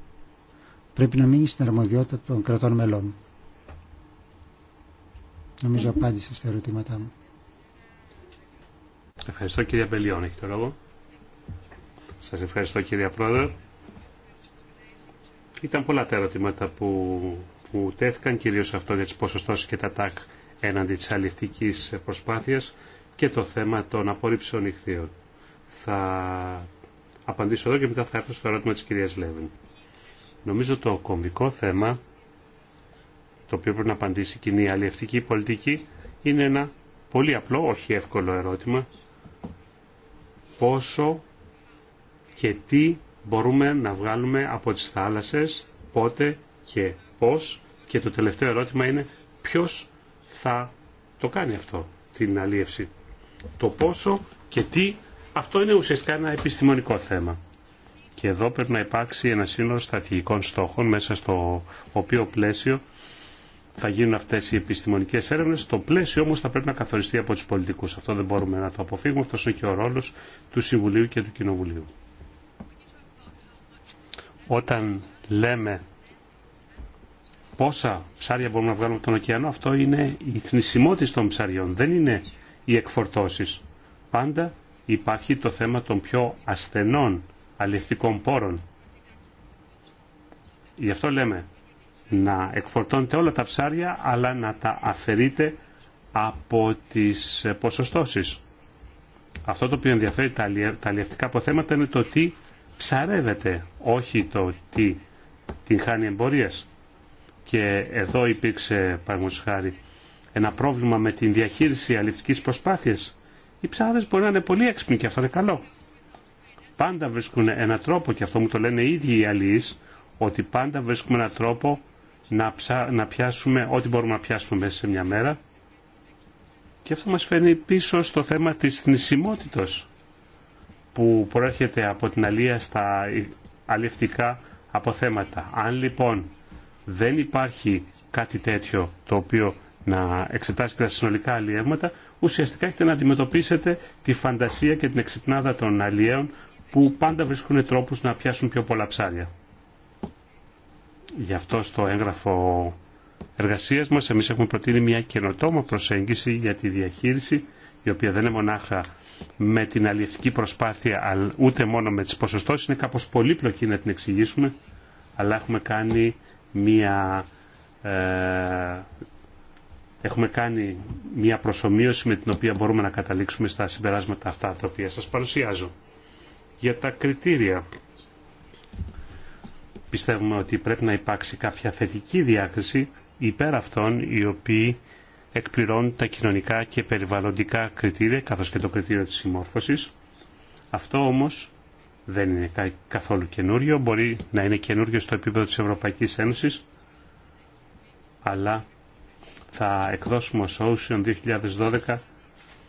πρέπει να μείνει στην αρμοδιότητα των κρατών μελών. Νομίζω απάντησα στα ερωτήματά μου. Ευχαριστώ κυρία Μπελιών, έχει το λόγο. Σας ευχαριστώ κυρία Πρόεδρε. Ήταν πολλά τα ερωτήματα που, που τέθηκαν, κυρίως αυτό για τις ποσοστώσεις και τα τάκ έναντι της προσπάθειας και το θέμα των απορρίψεων ηχθείων. Θα απαντήσω εδώ και μετά θα έρθω στο ερώτημα της κυρίας Λέβεν. Νομίζω το κομβικό θέμα, το οποίο πρέπει να απαντήσει η κοινή αλλιευτική πολιτική, είναι ένα πολύ απλό, όχι εύκολο ερώτημα. Πόσο και τι μπορούμε να βγάλουμε από τις θάλασσες, πότε και πώς. Και το τελευταίο ερώτημα είναι ποιος θα το κάνει αυτό, την αλλιεύση. Το πόσο και τι αυτό είναι ουσιαστικά ένα επιστημονικό θέμα. Και εδώ πρέπει να υπάρξει ένα σύνολο στρατηγικών στόχων μέσα στο οποίο πλαίσιο θα γίνουν αυτέ οι επιστημονικέ έρευνε. Το πλαίσιο όμω θα πρέπει να καθοριστεί από του πολιτικού. Αυτό δεν μπορούμε να το αποφύγουμε. Αυτό είναι και ο ρόλο του Συμβουλίου και του Κοινοβουλίου. Όταν λέμε πόσα ψάρια μπορούμε να βγάλουμε από τον ωκεανό, αυτό είναι η θνησιμότητα των ψαριών. Δεν είναι οι εκφορτώσει. Πάντα υπάρχει το θέμα των πιο ασθενών αλληλευτικών πόρων. Γι' αυτό λέμε να εκφορτώνετε όλα τα ψάρια αλλά να τα αφαιρείτε από τις ποσοστώσεις. Αυτό το οποίο ενδιαφέρει τα αλληλευτικά αποθέματα είναι το τι ψαρεύεται, όχι το τι την χάνει εμπορίας. Και εδώ υπήρξε, παραγωγή ένα πρόβλημα με την διαχείριση αλληλευτικής προσπάθειας οι ψάρες μπορεί να είναι πολύ έξυπνοι και αυτό είναι καλό. Πάντα βρίσκουν έναν τρόπο και αυτό μου το λένε οι ίδιοι οι αλληλείς ότι πάντα βρίσκουμε έναν τρόπο να, ψα... να πιάσουμε ό,τι μπορούμε να πιάσουμε μέσα σε μια μέρα και αυτό μας φέρνει πίσω στο θέμα της θνησιμότητος που προέρχεται από την αλία στα αλληλευτικά αποθέματα. Αν λοιπόν δεν υπάρχει κάτι τέτοιο το οποίο να εξετάσει τα συνολικά αλλιεύματα, ουσιαστικά έχετε να αντιμετωπίσετε τη φαντασία και την εξυπνάδα των αλλιέων που πάντα βρίσκουν τρόπους να πιάσουν πιο πολλά ψάρια. Γι' αυτό στο έγγραφο εργασίας μας εμείς έχουμε προτείνει μια καινοτόμα προσέγγιση για τη διαχείριση η οποία δεν είναι μονάχα με την αλλιευτική προσπάθεια ούτε μόνο με τις ποσοστώσεις, είναι κάπως πολύπλοκη να την εξηγήσουμε, αλλά έχουμε κάνει μια ε, έχουμε κάνει μια προσωμείωση με την οποία μπορούμε να καταλήξουμε στα συμπεράσματα αυτά τα οποία σας παρουσιάζω. Για τα κριτήρια πιστεύουμε ότι πρέπει να υπάρξει κάποια θετική διάκριση υπέρ αυτών οι οποίοι εκπληρώνουν τα κοινωνικά και περιβαλλοντικά κριτήρια καθώς και το κριτήριο της συμμόρφωσης. Αυτό όμως δεν είναι καθόλου καινούριο, μπορεί να είναι καινούριο στο επίπεδο της Ευρωπαϊκής Ένωσης αλλά θα εκδώσουμε ως Ocean 2012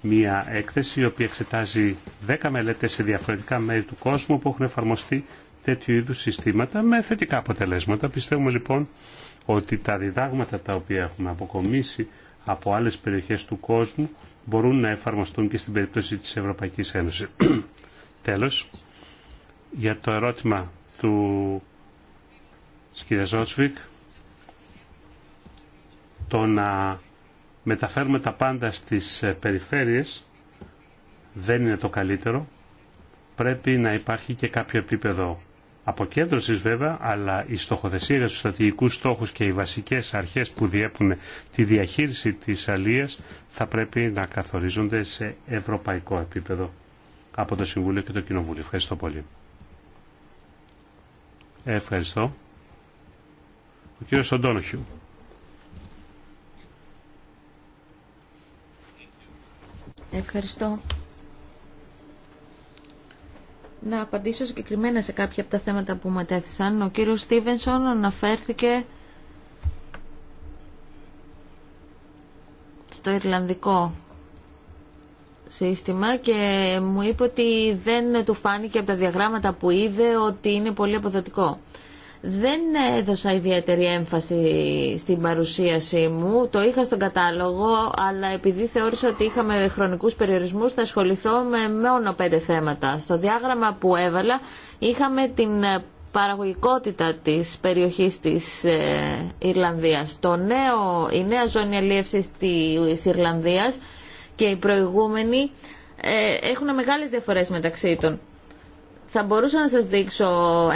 μία έκθεση η οποία εξετάζει 10 μελέτες σε διαφορετικά μέρη του κόσμου που έχουν εφαρμοστεί τέτοιου είδου συστήματα με θετικά αποτελέσματα. Πιστεύουμε λοιπόν ότι τα διδάγματα τα οποία έχουμε αποκομίσει από άλλες περιοχές του κόσμου μπορούν να εφαρμοστούν και στην περίπτωση της Ευρωπαϊκής Ένωσης. Τέλος, για το ερώτημα του κ. Ζότσβικ, το να μεταφέρουμε τα πάντα στις ε, περιφέρειες δεν είναι το καλύτερο. Πρέπει να υπάρχει και κάποιο επίπεδο αποκέντρωσης βέβαια, αλλά η στοχοθεσία για τους στρατηγικούς στόχους και οι βασικές αρχές που διέπουν τη διαχείριση της αλίας θα πρέπει να καθορίζονται σε ευρωπαϊκό επίπεδο από το Συμβούλιο και το Κοινοβούλιο. Ευχαριστώ πολύ. Ε, ευχαριστώ. Ο κύριος Σοντόνοχιου. Ευχαριστώ. Να απαντήσω συγκεκριμένα σε κάποια από τα θέματα που μετέθησαν. Ο κύριος Στίβενσον αναφέρθηκε στο Ιρλανδικό σύστημα και μου είπε ότι δεν του φάνηκε από τα διαγράμματα που είδε ότι είναι πολύ αποδοτικό. Δεν έδωσα ιδιαίτερη έμφαση στην παρουσίασή μου. Το είχα στον κατάλογο, αλλά επειδή θεώρησα ότι είχαμε χρονικούς περιορισμούς, θα ασχοληθώ με μόνο πέντε θέματα. Στο διάγραμμα που έβαλα είχαμε την ε, παραγωγικότητα της περιοχής της ε, Ιρλανδίας. Το νέο, η νέα ζώνη αλίευσης της Ιρλανδίας και οι προηγούμενοι ε, έχουν μεγάλες διαφορές μεταξύ των. Θα μπορούσα να σας δείξω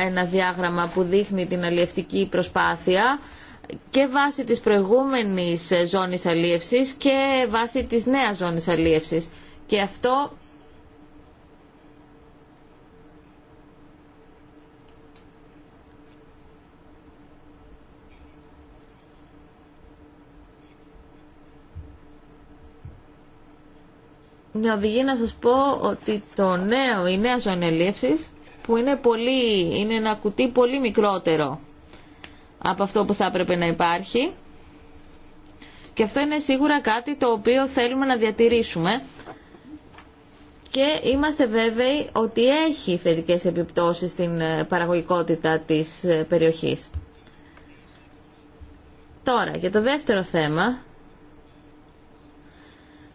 ένα διάγραμμα που δείχνει την αλλιευτική προσπάθεια και βάσει της προηγούμενης ζώνης αλλίευσης και βάσει της νέας ζώνης αλλίευσης. Και αυτό με οδηγεί να σας πω ότι το νέο, η νέα ζώνη που είναι, πολύ, είναι ένα κουτί πολύ μικρότερο από αυτό που θα έπρεπε να υπάρχει και αυτό είναι σίγουρα κάτι το οποίο θέλουμε να διατηρήσουμε και είμαστε βέβαιοι ότι έχει θετικές επιπτώσεις στην ε, παραγωγικότητα της ε, περιοχής. Τώρα, για το δεύτερο θέμα,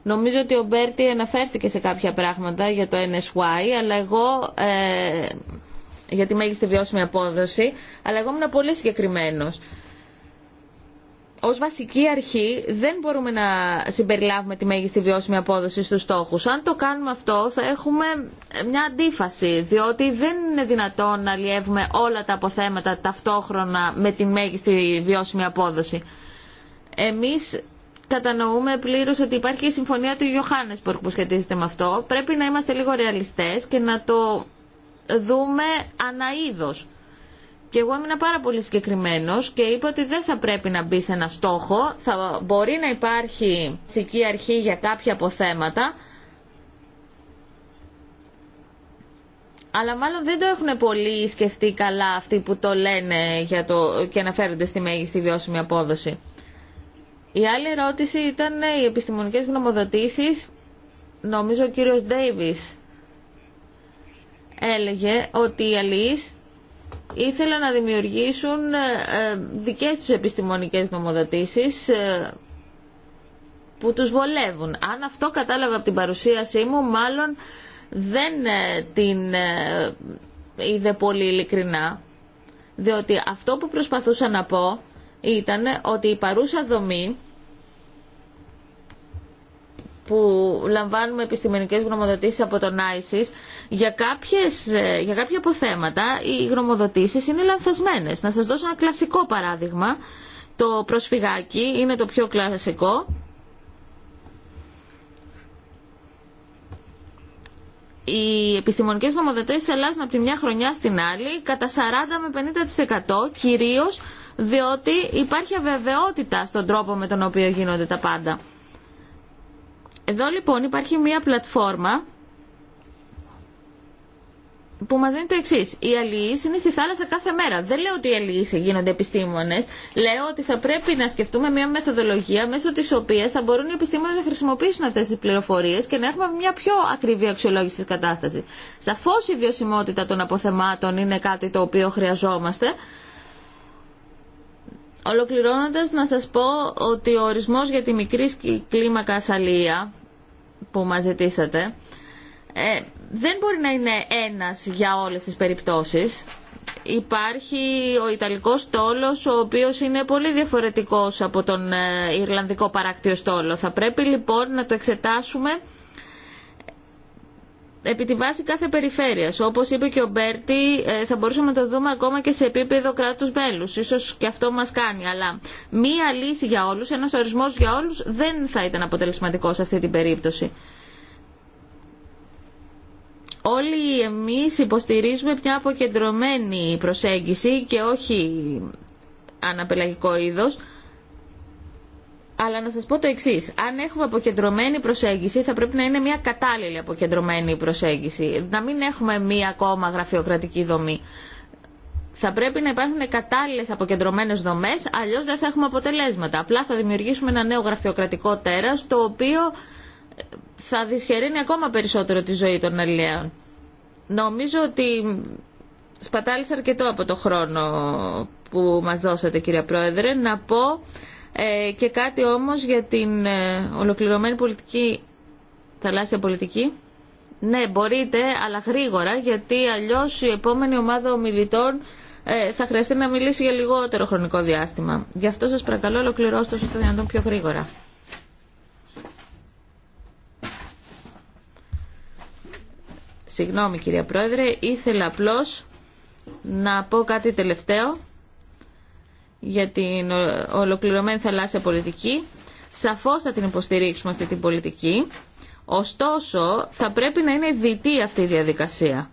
Νομίζω ότι ο Μπέρτι αναφέρθηκε σε κάποια πράγματα για το NSY, αλλά εγώ ε, για τη μέγιστη βιώσιμη απόδοση, αλλά εγώ ήμουν πολύ συγκεκριμένο. Ως βασική αρχή δεν μπορούμε να συμπεριλάβουμε τη μέγιστη βιώσιμη απόδοση στους στόχους. Αν το κάνουμε αυτό θα έχουμε μια αντίφαση, διότι δεν είναι δυνατόν να λιεύουμε όλα τα αποθέματα ταυτόχρονα με τη μέγιστη βιώσιμη απόδοση. Εμείς κατανοούμε πλήρω ότι υπάρχει η συμφωνία του Ιωάννεσπορκ που σχετίζεται με αυτό. Πρέπει να είμαστε λίγο ρεαλιστέ και να το δούμε αναείδο. Και εγώ έμεινα πάρα πολύ συγκεκριμένο και είπα ότι δεν θα πρέπει να μπει σε ένα στόχο. Θα μπορεί να υπάρχει φυσική αρχή για κάποια θέματα αλλά μάλλον δεν το έχουν πολύ σκεφτεί καλά αυτοί που το λένε για το... και αναφέρονται στη μέγιστη βιώσιμη απόδοση. Η άλλη ερώτηση ήταν ε, οι επιστημονικές γνωμοδοτήσεις. Νομίζω ο κύριος Ντέιβις έλεγε ότι οι αλληλείς ήθελαν να δημιουργήσουν ε, ε, δικές τους επιστημονικές γνωμοδοτήσεις που τους βολεύουν. Αν αυτό κατάλαβα από την παρουσίασή μου, μάλλον δεν την είδε πολύ ειλικρινά, διότι αυτό που προσπαθούσα να πω ήταν ότι η παρούσα δομή που λαμβάνουμε επιστημονικές γνωμοδοτήσεις από τον ISIS, για, κάποιες, ε, για κάποια αποθέματα οι γνωμοδοτήσεις είναι λανθασμένες. Να σας δώσω ένα κλασικό παράδειγμα. Το προσφυγάκι είναι το πιο κλασικό. οι επιστημονικές γνωμοδοτήσεις αλλάζουν από τη μια χρονιά στην άλλη κατά 40 με 50% κυρίως διότι υπάρχει αβεβαιότητα στον τρόπο με τον οποίο γίνονται τα πάντα. Εδώ λοιπόν υπάρχει μια πλατφόρμα που μας δίνει το εξή. Οι αλληλείς είναι στη θάλασσα κάθε μέρα. Δεν λέω ότι οι αλληλείς γίνονται επιστήμονες. Λέω ότι θα πρέπει να σκεφτούμε μια μεθοδολογία μέσω της οποίας θα μπορούν οι επιστήμονες να χρησιμοποιήσουν αυτές τις πληροφορίες και να έχουμε μια πιο ακριβή αξιολόγηση της κατάστασης. Σαφώς η βιωσιμότητα των αποθεμάτων είναι κάτι το οποίο χρειαζόμαστε Ολοκληρώνοντας να σας πω ότι ο ορισμός για τη μικρή κλίμακα ασαλία που μας ζητήσατε ε, δεν μπορεί να είναι ένας για όλες τις περιπτώσεις. Υπάρχει ο Ιταλικός στόλος ο οποίος είναι πολύ διαφορετικός από τον ε, Ιρλανδικό παράκτιο στόλο. Θα πρέπει λοιπόν να το εξετάσουμε επί τη βάση κάθε περιφέρειας. Όπως είπε και ο Μπέρτι, ε, θα μπορούσαμε να το δούμε ακόμα και σε επίπεδο κράτου μέλους. Ίσως και αυτό μας κάνει, αλλά μία λύση για όλους, ένας ορισμός για όλους δεν θα ήταν αποτελεσματικό σε αυτή την περίπτωση. Όλοι εμείς υποστηρίζουμε μια αποκεντρωμένη προσέγγιση και όχι αναπελαγικό είδος αλλά να σας πω το εξής, αν έχουμε αποκεντρωμένη προσέγγιση θα πρέπει να είναι μια κατάλληλη αποκεντρωμένη προσέγγιση, να μην έχουμε μια ακόμα γραφειοκρατική δομή. Θα πρέπει να υπάρχουν κατάλληλε αποκεντρωμένε δομέ, αλλιώ δεν θα έχουμε αποτελέσματα. Απλά θα δημιουργήσουμε ένα νέο γραφειοκρατικό τέρα, το οποίο ε, θα δυσχεραίνει ακόμα περισσότερο τη ζωή των Ελληνίων. Νομίζω ότι σπατάλησα αρκετό από το χρόνο που μας δώσατε, κυρία Πρόεδρε, να πω ε, και κάτι όμως για την ε, ολοκληρωμένη πολιτική, θαλάσσια πολιτική. Ναι, μπορείτε, αλλά γρήγορα, γιατί αλλιώς η επόμενη ομάδα ομιλητών ε, θα χρειαστεί να μιλήσει για λιγότερο χρονικό διάστημα. Γι' αυτό σας παρακαλώ ολοκληρώστε όσο το δυνατόν πιο γρήγορα. Συγγνώμη κυρία Πρόεδρε, ήθελα απλώς να πω κάτι τελευταίο για την ολοκληρωμένη θαλάσσια πολιτική. Σαφώς θα την υποστηρίξουμε αυτή την πολιτική. Ωστόσο, θα πρέπει να είναι δυτή αυτή η διαδικασία.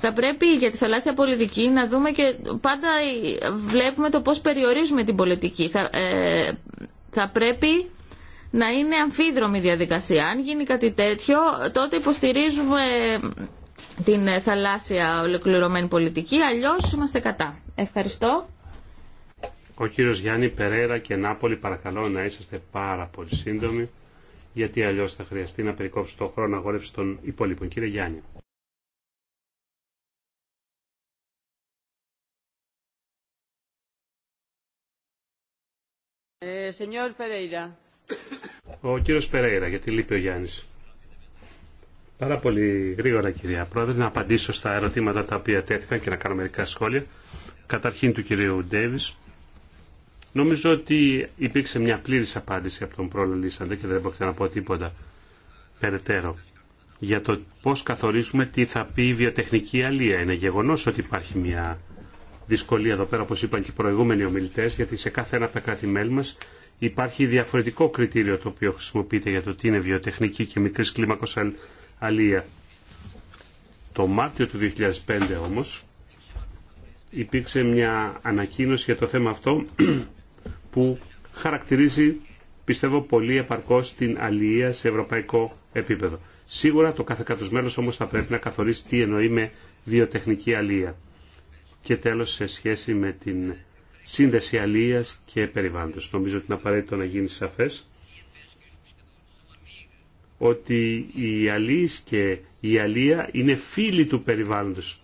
Θα πρέπει για τη θαλάσσια πολιτική να δούμε και πάντα βλέπουμε το πώς περιορίζουμε την πολιτική. Θα, ε, θα πρέπει να είναι αμφίδρομη διαδικασία. Αν γίνει κάτι τέτοιο, τότε υποστηρίζουμε την ε, θαλάσσια ολοκληρωμένη πολιτική, αλλιώς είμαστε κατά. Ευχαριστώ. Ο κύριος Γιάννη Περέρα και Νάπολη παρακαλώ να είσαστε πάρα πολύ σύντομοι γιατί αλλιώς θα χρειαστεί να περικόψει το χρόνο αγόρευση των υπόλοιπων. Κύριε Γιάννη. Ε, Περέιρα. Ο κύριος Περέιρα, γιατί λείπει ο Γιάννης. Πάρα πολύ γρήγορα κυρία Πρόεδρε να απαντήσω στα ερωτήματα τα οποία τέθηκαν και να κάνω μερικά σχόλια. Καταρχήν του κυρίου Ντέβι. Νομίζω ότι υπήρξε μια πλήρη απάντηση από τον πρόεδρο Λίσανδε και δεν πρόκειται να πω τίποτα περαιτέρω για το πώ καθορίζουμε τι θα πει η βιοτεχνική αλία. Είναι γεγονό ότι υπάρχει μια δυσκολία εδώ πέρα, όπω είπαν και οι προηγούμενοι ομιλητέ, γιατί σε κάθε ένα από τα κράτη-μέλη μας υπάρχει διαφορετικό κριτήριο το οποίο χρησιμοποιείται για το τι είναι βιοτεχνική και μικρή κλίμακο αλία. Το Μάρτιο του 2005 όμως υπήρξε μια ανακοίνωση για το θέμα αυτό που χαρακτηρίζει πιστεύω πολύ επαρκώς την αλληλεία σε ευρωπαϊκό επίπεδο. Σίγουρα το κάθε κράτος μέλος όμως θα πρέπει να καθορίσει τι εννοεί με βιοτεχνική αλληλεία. Και τέλος σε σχέση με την σύνδεση αλληλείας και περιβάλλοντος. Νομίζω ότι είναι απαραίτητο να γίνει σαφές ότι οι Αλής και η αλία είναι φίλοι του περιβάλλοντος.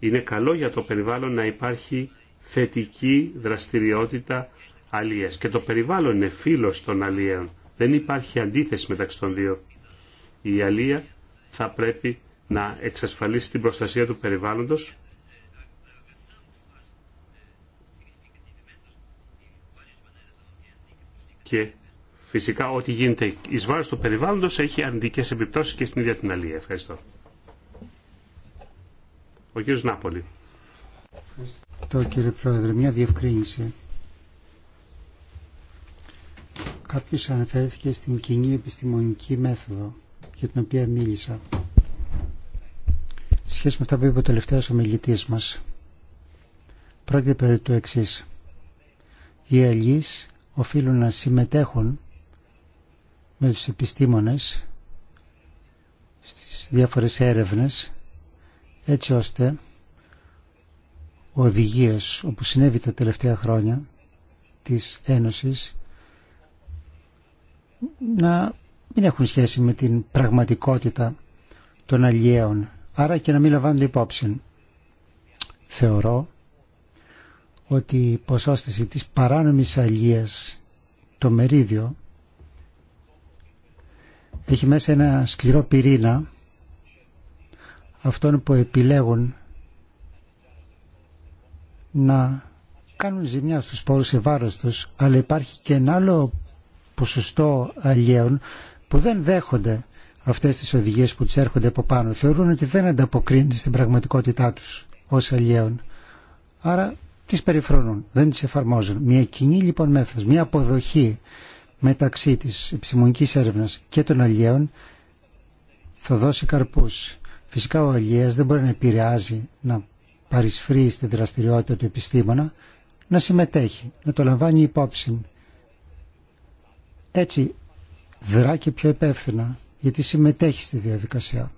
Είναι καλό για το περιβάλλον να υπάρχει θετική δραστηριότητα αλίας. Και το περιβάλλον είναι φίλος των αλίων. Δεν υπάρχει αντίθεση μεταξύ των δύο. Η αλία θα πρέπει να εξασφαλίσει την προστασία του περιβάλλοντος και φυσικά ό,τι γίνεται εις βάρος του περιβάλλοντος έχει αρνητικές επιπτώσεις και στην ίδια την αλία. Ευχαριστώ. Ο κύριος Νάπολη. Ευχαριστώ κύριε Πρόεδρε. Μια διευκρίνηση. Κάποιος αναφέρθηκε στην κοινή επιστημονική μέθοδο για την οποία μίλησα. Σχέση με αυτά που είπε ο τελευταίος ομιλητή μας. Πρόκειται περί του εξής. Οι αλληλείς οφείλουν να συμμετέχουν με τους επιστήμονες στις διάφορες έρευνες έτσι ώστε οδηγίες όπου συνέβη τα τελευταία χρόνια της Ένωσης να μην έχουν σχέση με την πραγματικότητα των αλλιέων άρα και να μην λαμβάνουν υπόψη θεωρώ ότι η ποσόστηση της παράνομης αλλίας το μερίδιο έχει μέσα ένα σκληρό πυρήνα αυτών που επιλέγουν να κάνουν ζημιά στους πόρους σε βάρος τους, αλλά υπάρχει και ένα άλλο ποσοστό αλλιέων που δεν δέχονται αυτές τις οδηγίες που τους έρχονται από πάνω. Θεωρούν ότι δεν ανταποκρίνει στην πραγματικότητά τους ως αλλιέων. Άρα τις περιφρονούν, δεν τις εφαρμόζουν. Μια κοινή λοιπόν μέθοδος, μια αποδοχή μεταξύ της επιστημονικής έρευνας και των αλλιέων θα δώσει καρπούς. Φυσικά ο αλλιέας δεν μπορεί να επηρεάζει, να παρισφρεί στη δραστηριότητα του επιστήμονα, να συμμετέχει, να το λαμβάνει υπόψη. Έτσι δρά και πιο υπεύθυνα, γιατί συμμετέχει στη διαδικασία.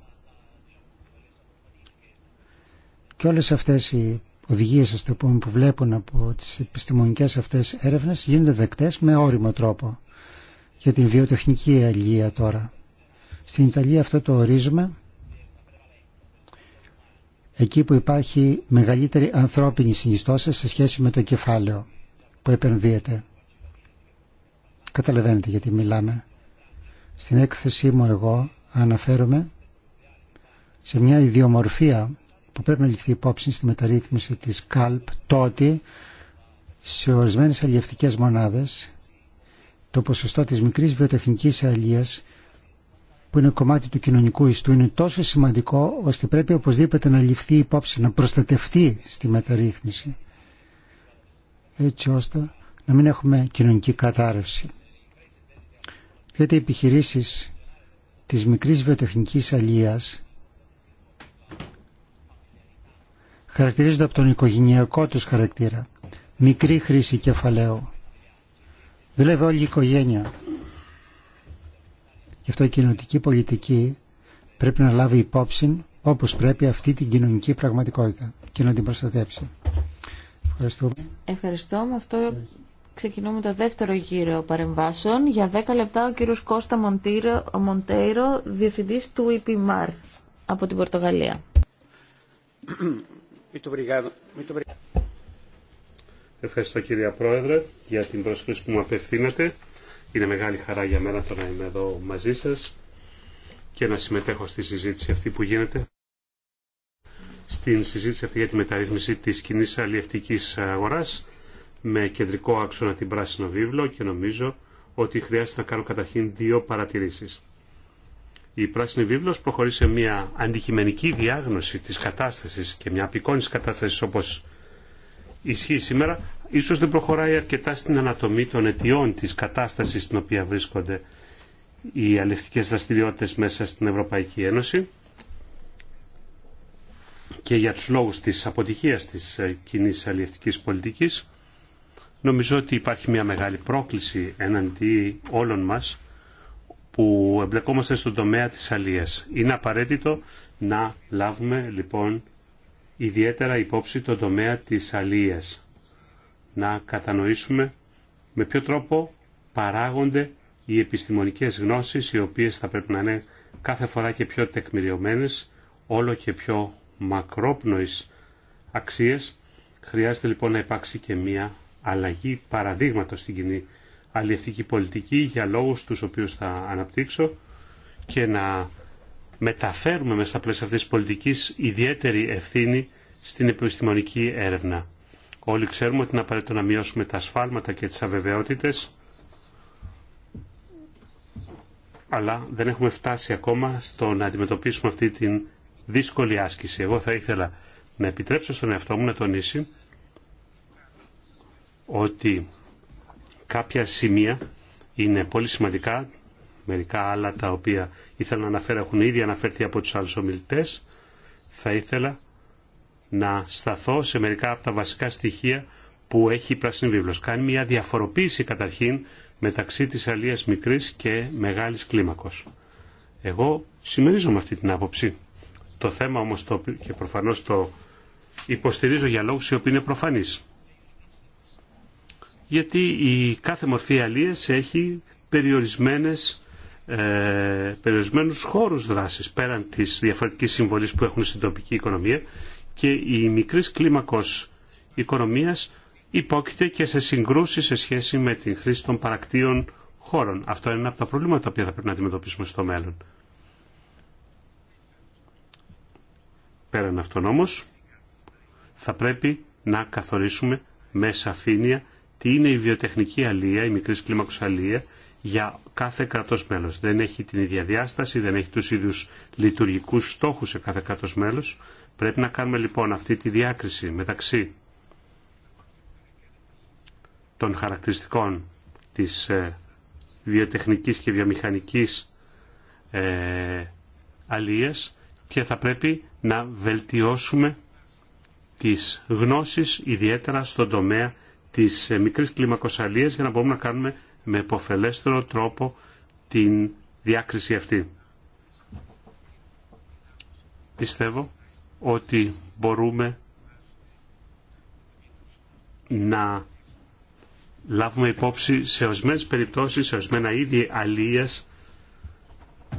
Και όλες αυτές οι οδηγίες, το πούμε, που βλέπουν από τις επιστημονικές αυτές έρευνες γίνονται δεκτές με όριμο τρόπο για την βιοτεχνική αλληλεία τώρα. Στην Ιταλία αυτό το ορίζουμε εκεί που υπάρχει μεγαλύτερη ανθρώπινη συνιστόσα σε σχέση με το κεφάλαιο που επενδύεται. Καταλαβαίνετε γιατί μιλάμε. Στην έκθεσή μου εγώ αναφέρομαι σε μια ιδιομορφία που πρέπει να ληφθεί υπόψη στη μεταρρύθμιση της ΚΑΛΠ τότε σε ορισμένες αλλιευτικές μονάδες το ποσοστό της μικρής βιοτεχνικής αλίας που είναι κομμάτι του κοινωνικού ιστού είναι τόσο σημαντικό ώστε πρέπει οπωσδήποτε να ληφθεί υπόψη, να προστατευτεί στη μεταρρύθμιση έτσι ώστε να μην έχουμε κοινωνική κατάρρευση. Διότι οι επιχειρήσεις της μικρής βιοτεχνικής αλίας χαρακτηρίζονται από τον οικογενειακό τους χαρακτήρα. Μικρή χρήση κεφαλαίου Δουλεύει όλη η οικογένεια. Γι' αυτό η κοινωνική πολιτική πρέπει να λάβει υπόψη όπως πρέπει αυτή την κοινωνική πραγματικότητα και να την προστατεύσει. Ευχαριστώ. Ευχαριστώ. Με αυτό ξεκινούμε το δεύτερο γύρο παρεμβάσεων. Για 10 λεπτά ο κύριος Κώστα Μοντέιρο, διευθυντής του EPMAR από την Πορτογαλία. Ευχαριστώ κυρία Πρόεδρε για την πρόσκληση που μου απευθύνατε. Είναι μεγάλη χαρά για μένα το να είμαι εδώ μαζί σας και να συμμετέχω στη συζήτηση αυτή που γίνεται. Στην συζήτηση αυτή για τη μεταρρύθμιση της κοινή αλλιευτικής αγοράς με κεντρικό άξονα την πράσινο βίβλο και νομίζω ότι χρειάζεται να κάνω καταρχήν δύο παρατηρήσεις. Η Πράσινη Βίβλος προχωρεί σε μια αντικειμενική διάγνωση της κατάστασης και μια απεικόνηση κατάστασης όπως ισχύει σήμερα ίσως δεν προχωράει αρκετά στην ανατομή των αιτιών της κατάστασης στην οποία βρίσκονται οι αλευτικές δραστηριότητες μέσα στην Ευρωπαϊκή Ένωση και για τους λόγους της αποτυχίας της ε, κοινή αλληλευτικής πολιτικής. Νομίζω ότι υπάρχει μια μεγάλη πρόκληση εναντί όλων μας που εμπλεκόμαστε στον τομέα της αλλίας. Είναι απαραίτητο να λάβουμε λοιπόν ιδιαίτερα υπόψη τον τομέα της αλίας. Να κατανοήσουμε με ποιο τρόπο παράγονται οι επιστημονικές γνώσεις οι οποίες θα πρέπει να είναι κάθε φορά και πιο τεκμηριωμένες, όλο και πιο μακρόπνοης αξίες. Χρειάζεται λοιπόν να υπάρξει και μία αλλαγή παραδείγματος στην κοινή αλληλευτική πολιτική για λόγους τους οποίους θα αναπτύξω και να μεταφέρουμε μέσα στα πλαίσια αυτής της πολιτικής ιδιαίτερη ευθύνη στην επιστημονική έρευνα. Όλοι ξέρουμε ότι είναι απαραίτητο να μειώσουμε τα ασφάλματα και τις αβεβαιότητες, αλλά δεν έχουμε φτάσει ακόμα στο να αντιμετωπίσουμε αυτή την δύσκολη άσκηση. Εγώ θα ήθελα να επιτρέψω στον εαυτό μου να τονίσει ότι κάποια σημεία είναι πολύ σημαντικά Μερικά άλλα τα οποία ήθελα να αναφέρω έχουν ήδη αναφερθεί από τους άλλους ομιλητές. Θα ήθελα να σταθώ σε μερικά από τα βασικά στοιχεία που έχει η Πράσινη Βίβλος. Κάνει μια διαφοροποίηση καταρχήν μεταξύ της αλίας μικρής και μεγάλης κλίμακος. Εγώ συμμερίζομαι αυτή την άποψη. Το θέμα όμως το, και προφανώς το υποστηρίζω για λόγους οι οποίοι είναι προφανείς. Γιατί η κάθε μορφή αλίας έχει περιορισμένες ε, περιορισμένους χώρους δράσης πέραν της διαφορετικής συμβολής που έχουν στην τοπική οικονομία και η μικρής κλίμακος οικονομίας υπόκειται και σε συγκρούσεις σε σχέση με την χρήση των παρακτήων χώρων. Αυτό είναι ένα από τα προβλήματα τα οποία θα πρέπει να αντιμετωπίσουμε στο μέλλον. Πέραν αυτών όμω, θα πρέπει να καθορίσουμε με σαφήνεια τι είναι η βιοτεχνική αλία, η μικρή κλίμακο αλία για κάθε κράτος μέλος. Δεν έχει την ίδια διάσταση, δεν έχει τους ίδιους λειτουργικούς στόχους σε κάθε κράτος μέλος. Πρέπει να κάνουμε λοιπόν αυτή τη διάκριση μεταξύ των χαρακτηριστικών της ε, βιοτεχνικής και βιομηχανικής ε, και θα πρέπει να βελτιώσουμε τις γνώσεις ιδιαίτερα στον τομέα της ε, μικρής κλίμακος για να μπορούμε να κάνουμε με υποφελέστερο τρόπο την διάκριση αυτή. Πιστεύω ότι μπορούμε να λάβουμε υπόψη σε ορισμένε περιπτώσεις, σε ορισμένα είδη αλίας,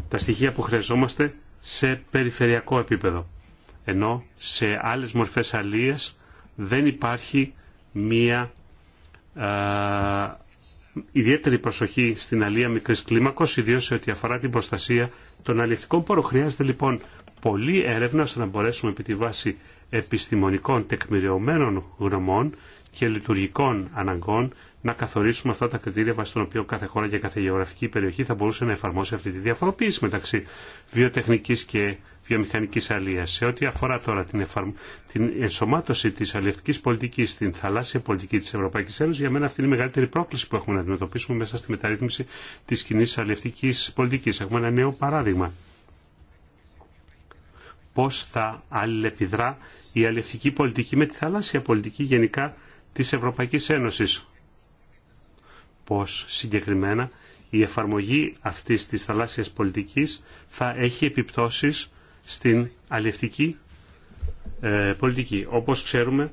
τα στοιχεία που χρειαζόμαστε σε περιφερειακό επίπεδο. Ενώ σε άλλες μορφές αλίας δεν υπάρχει μία ιδιαίτερη προσοχή στην αλία μικρή κλίμακο, ιδίω σε ό,τι αφορά την προστασία των αλληλευτικών πόρων. Χρειάζεται λοιπόν πολλή έρευνα ώστε να μπορέσουμε επί τη βάση επιστημονικών τεκμηριωμένων γνωμών και λειτουργικών αναγκών να καθορίσουμε αυτά τα κριτήρια βάσει των οποίων κάθε χώρα και κάθε γεωγραφική περιοχή θα μπορούσε να εφαρμόσει αυτή τη διαφοροποίηση μεταξύ βιοτεχνική και βιομηχανικής αλίας. Σε ό,τι αφορά τώρα την, την ενσωμάτωση της αλληλευτικής πολιτικής στην θαλάσσια πολιτική της Ευρωπαϊκής Ένωσης, για μένα αυτή είναι η μεγαλύτερη πρόκληση που έχουμε να αντιμετωπίσουμε μέσα στη μεταρρύθμιση της κοινή αλληλευτικής πολιτικής. Έχουμε ένα νέο παράδειγμα. Πώς θα αλληλεπιδρά η αλληλευτική πολιτική με τη θαλάσσια πολιτική γενικά της Ευρωπαϊκής Ένωσης. Πώς συγκεκριμένα η εφαρμογή αυτής της θαλάσσιας πολιτικής θα έχει επιπτώσεις στην αλληλευτική ε, πολιτική. Όπως ξέρουμε,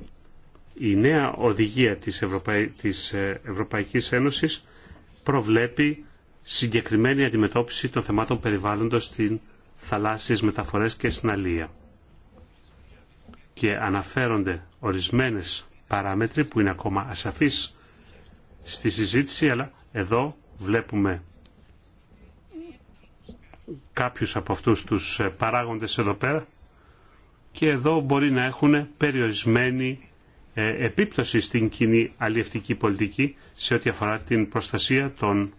η νέα οδηγία της, ευρωπα της ε, Ευρωπαϊκής Ένωσης προβλέπει συγκεκριμένη αντιμετώπιση των θεμάτων περιβάλλοντος στην θαλάσσιες μεταφορές και στην αλία. Και αναφέρονται ορισμένες παράμετροι που είναι ακόμα ασαφείς στη συζήτηση, αλλά εδώ βλέπουμε κάποιους από αυτούς τους ε, παράγοντες εδώ πέρα και εδώ μπορεί να έχουν περιορισμένη ε, επίπτωση στην κοινή αλλιευτική πολιτική σε ό,τι αφορά την προστασία των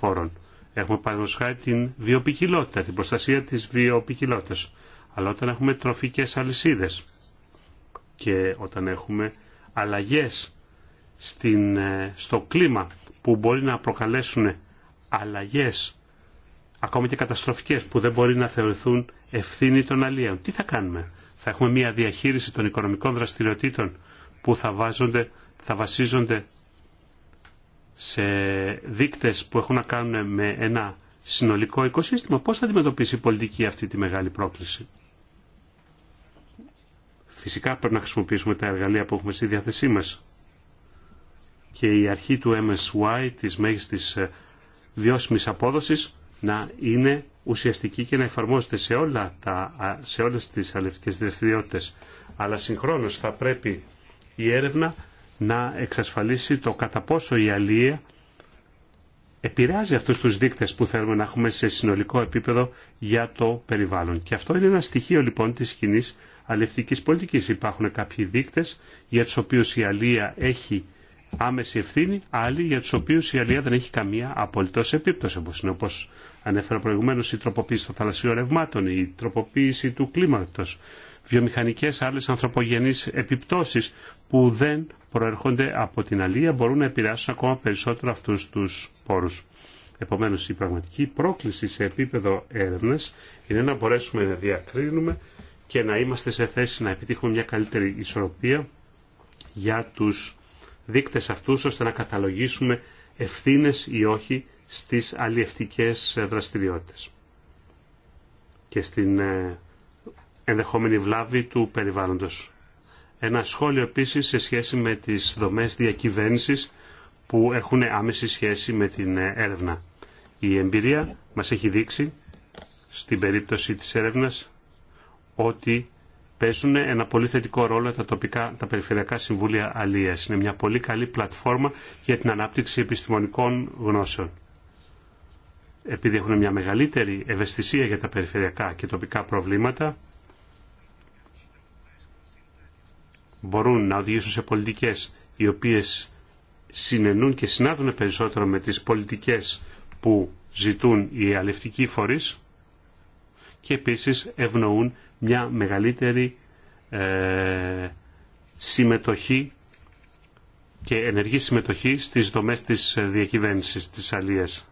πόρων. Έχουμε παραδείγματος την βιοπικιλότητα, την προστασία της βιοπικιλότητας. Αλλά όταν έχουμε τροφικές αλυσίδες και όταν έχουμε αλλαγές στην, ε, στο κλίμα που μπορεί να προκαλέσουν αλλαγές ακόμη και καταστροφικές που δεν μπορεί να θεωρηθούν ευθύνη των αλλιέων. Τι θα κάνουμε. Θα έχουμε μια διαχείριση των οικονομικών δραστηριοτήτων που θα, βάζονται, θα βασίζονται σε δείκτες που έχουν να κάνουν με ένα συνολικό οικοσύστημα. Πώς θα αντιμετωπίσει η πολιτική αυτή τη μεγάλη πρόκληση. Φυσικά πρέπει να χρησιμοποιήσουμε τα εργαλεία που έχουμε στη διάθεσή μας. Και η αρχή του MSY, της μέγιστης ε, βιώσιμης απόδοσης, να είναι ουσιαστική και να εφαρμόζεται σε, όλα τα, σε όλες τις αλευτικές δραστηριότητες. Αλλά συγχρόνως θα πρέπει η έρευνα να εξασφαλίσει το κατά πόσο η αλληλεία επηρεάζει αυτούς τους δείκτες που θέλουμε να έχουμε σε συνολικό επίπεδο για το περιβάλλον. Και αυτό είναι ένα στοιχείο λοιπόν της κοινή αλευτικής πολιτικής. Υπάρχουν κάποιοι δείκτες για τους οποίους η αλληλεία έχει άμεση ευθύνη, άλλοι για τους οποίους η αλληλεία δεν έχει καμία απολύτως επίπτωση, όπως είναι όπως Ανέφερα προηγουμένω η τροποποίηση των θαλασσίων ρευμάτων, η τροποποίηση του κλίματο, βιομηχανικέ άλλε ανθρωπογενεί επιπτώσει που δεν προέρχονται από την αλία μπορούν να επηρεάσουν ακόμα περισσότερο αυτού του πόρου. Επομένω, η πραγματική πρόκληση σε επίπεδο έρευνα είναι να μπορέσουμε να διακρίνουμε και να είμαστε σε θέση να επιτύχουμε μια καλύτερη ισορροπία για τους δείκτες αυτούς ώστε να καταλογίσουμε ευθύνες ή όχι στις αλλιευτικές ε, δραστηριότητες και στην ε, ενδεχόμενη βλάβη του περιβάλλοντος. Ένα σχόλιο επίσης σε σχέση με τις δομές διακυβέρνησης που έχουν άμεση σχέση με την ε, έρευνα. Η εμπειρία μας έχει δείξει στην περίπτωση της έρευνας ότι παίζουν ένα πολύ θετικό ρόλο τα, τοπικά, τα περιφερειακά συμβούλια αλίας. Είναι μια πολύ καλή πλατφόρμα για την ανάπτυξη επιστημονικών γνώσεων επειδή έχουν μια μεγαλύτερη ευαισθησία για τα περιφερειακά και τοπικά προβλήματα, μπορούν να οδηγήσουν σε πολιτικές οι οποίες συνενούν και συνάδουν περισσότερο με τις πολιτικές που ζητούν οι αλευτικοί φορείς και επίσης ευνοούν μια μεγαλύτερη ε, συμμετοχή και ενεργή συμμετοχή στις δομές της διακυβέρνησης της Αλίας.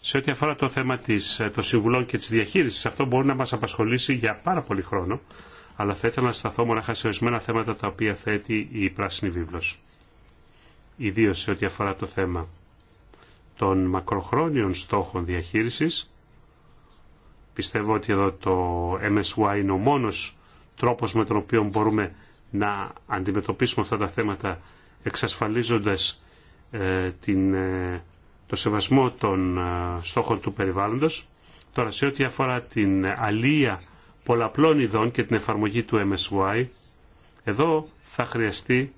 Σε ό,τι αφορά το θέμα της, ε, των συμβουλών και της διαχείρισης, αυτό μπορεί να μας απασχολήσει για πάρα πολύ χρόνο, αλλά θα ήθελα να σταθώ μονάχα σε ορισμένα θέματα τα οποία θέτει η Πράσινη Βίβλος. Ιδίως σε ό,τι αφορά το θέμα των μακροχρόνιων στόχων διαχείρισης. Πιστεύω ότι εδώ το MSY είναι ο μόνος τρόπος με τον οποίο μπορούμε να αντιμετωπίσουμε αυτά τα θέματα εξασφαλίζοντας ε, την ε, το σεβασμό των ε, στόχων του περιβάλλοντος. Τώρα σε ό,τι αφορά την αλία πολλαπλών ειδών και την εφαρμογή του MSY, εδώ θα χρειαστεί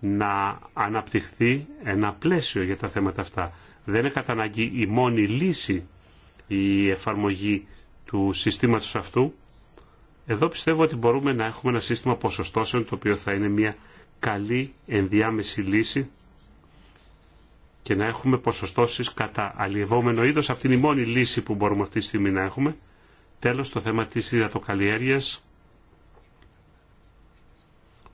να αναπτυχθεί ένα πλαίσιο για τα θέματα αυτά. Δεν είναι κατά αναγκή η μόνη λύση η εφαρμογή του συστήματος αυτού. Εδώ πιστεύω ότι μπορούμε να έχουμε ένα σύστημα ποσοστώσεων το οποίο θα είναι μια καλή ενδιάμεση λύση και να έχουμε ποσοστώσεις κατά αλλιευόμενο είδος. Αυτή είναι η μόνη λύση που μπορούμε αυτή τη στιγμή να έχουμε. Τέλος, το θέμα της υδατοκαλλιέργειας.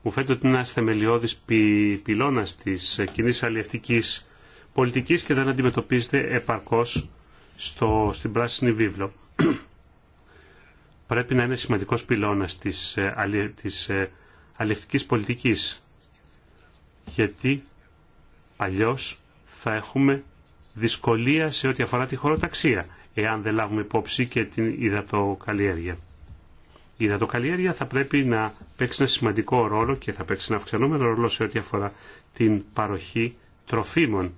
Μου φαίνεται ότι είναι ένας θεμελιώδης πυ... πυλώνας της κοινή αλλιευτικής πολιτικής και δεν αντιμετωπίζεται επαρκώς στο, στην πράσινη βίβλο. Πρέπει να είναι σημαντικός πυλώνας της, ε, αλλιε... της ε, πολιτικής. Γιατί αλλιώς θα έχουμε δυσκολία σε ό,τι αφορά τη χωροταξία, εάν δεν λάβουμε υπόψη και την υδατοκαλλιέργεια. Η υδατοκαλλιέργεια θα πρέπει να παίξει ένα σημαντικό ρόλο και θα παίξει ένα αυξανόμενο ρόλο σε ό,τι αφορά την παροχή τροφίμων.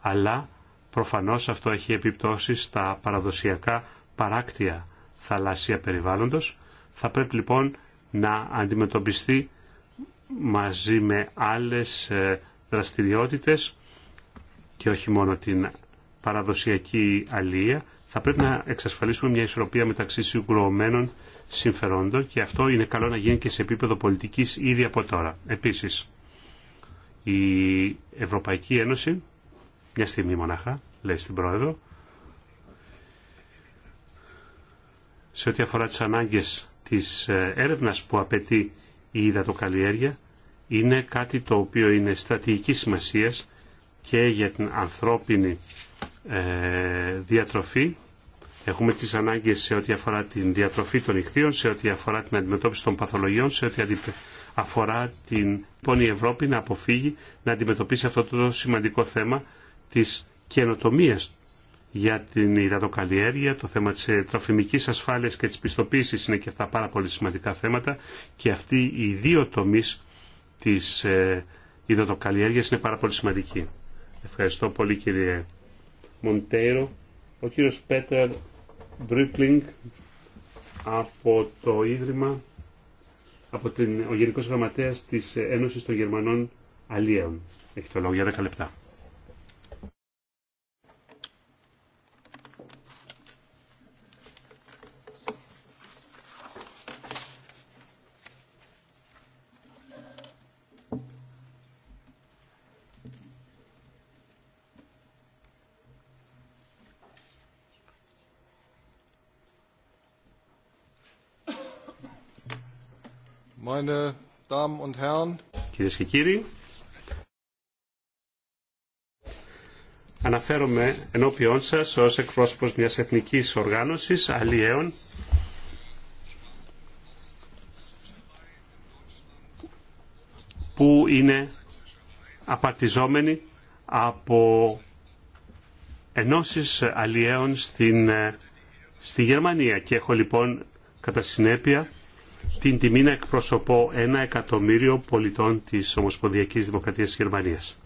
Αλλά προφανώς αυτό έχει επιπτώσεις στα παραδοσιακά παράκτια θαλάσσια περιβάλλοντος. Θα πρέπει λοιπόν να αντιμετωπιστεί μαζί με άλλες ε, δραστηριότητες και όχι μόνο την παραδοσιακή αλία, θα πρέπει να εξασφαλίσουμε μια ισορροπία μεταξύ συγκροωμένων συμφερόντων και αυτό είναι καλό να γίνει και σε επίπεδο πολιτικής ήδη από τώρα. Επίσης, η Ευρωπαϊκή Ένωση, μια στιγμή μονάχα, λέει στην Πρόεδρο, σε ό,τι αφορά τις ανάγκες της ε, έρευνας που απαιτεί η υδατοκαλλιέργεια, είναι κάτι το οποίο είναι στρατηγική σημασίας και για την ανθρώπινη ε, διατροφή. Έχουμε τις ανάγκες σε ό,τι αφορά την διατροφή των ηχθείων, σε ό,τι αφορά την αντιμετώπιση των παθολογιών, σε ό,τι αφορά την πόνη Ευρώπη να αποφύγει να αντιμετωπίσει αυτό το σημαντικό θέμα της καινοτομίας για την υδατοκαλλιέργεια, το θέμα της ε, τροφιμικής ασφάλειας και της πιστοποίησης είναι και αυτά πάρα πολύ σημαντικά θέματα και αυτοί οι δύο τομείς της ε, υδατοκαλλιέργειας είναι πάρα πολύ σημαντικοί. Ευχαριστώ πολύ κύριε Μοντέιρο. Ο κύριος Πέτερ Μπρίπλινγκ από το Ίδρυμα, από την, ο Γενικός Γραμματέας της Ένωσης των Γερμανών Αλίεων. Έχει το λόγο για 10 λεπτά. Meine Damen und Herren. Κυρίες και κύριοι, αναφέρομαι ενώπιόν σας ως εκπρόσωπος μιας εθνικής οργάνωσης αλλιέων που είναι απαρτιζόμενη από ενώσεις αλλιέων στην, ε, στη Γερμανία και έχω λοιπόν κατά συνέπεια την τιμή να εκπροσωπώ ένα εκατομμύριο πολιτών της Ομοσπονδιακής Δημοκρατίας της Γερμανίας.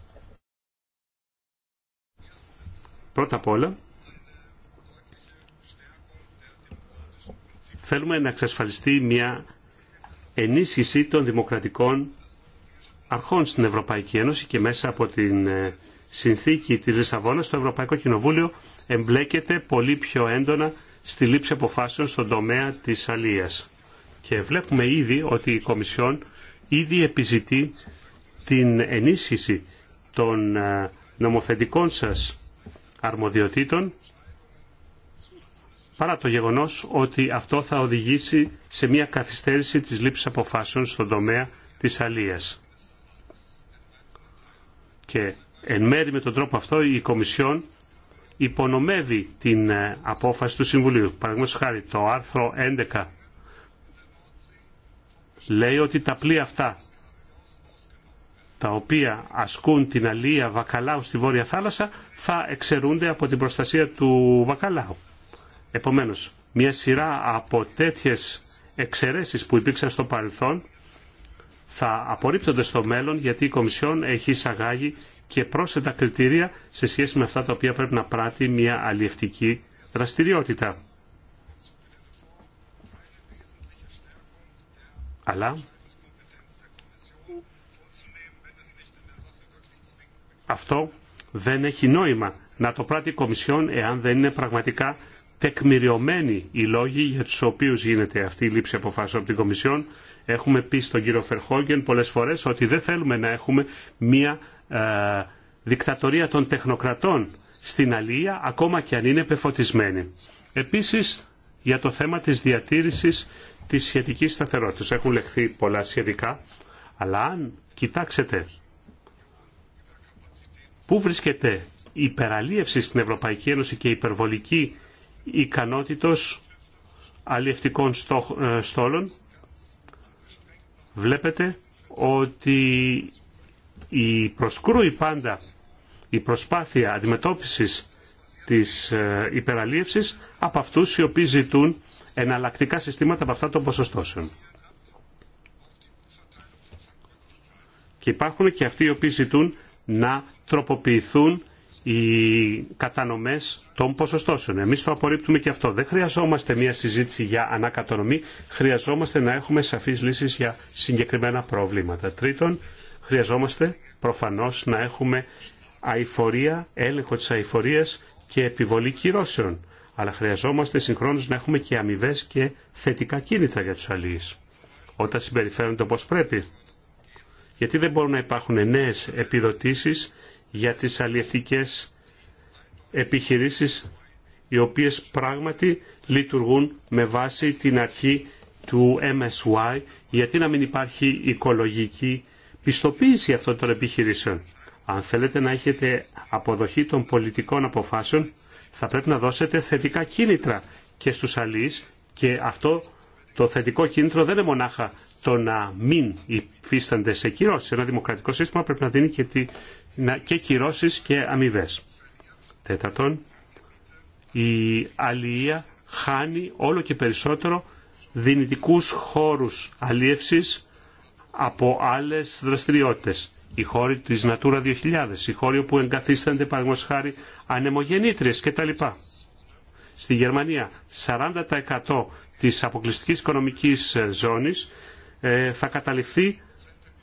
Πρώτα απ' όλα, θέλουμε να εξασφαλιστεί μια ενίσχυση των δημοκρατικών αρχών στην Ευρωπαϊκή Ένωση και μέσα από την ε, συνθήκη της Λισαβόνας το Ευρωπαϊκό Κοινοβούλιο εμπλέκεται πολύ πιο έντονα στη λήψη αποφάσεων στον τομέα της αλίας. Και βλέπουμε ήδη ότι η Κομισιόν ήδη επιζητεί την ενίσχυση των ε, νομοθετικών σας αρμοδιοτήτων παρά το γεγονός ότι αυτό θα οδηγήσει σε μια καθυστέρηση της λήψης αποφάσεων στον τομέα της αλίας. Και εν μέρη με τον τρόπο αυτό η Κομισιόν υπονομεύει την ε, απόφαση του Συμβουλίου. Παραδείγματος χάρη το άρθρο 11 λέει ότι τα πλοία αυτά τα οποία ασκούν την αλία βακαλάου στη Βόρεια Θάλασσα θα εξαιρούνται από την προστασία του βακαλάου. Επομένως, μια σειρά από τέτοιες εξαιρέσεις που υπήρξαν στο παρελθόν θα απορρίπτονται στο μέλλον γιατί η Κομισιόν έχει εισαγάγει και πρόσθετα κριτήρια σε σχέση με αυτά τα οποία πρέπει να πράττει μια αλλιευτική δραστηριότητα. αλλά αυτό δεν έχει νόημα να το πράττει η Κομισιόν εάν δεν είναι πραγματικά τεκμηριωμένοι οι λόγοι για τους οποίους γίνεται αυτή η λήψη αποφάσεων από την Κομισιόν. Έχουμε πει στον κύριο Φερχόγγεν πολλές φορές ότι δεν θέλουμε να έχουμε μία ε, δικτατορία των τεχνοκρατών στην Αλία, ακόμα και αν είναι πεφωτισμένη. Επίσης, για το θέμα της διατήρησης Τη σχετική σταθερότητα Έχουν λεχθεί πολλά σχετικά, αλλά αν κοιτάξετε πού βρίσκεται η υπεραλίευση στην Ευρωπαϊκή Ένωση και η υπερβολική ικανότητος αλλιευτικών ε, στόλων, βλέπετε ότι η προσκρούει πάντα η προσπάθεια αντιμετώπισης της ε, υπεραλίευσης από αυτούς οι οποίοι ζητούν εναλλακτικά συστήματα από αυτά των ποσοστώσεων. Και υπάρχουν και αυτοί οι οποίοι ζητούν να τροποποιηθούν οι κατανομές των ποσοστώσεων. Εμείς το απορρίπτουμε και αυτό. Δεν χρειαζόμαστε μια συζήτηση για ανακατανομή, χρειαζόμαστε να έχουμε σαφείς λύσεις για συγκεκριμένα προβλήματα. Τρίτον, χρειαζόμαστε προφανώς να έχουμε αηφορία, έλεγχο της αηφορίας και επιβολή κυρώσεων αλλά χρειαζόμαστε συγχρόνως να έχουμε και αμοιβέ και θετικά κίνητρα για τους αλληλείς, όταν συμπεριφέρονται όπως πρέπει. Γιατί δεν μπορούν να υπάρχουν νέες επιδοτήσεις για τις αλληλευτικές επιχειρήσεις οι οποίες πράγματι λειτουργούν με βάση την αρχή του MSY, γιατί να μην υπάρχει οικολογική πιστοποίηση αυτών των επιχειρήσεων. Αν θέλετε να έχετε αποδοχή των πολιτικών αποφάσεων, θα πρέπει να δώσετε θετικά κίνητρα και στους αλείς και αυτό το θετικό κίνητρο δεν είναι μονάχα το να μην υφίστανται σε κυρώσεις. Ένα δημοκρατικό σύστημα πρέπει να δίνει και, τη, να, και κυρώσεις και αμοιβέ. Τέταρτον, η αλληλεία χάνει όλο και περισσότερο δυνητικούς χώρους αλίευσης από άλλες δραστηριότητες. Οι χώροι της Natura 2000, οι χώροι όπου εγκαθίστανται παραδείγματος χάρη ανεμογεννήτριες κτλ. Στη Γερμανία 40% της αποκλειστικής οικονομικής ε, ζώνης ε, θα καταληφθεί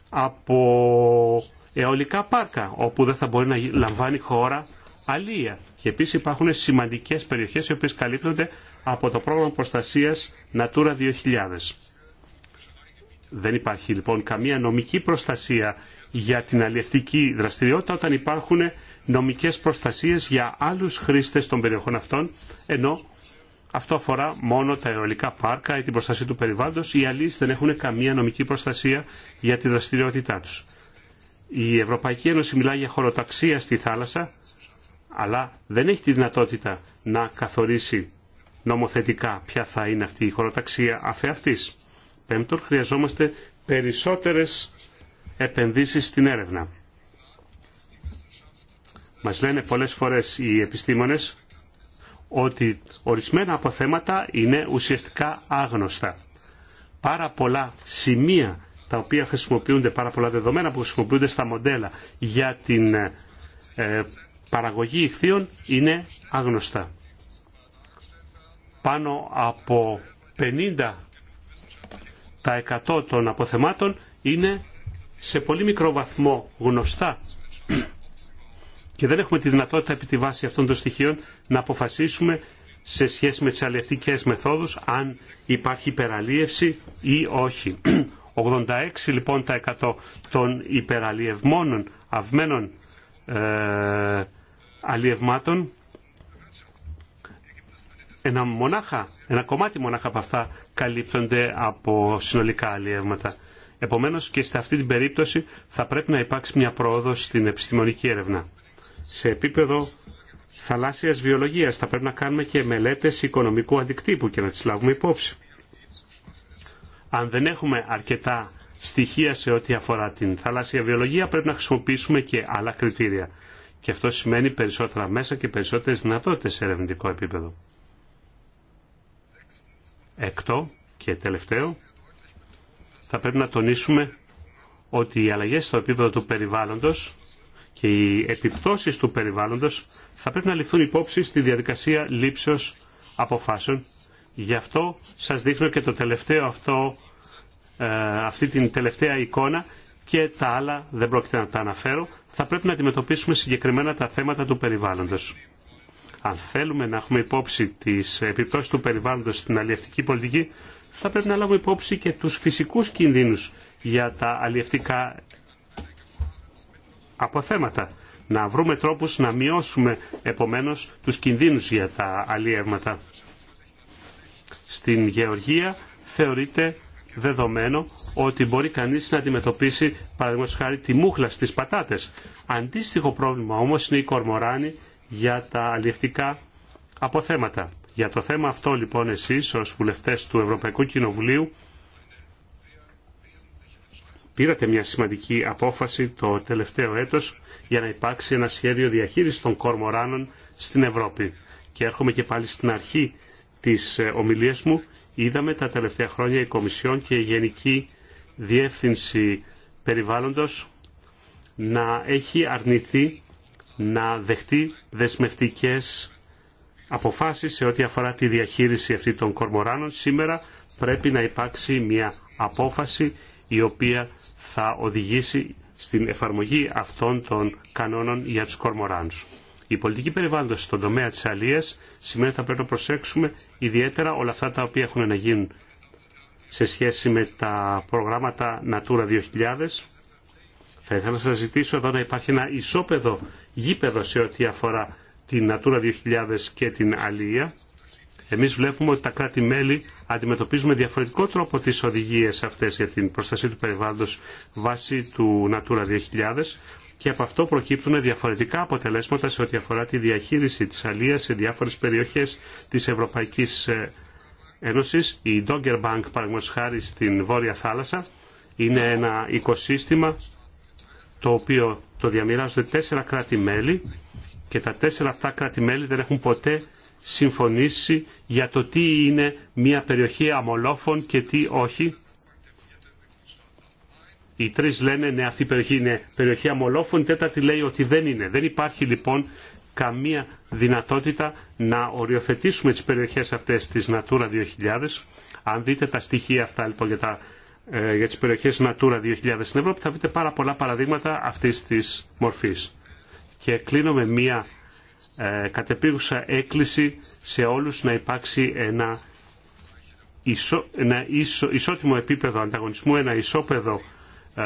από αιωλικά πάρκα, όπου δεν θα μπορεί να λαμβάνει χώρα αλία. Και επίσης υπάρχουν σημαντικές περιοχές οι οποίες καλύπτονται από το πρόγραμμα προστασίας Natura 2000. Δεν υπάρχει λοιπόν καμία νομική προστασία για την αλληλευτική δραστηριότητα όταν υπάρχουν νομικές προστασίες για άλλους χρήστες των περιοχών αυτών, ενώ αυτό αφορά μόνο τα αερολικά πάρκα ή την προστασία του περιβάλλοντος. Οι άλλοι δεν έχουν καμία νομική προστασία για τη δραστηριότητά τους. Η Ευρωπαϊκή Ένωση μιλά για χωροταξία στη θάλασσα, αλλά δεν έχει τη δυνατότητα να καθορίσει νομοθετικά ποια θα είναι αυτή η χωροταξία αφεαυτής. Πέμπτον, χρειαζόμαστε περισσότερες επενδύσεις στην έρευνα. Μας λένε πολλές φορές οι επιστήμονες ότι ορισμένα αποθέματα είναι ουσιαστικά άγνωστα. Πάρα πολλά σημεία τα οποία χρησιμοποιούνται, πάρα πολλά δεδομένα που χρησιμοποιούνται στα μοντέλα για την ε, ε, παραγωγή ηχθείων είναι άγνωστα. Πάνω από 50% τα 100 των αποθεμάτων είναι σε πολύ μικρό βαθμό γνωστά και δεν έχουμε τη δυνατότητα επί τη βάση αυτών των στοιχείων να αποφασίσουμε σε σχέση με τις αλληλευτικές μεθόδους αν υπάρχει υπεραλίευση ή όχι. 86 λοιπόν τα 100 των υπεραλιευμόνων αυμένων ε, αλλιευμάτων ένα, μονάχα, ένα κομμάτι μονάχα από αυτά καλύπτονται από συνολικά αλλιεύματα. Επομένως και σε αυτή την περίπτωση θα πρέπει να υπάρξει μια πρόοδος στην επιστημονική έρευνα σε επίπεδο θαλάσσιας βιολογίας. Θα πρέπει να κάνουμε και μελέτες οικονομικού αντικτύπου και να τις λάβουμε υπόψη. Αν δεν έχουμε αρκετά στοιχεία σε ό,τι αφορά την θαλάσσια βιολογία, πρέπει να χρησιμοποιήσουμε και άλλα κριτήρια. Και αυτό σημαίνει περισσότερα μέσα και περισσότερες δυνατότητες σε ερευνητικό επίπεδο. Εκτό και τελευταίο, θα πρέπει να τονίσουμε ότι οι αλλαγές στο επίπεδο του περιβάλλοντος και οι επιπτώσεις του περιβάλλοντος θα πρέπει να ληφθούν υπόψη στη διαδικασία λήψεως αποφάσεων. Γι' αυτό σας δείχνω και το τελευταίο αυτό, ε, αυτή την τελευταία εικόνα και τα άλλα δεν πρόκειται να τα αναφέρω. Θα πρέπει να αντιμετωπίσουμε συγκεκριμένα τα θέματα του περιβάλλοντος. Αν θέλουμε να έχουμε υπόψη τις επιπτώσεις του περιβάλλοντος στην αλλιευτική πολιτική, θα πρέπει να λάβουμε υπόψη και τους φυσικούς κινδύνους για τα αλλιευτικά αποθέματα. Να βρούμε τρόπους να μειώσουμε επομένως τους κινδύνους για τα αλλιεύματα. Στην γεωργία θεωρείται δεδομένο ότι μπορεί κανείς να αντιμετωπίσει παραδείγματος χάρη τη μούχλα στις πατάτες. Αντίστοιχο πρόβλημα όμως είναι η κορμοράνη για τα αλλιευτικά αποθέματα. Για το θέμα αυτό λοιπόν εσείς ως βουλευτές του Ευρωπαϊκού Κοινοβουλίου πήρατε μια σημαντική απόφαση το τελευταίο έτος για να υπάρξει ένα σχέδιο διαχείρισης των κορμοράνων στην Ευρώπη. Και έρχομαι και πάλι στην αρχή της ε, ομιλίας μου. Είδαμε τα τελευταία χρόνια η Κομισιόν και η Γενική Διεύθυνση Περιβάλλοντος να έχει αρνηθεί να δεχτεί δεσμευτικές αποφάσεις σε ό,τι αφορά τη διαχείριση αυτή των κορμοράνων. Σήμερα πρέπει να υπάρξει μια απόφαση η οποία θα οδηγήσει στην εφαρμογή αυτών των κανόνων για τους κορμοράνους. Η πολιτική περιβάλλοντος στον τομέα της αλίας σημαίνει ότι θα πρέπει να προσέξουμε ιδιαίτερα όλα αυτά τα οποία έχουν να γίνουν σε σχέση με τα προγράμματα Natura 2000. Θα ήθελα να σας ζητήσω εδώ να υπάρχει ένα ισόπεδο γήπεδο σε ό,τι αφορά την Natura 2000 και την αλία εμείς βλέπουμε ότι τα κράτη-μέλη αντιμετωπίζουν με διαφορετικό τρόπο τις οδηγίες αυτές για την προστασία του περιβάλλοντος βάσει του Natura 2000 και από αυτό προκύπτουν διαφορετικά αποτελέσματα σε ό,τι αφορά τη διαχείριση της αλίας σε διάφορες περιοχές της Ευρωπαϊκής ε, Ένωσης. Η Dogger Bank, παραγματικά χάρη, στην Βόρεια Θάλασσα είναι ένα οικοσύστημα το οποίο το διαμοιράζονται τέσσερα κράτη-μέλη και τα τέσσερα αυτά κράτη-μέλη δεν έχουν ποτέ συμφωνήσει για το τι είναι μια περιοχή αμολόφων και τι όχι. Οι τρει λένε ναι αυτή η περιοχή είναι περιοχή αμολόφων, η τέταρτη λέει ότι δεν είναι. Δεν υπάρχει λοιπόν καμία δυνατότητα να οριοθετήσουμε τις περιοχές αυτές της Natura 2000. Αν δείτε τα στοιχεία αυτά λοιπόν για, τα, ε, για τις περιοχές Natura 2000 στην Ευρώπη θα δείτε πάρα πολλά παραδείγματα αυτής της μορφής. Και κλείνω με μία ε, κατεπίγουσα έκκληση σε όλους να υπάρξει ένα, ισο, ένα ισο, ισότιμο επίπεδο ανταγωνισμού, ένα ισόπεδο ε,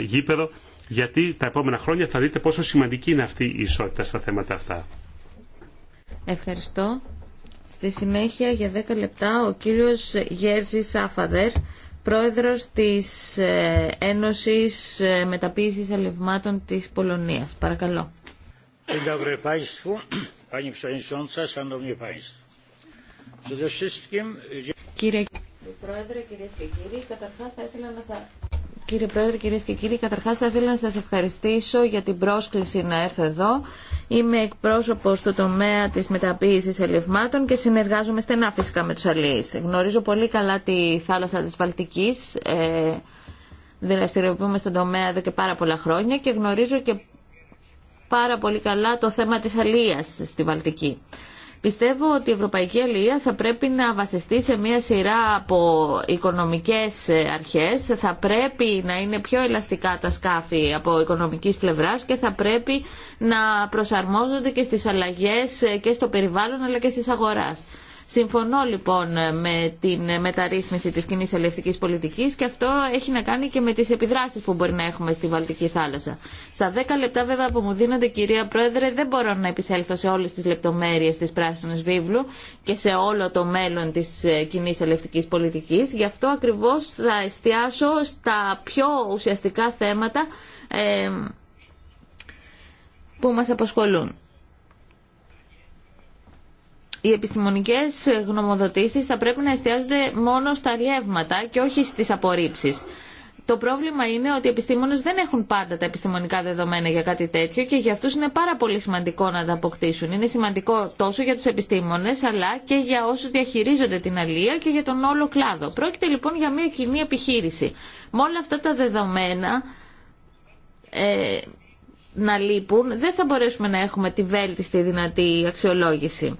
γήπεδο, γιατί τα επόμενα χρόνια θα δείτε πόσο σημαντική είναι αυτή η ισότητα στα θέματα αυτά. Ευχαριστώ. Στη συνέχεια για 10 λεπτά ο κύριος Γέρζη Αφαδέρ πρόεδρος της ε, Ένωσης ε, Μεταποίησης Αλευμάτων της Πολωνίας. Παρακαλώ. Κύριε Πρόεδρε, κυρίε και κύριοι, καταρχά θα ήθελα να σα. ευχαριστήσω για την πρόσκληση να έρθω εδώ. Είμαι εκπρόσωπο του τομέα τη μεταποίηση ελευμάτων και συνεργάζομαι στενά φυσικά με του αλληλεί. Γνωρίζω πολύ καλά τη θάλασσα τη Βαλτική. Ε, δραστηριοποιούμε στον τομέα εδώ και πάρα πολλά χρόνια και γνωρίζω και πάρα πολύ καλά το θέμα της αλίας στη Βαλτική. Πιστεύω ότι η Ευρωπαϊκή Αλληλεία θα πρέπει να βασιστεί σε μια σειρά από οικονομικές ε, αρχές. Θα πρέπει να είναι πιο ελαστικά τα σκάφη από οικονομικής πλευράς και θα πρέπει να προσαρμόζονται και στις αλλαγές ε, και στο περιβάλλον αλλά και στις αγοράς. Συμφωνώ λοιπόν με την μεταρρύθμιση της κοινή ελευτική πολιτικής και αυτό έχει να κάνει και με τις επιδράσεις που μπορεί να έχουμε στη Βαλτική θάλασσα. Στα 10 λεπτά βέβαια που μου δίνονται κυρία Πρόεδρε δεν μπορώ να επισέλθω σε όλες τις λεπτομέρειες της Πράσινης Βίβλου και σε όλο το μέλλον της ε, κοινή ελευτική πολιτική. Γι' αυτό ακριβώ θα εστιάσω στα πιο ουσιαστικά θέματα ε, που μας απασχολούν οι επιστημονικέ γνωμοδοτήσει θα πρέπει να εστιάζονται μόνο στα αλλιεύματα και όχι στι απορρίψει. Το πρόβλημα είναι ότι οι επιστήμονε δεν έχουν πάντα τα επιστημονικά δεδομένα για κάτι τέτοιο και για αυτού είναι πάρα πολύ σημαντικό να τα αποκτήσουν. Είναι σημαντικό τόσο για του επιστήμονε, αλλά και για όσου διαχειρίζονται την αλία και για τον όλο κλάδο. Πρόκειται λοιπόν για μια κοινή επιχείρηση. Με όλα αυτά τα δεδομένα ε, να λείπουν δεν θα μπορέσουμε να έχουμε τη βέλτιστη δυνατή αξιολόγηση.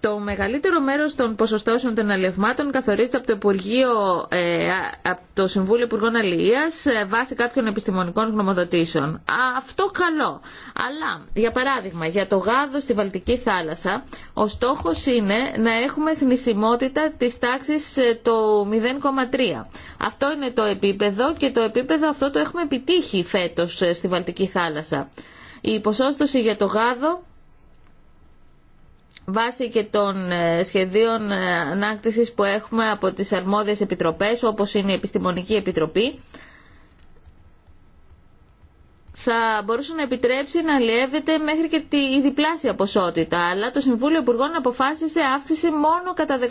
Το μεγαλύτερο μέρος των ποσοστώσεων των ελευμάτων καθορίζεται από το, Υπουργείο, ε, από το Συμβούλιο Υπουργών Αλληλείας ε, βάσει κάποιων επιστημονικών γνωμοδοτήσεων. Αυτό καλό. Αλλά, για παράδειγμα, για το γάδο στη Βαλτική θάλασσα, ο στόχος είναι να έχουμε θνησιμότητα της τάξης ε, το 0,3. Αυτό είναι το επίπεδο και το επίπεδο αυτό το έχουμε επιτύχει φέτος στη Βαλτική θάλασσα. Η ποσόστοση για το γάδο βάσει και των ε, σχεδίων ε, ανάκτησης που έχουμε από τις αρμόδιες επιτροπές, όπως είναι η Επιστημονική Επιτροπή, θα μπορούσε να επιτρέψει να αλλιεύεται μέχρι και τη διπλάσια ποσότητα, αλλά το Συμβούλιο Υπουργών αποφάσισε αύξηση μόνο κατά 15%.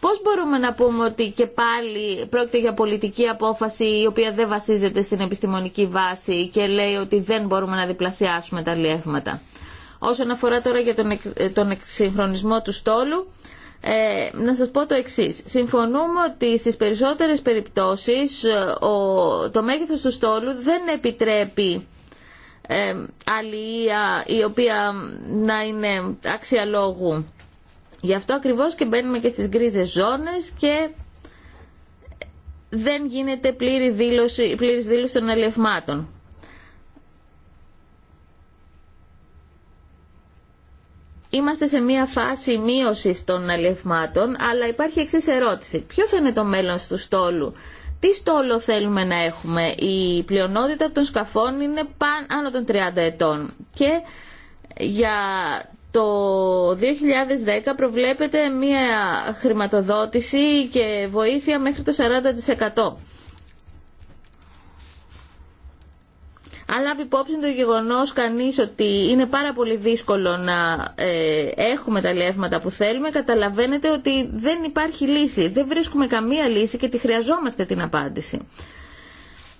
Πώς μπορούμε να πούμε ότι και πάλι πρόκειται για πολιτική απόφαση η οποία δεν βασίζεται στην επιστημονική βάση και λέει ότι δεν μπορούμε να διπλασιάσουμε τα αλλιεύματα. Όσον αφορά τώρα για τον, ε, τον εξυγχρονισμό του στόλου, ε, να σας πω το εξής. Συμφωνούμε ότι στις περισσότερες περιπτώσεις ε, ο, το μέγεθος του στόλου δεν επιτρέπει ε, αλληλεία η οποία να είναι αξιαλόγου. Γι' αυτό ακριβώς και μπαίνουμε και στις γκρίζες ζώνες και δεν γίνεται πλήρη δήλωση, πλήρης δήλωση των ελευμάτων. Είμαστε σε μία φάση μείωση των αλευμάτων, αλλά υπάρχει εξή ερώτηση. Ποιο θα είναι το μέλλον του στόλου. Τι στόλο θέλουμε να έχουμε. Η πλειονότητα των σκαφών είναι πάνω των 30 ετών. Και για το 2010 προβλέπεται μία χρηματοδότηση και βοήθεια μέχρι το 40%. αλλά από υπόψη το γεγονός κανείς ότι είναι πάρα πολύ δύσκολο να ε, έχουμε τα λεύματα που θέλουμε, καταλαβαίνετε ότι δεν υπάρχει λύση. Δεν βρίσκουμε καμία λύση και τη χρειαζόμαστε την απάντηση.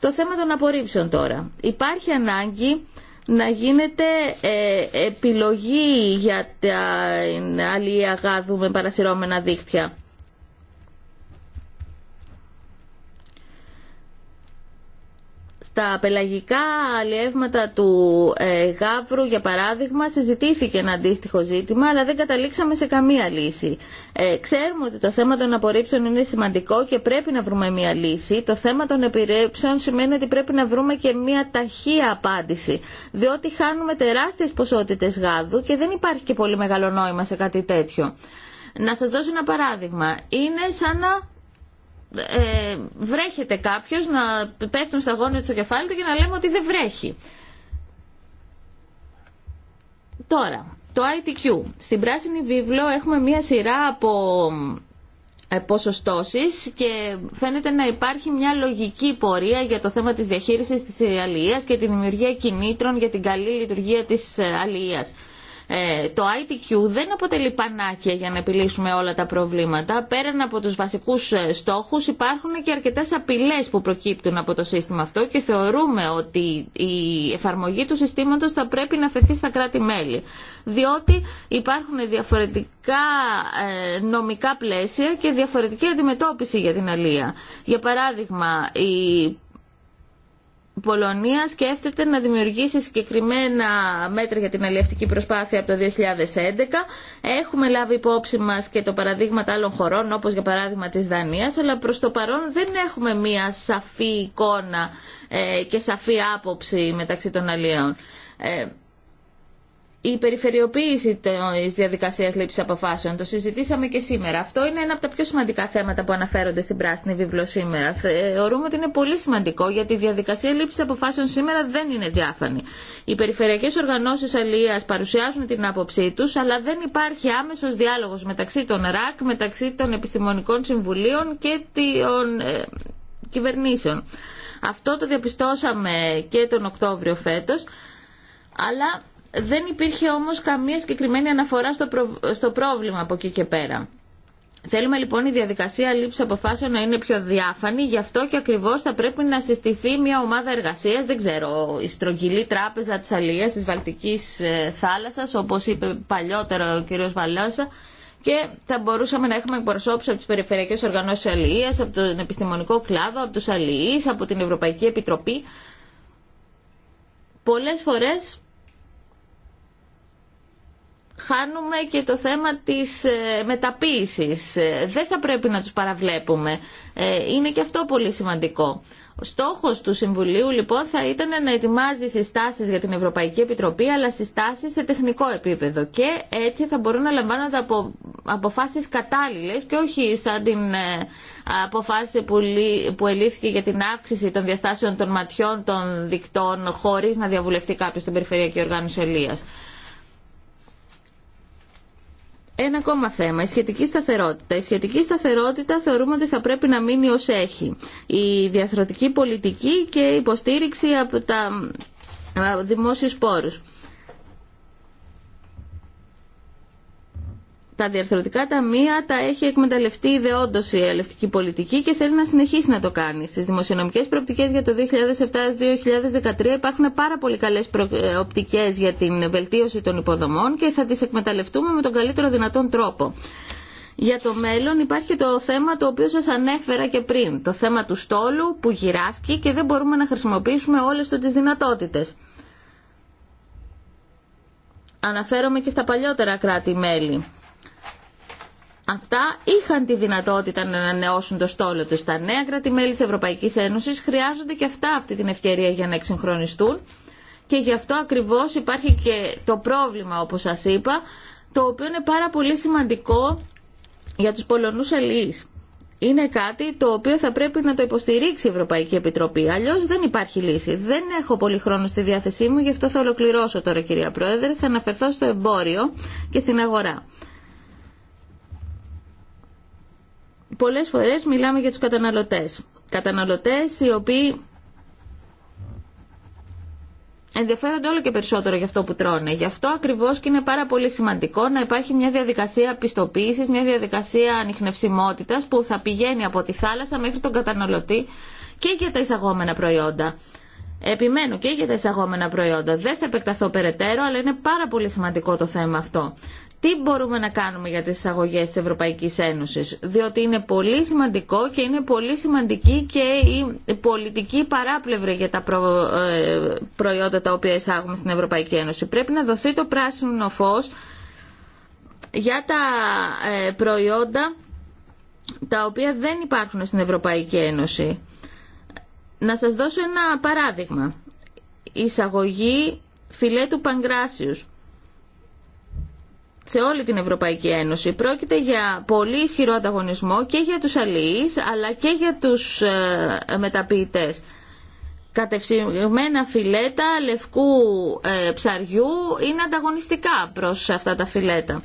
Το θέμα των απορρίψεων τώρα. Υπάρχει ανάγκη να γίνεται ε, επιλογή για τα αλληλεία ε, με παρασυρώμενα δίκτυα. Τα πελαγικά αλλιεύματα του ε, γάβρου, για παράδειγμα, συζητήθηκε ένα αντίστοιχο ζήτημα, αλλά δεν καταλήξαμε σε καμία λύση. Ε, ξέρουμε ότι το θέμα των απορρίψεων είναι σημαντικό και πρέπει να βρούμε μια λύση. Το θέμα των επιρρέψεων σημαίνει ότι πρέπει να βρούμε και μια ταχεία απάντηση, διότι χάνουμε τεράστιες ποσότητες γάδου και δεν υπάρχει και πολύ μεγάλο νόημα σε κάτι τέτοιο. Να σας δώσω ένα παράδειγμα. Είναι σαν να ε, βρέχεται κάποιο να πέφτουν στα γόνια του στο κεφάλι του και να λέμε ότι δεν βρέχει. Τώρα, το ITQ. Στην Πράσινη Βίβλο έχουμε μία σειρά από ε, ποσοστώσεις και φαίνεται να υπάρχει μια λογική πορεία για το θέμα της διαχείρισης της αλληλείας και τη δημιουργία κινήτρων για την καλή λειτουργία της ε, αλληλείας. Ε, το ITQ δεν αποτελεί πανάκια για να επιλύσουμε όλα τα προβλήματα. Πέραν από τους βασικούς ε, στόχους υπάρχουν και αρκετές απειλές που προκύπτουν από το σύστημα αυτό και θεωρούμε ότι η εφαρμογή του συστήματος θα πρέπει να φεθεί στα κράτη-μέλη. Διότι υπάρχουν διαφορετικά ε, νομικά πλαίσια και διαφορετική αντιμετώπιση για την αλία. Για παράδειγμα, η Πολωνία σκέφτεται να δημιουργήσει συγκεκριμένα μέτρα για την αλληλευτική προσπάθεια από το 2011. Έχουμε λάβει υπόψη μας και το παράδειγμα άλλων χωρών, όπως για παράδειγμα της Δανίας, αλλά προς το παρόν δεν έχουμε μία σαφή εικόνα ε, και σαφή άποψη μεταξύ των αλλιέων. Ε, η περιφερειοποίηση τη διαδικασία λήψη αποφάσεων. Το συζητήσαμε και σήμερα. Αυτό είναι ένα από τα πιο σημαντικά θέματα που αναφέρονται στην πράσινη βίβλο σήμερα. Θεωρούμε ότι είναι πολύ σημαντικό γιατί η διαδικασία λήψη αποφάσεων σήμερα δεν είναι διάφανη. Οι περιφερειακέ οργανώσει αλληλεία παρουσιάζουν την άποψή του, αλλά δεν υπάρχει άμεσο διάλογο μεταξύ των ΡΑΚ, μεταξύ των επιστημονικών συμβουλίων και των ε, κυβερνήσεων. Αυτό το διαπιστώσαμε και τον Οκτώβριο φέτος, αλλά δεν υπήρχε όμως καμία συγκεκριμένη αναφορά στο, προ... πρόβλημα από εκεί και πέρα. Θέλουμε λοιπόν η διαδικασία λήψη αποφάσεων να είναι πιο διάφανη, γι' αυτό και ακριβώ θα πρέπει να συστηθεί μια ομάδα εργασία, δεν ξέρω, η στρογγυλή τράπεζα τη Αλία, τη Βαλτική ε, θάλασσα, όπω είπε παλιότερα ο κ. Βαλάσα, και θα μπορούσαμε να έχουμε εκπροσώπηση από τι περιφερειακέ οργανώσει Αλία, από τον επιστημονικό κλάδο, από του αλληλεί, από την Ευρωπαϊκή Επιτροπή. Πολλέ φορέ χάνουμε και το θέμα της ε, μεταποίησης. Ε, δεν θα πρέπει να τους παραβλέπουμε. Ε, είναι και αυτό πολύ σημαντικό. Ο στόχος του Συμβουλίου λοιπόν θα ήταν να ετοιμάζει συστάσεις για την Ευρωπαϊκή Επιτροπή αλλά συστάσεις σε τεχνικό επίπεδο και έτσι θα μπορούν να λαμβάνονται απο... αποφάσεις κατάλληλες και όχι σαν την αποφάση που, ελήφθηκε για την αύξηση των διαστάσεων των ματιών των δικτών χωρίς να διαβουλευτεί κάποιο στην Περιφερειακή Οργάνωση Ελίας. Ένα ακόμα θέμα, η σχετική σταθερότητα. Η σχετική σταθερότητα θεωρούμε ότι θα πρέπει να μείνει ως έχει. Η διαθροτική πολιτική και η υποστήριξη από τα ε, δημόσιους πόρους. τα διαρθρωτικά ταμεία τα έχει εκμεταλλευτεί ιδεόντω η ελευτική πολιτική και θέλει να συνεχίσει να το κάνει. Στι δημοσιονομικέ προοπτικέ για το 2007-2013 υπάρχουν πάρα πολύ καλέ προοπτικέ ε, για την βελτίωση των υποδομών και θα τι εκμεταλλευτούμε με τον καλύτερο δυνατόν τρόπο. Για το μέλλον υπάρχει το θέμα το οποίο σας ανέφερα και πριν, το θέμα του στόλου που γυράσκει και δεν μπορούμε να χρησιμοποιήσουμε όλες τις δυνατότητες. Αναφέρομαι και στα παλιότερα κράτη-μέλη αυτά είχαν τη δυνατότητα να ανανεώσουν το στόλο του. Τα νέα κράτη-μέλη της Ευρωπαϊκής Ένωσης χρειάζονται και αυτά αυτή την ευκαιρία για να εξυγχρονιστούν και γι' αυτό ακριβώ υπάρχει και το πρόβλημα όπω σα είπα το οποίο είναι πάρα πολύ σημαντικό για του Πολωνούς Ελληνεί. Είναι κάτι το οποίο θα πρέπει να το υποστηρίξει η Ευρωπαϊκή Επιτροπή. Αλλιώ δεν υπάρχει λύση. Δεν έχω πολύ χρόνο στη διάθεσή μου, γι' αυτό θα ολοκληρώσω τώρα, κυρία Πρόεδρε. Θα αναφερθώ στο εμπόριο και στην αγορά. πολλές φορές μιλάμε για τους καταναλωτές. Καταναλωτές οι οποίοι ενδιαφέρονται όλο και περισσότερο για αυτό που τρώνε. Γι' αυτό ακριβώς και είναι πάρα πολύ σημαντικό να υπάρχει μια διαδικασία πιστοποίησης, μια διαδικασία ανιχνευσιμότητας που θα πηγαίνει από τη θάλασσα μέχρι τον καταναλωτή και για τα εισαγόμενα προϊόντα. Επιμένω και για τα εισαγόμενα προϊόντα. Δεν θα επεκταθώ περαιτέρω, αλλά είναι πάρα πολύ σημαντικό το θέμα αυτό τι μπορούμε να κάνουμε για τις εισαγωγές της Ευρωπαϊκής Ένωσης, διότι είναι πολύ σημαντικό και είναι πολύ σημαντική και η πολιτική παράπλευρη για τα ε, προϊόντα τα οποία εισάγουμε στην Ευρωπαϊκή Ένωση. Πρέπει να δοθεί το πράσινο φως για τα ε, προϊόντα τα οποία δεν υπάρχουν στην Ευρωπαϊκή Ένωση. Να σας δώσω ένα παράδειγμα. Η εισαγωγή φιλέτου παγκράσιους σε όλη την Ευρωπαϊκή Ένωση. Πρόκειται για πολύ ισχυρό ανταγωνισμό και για τους αλληλείς αλλά και για τους ε, μεταποιητές. Κατευσυγμένα φιλέτα λευκού ε, ψαριού είναι ανταγωνιστικά προς αυτά τα φιλέτα.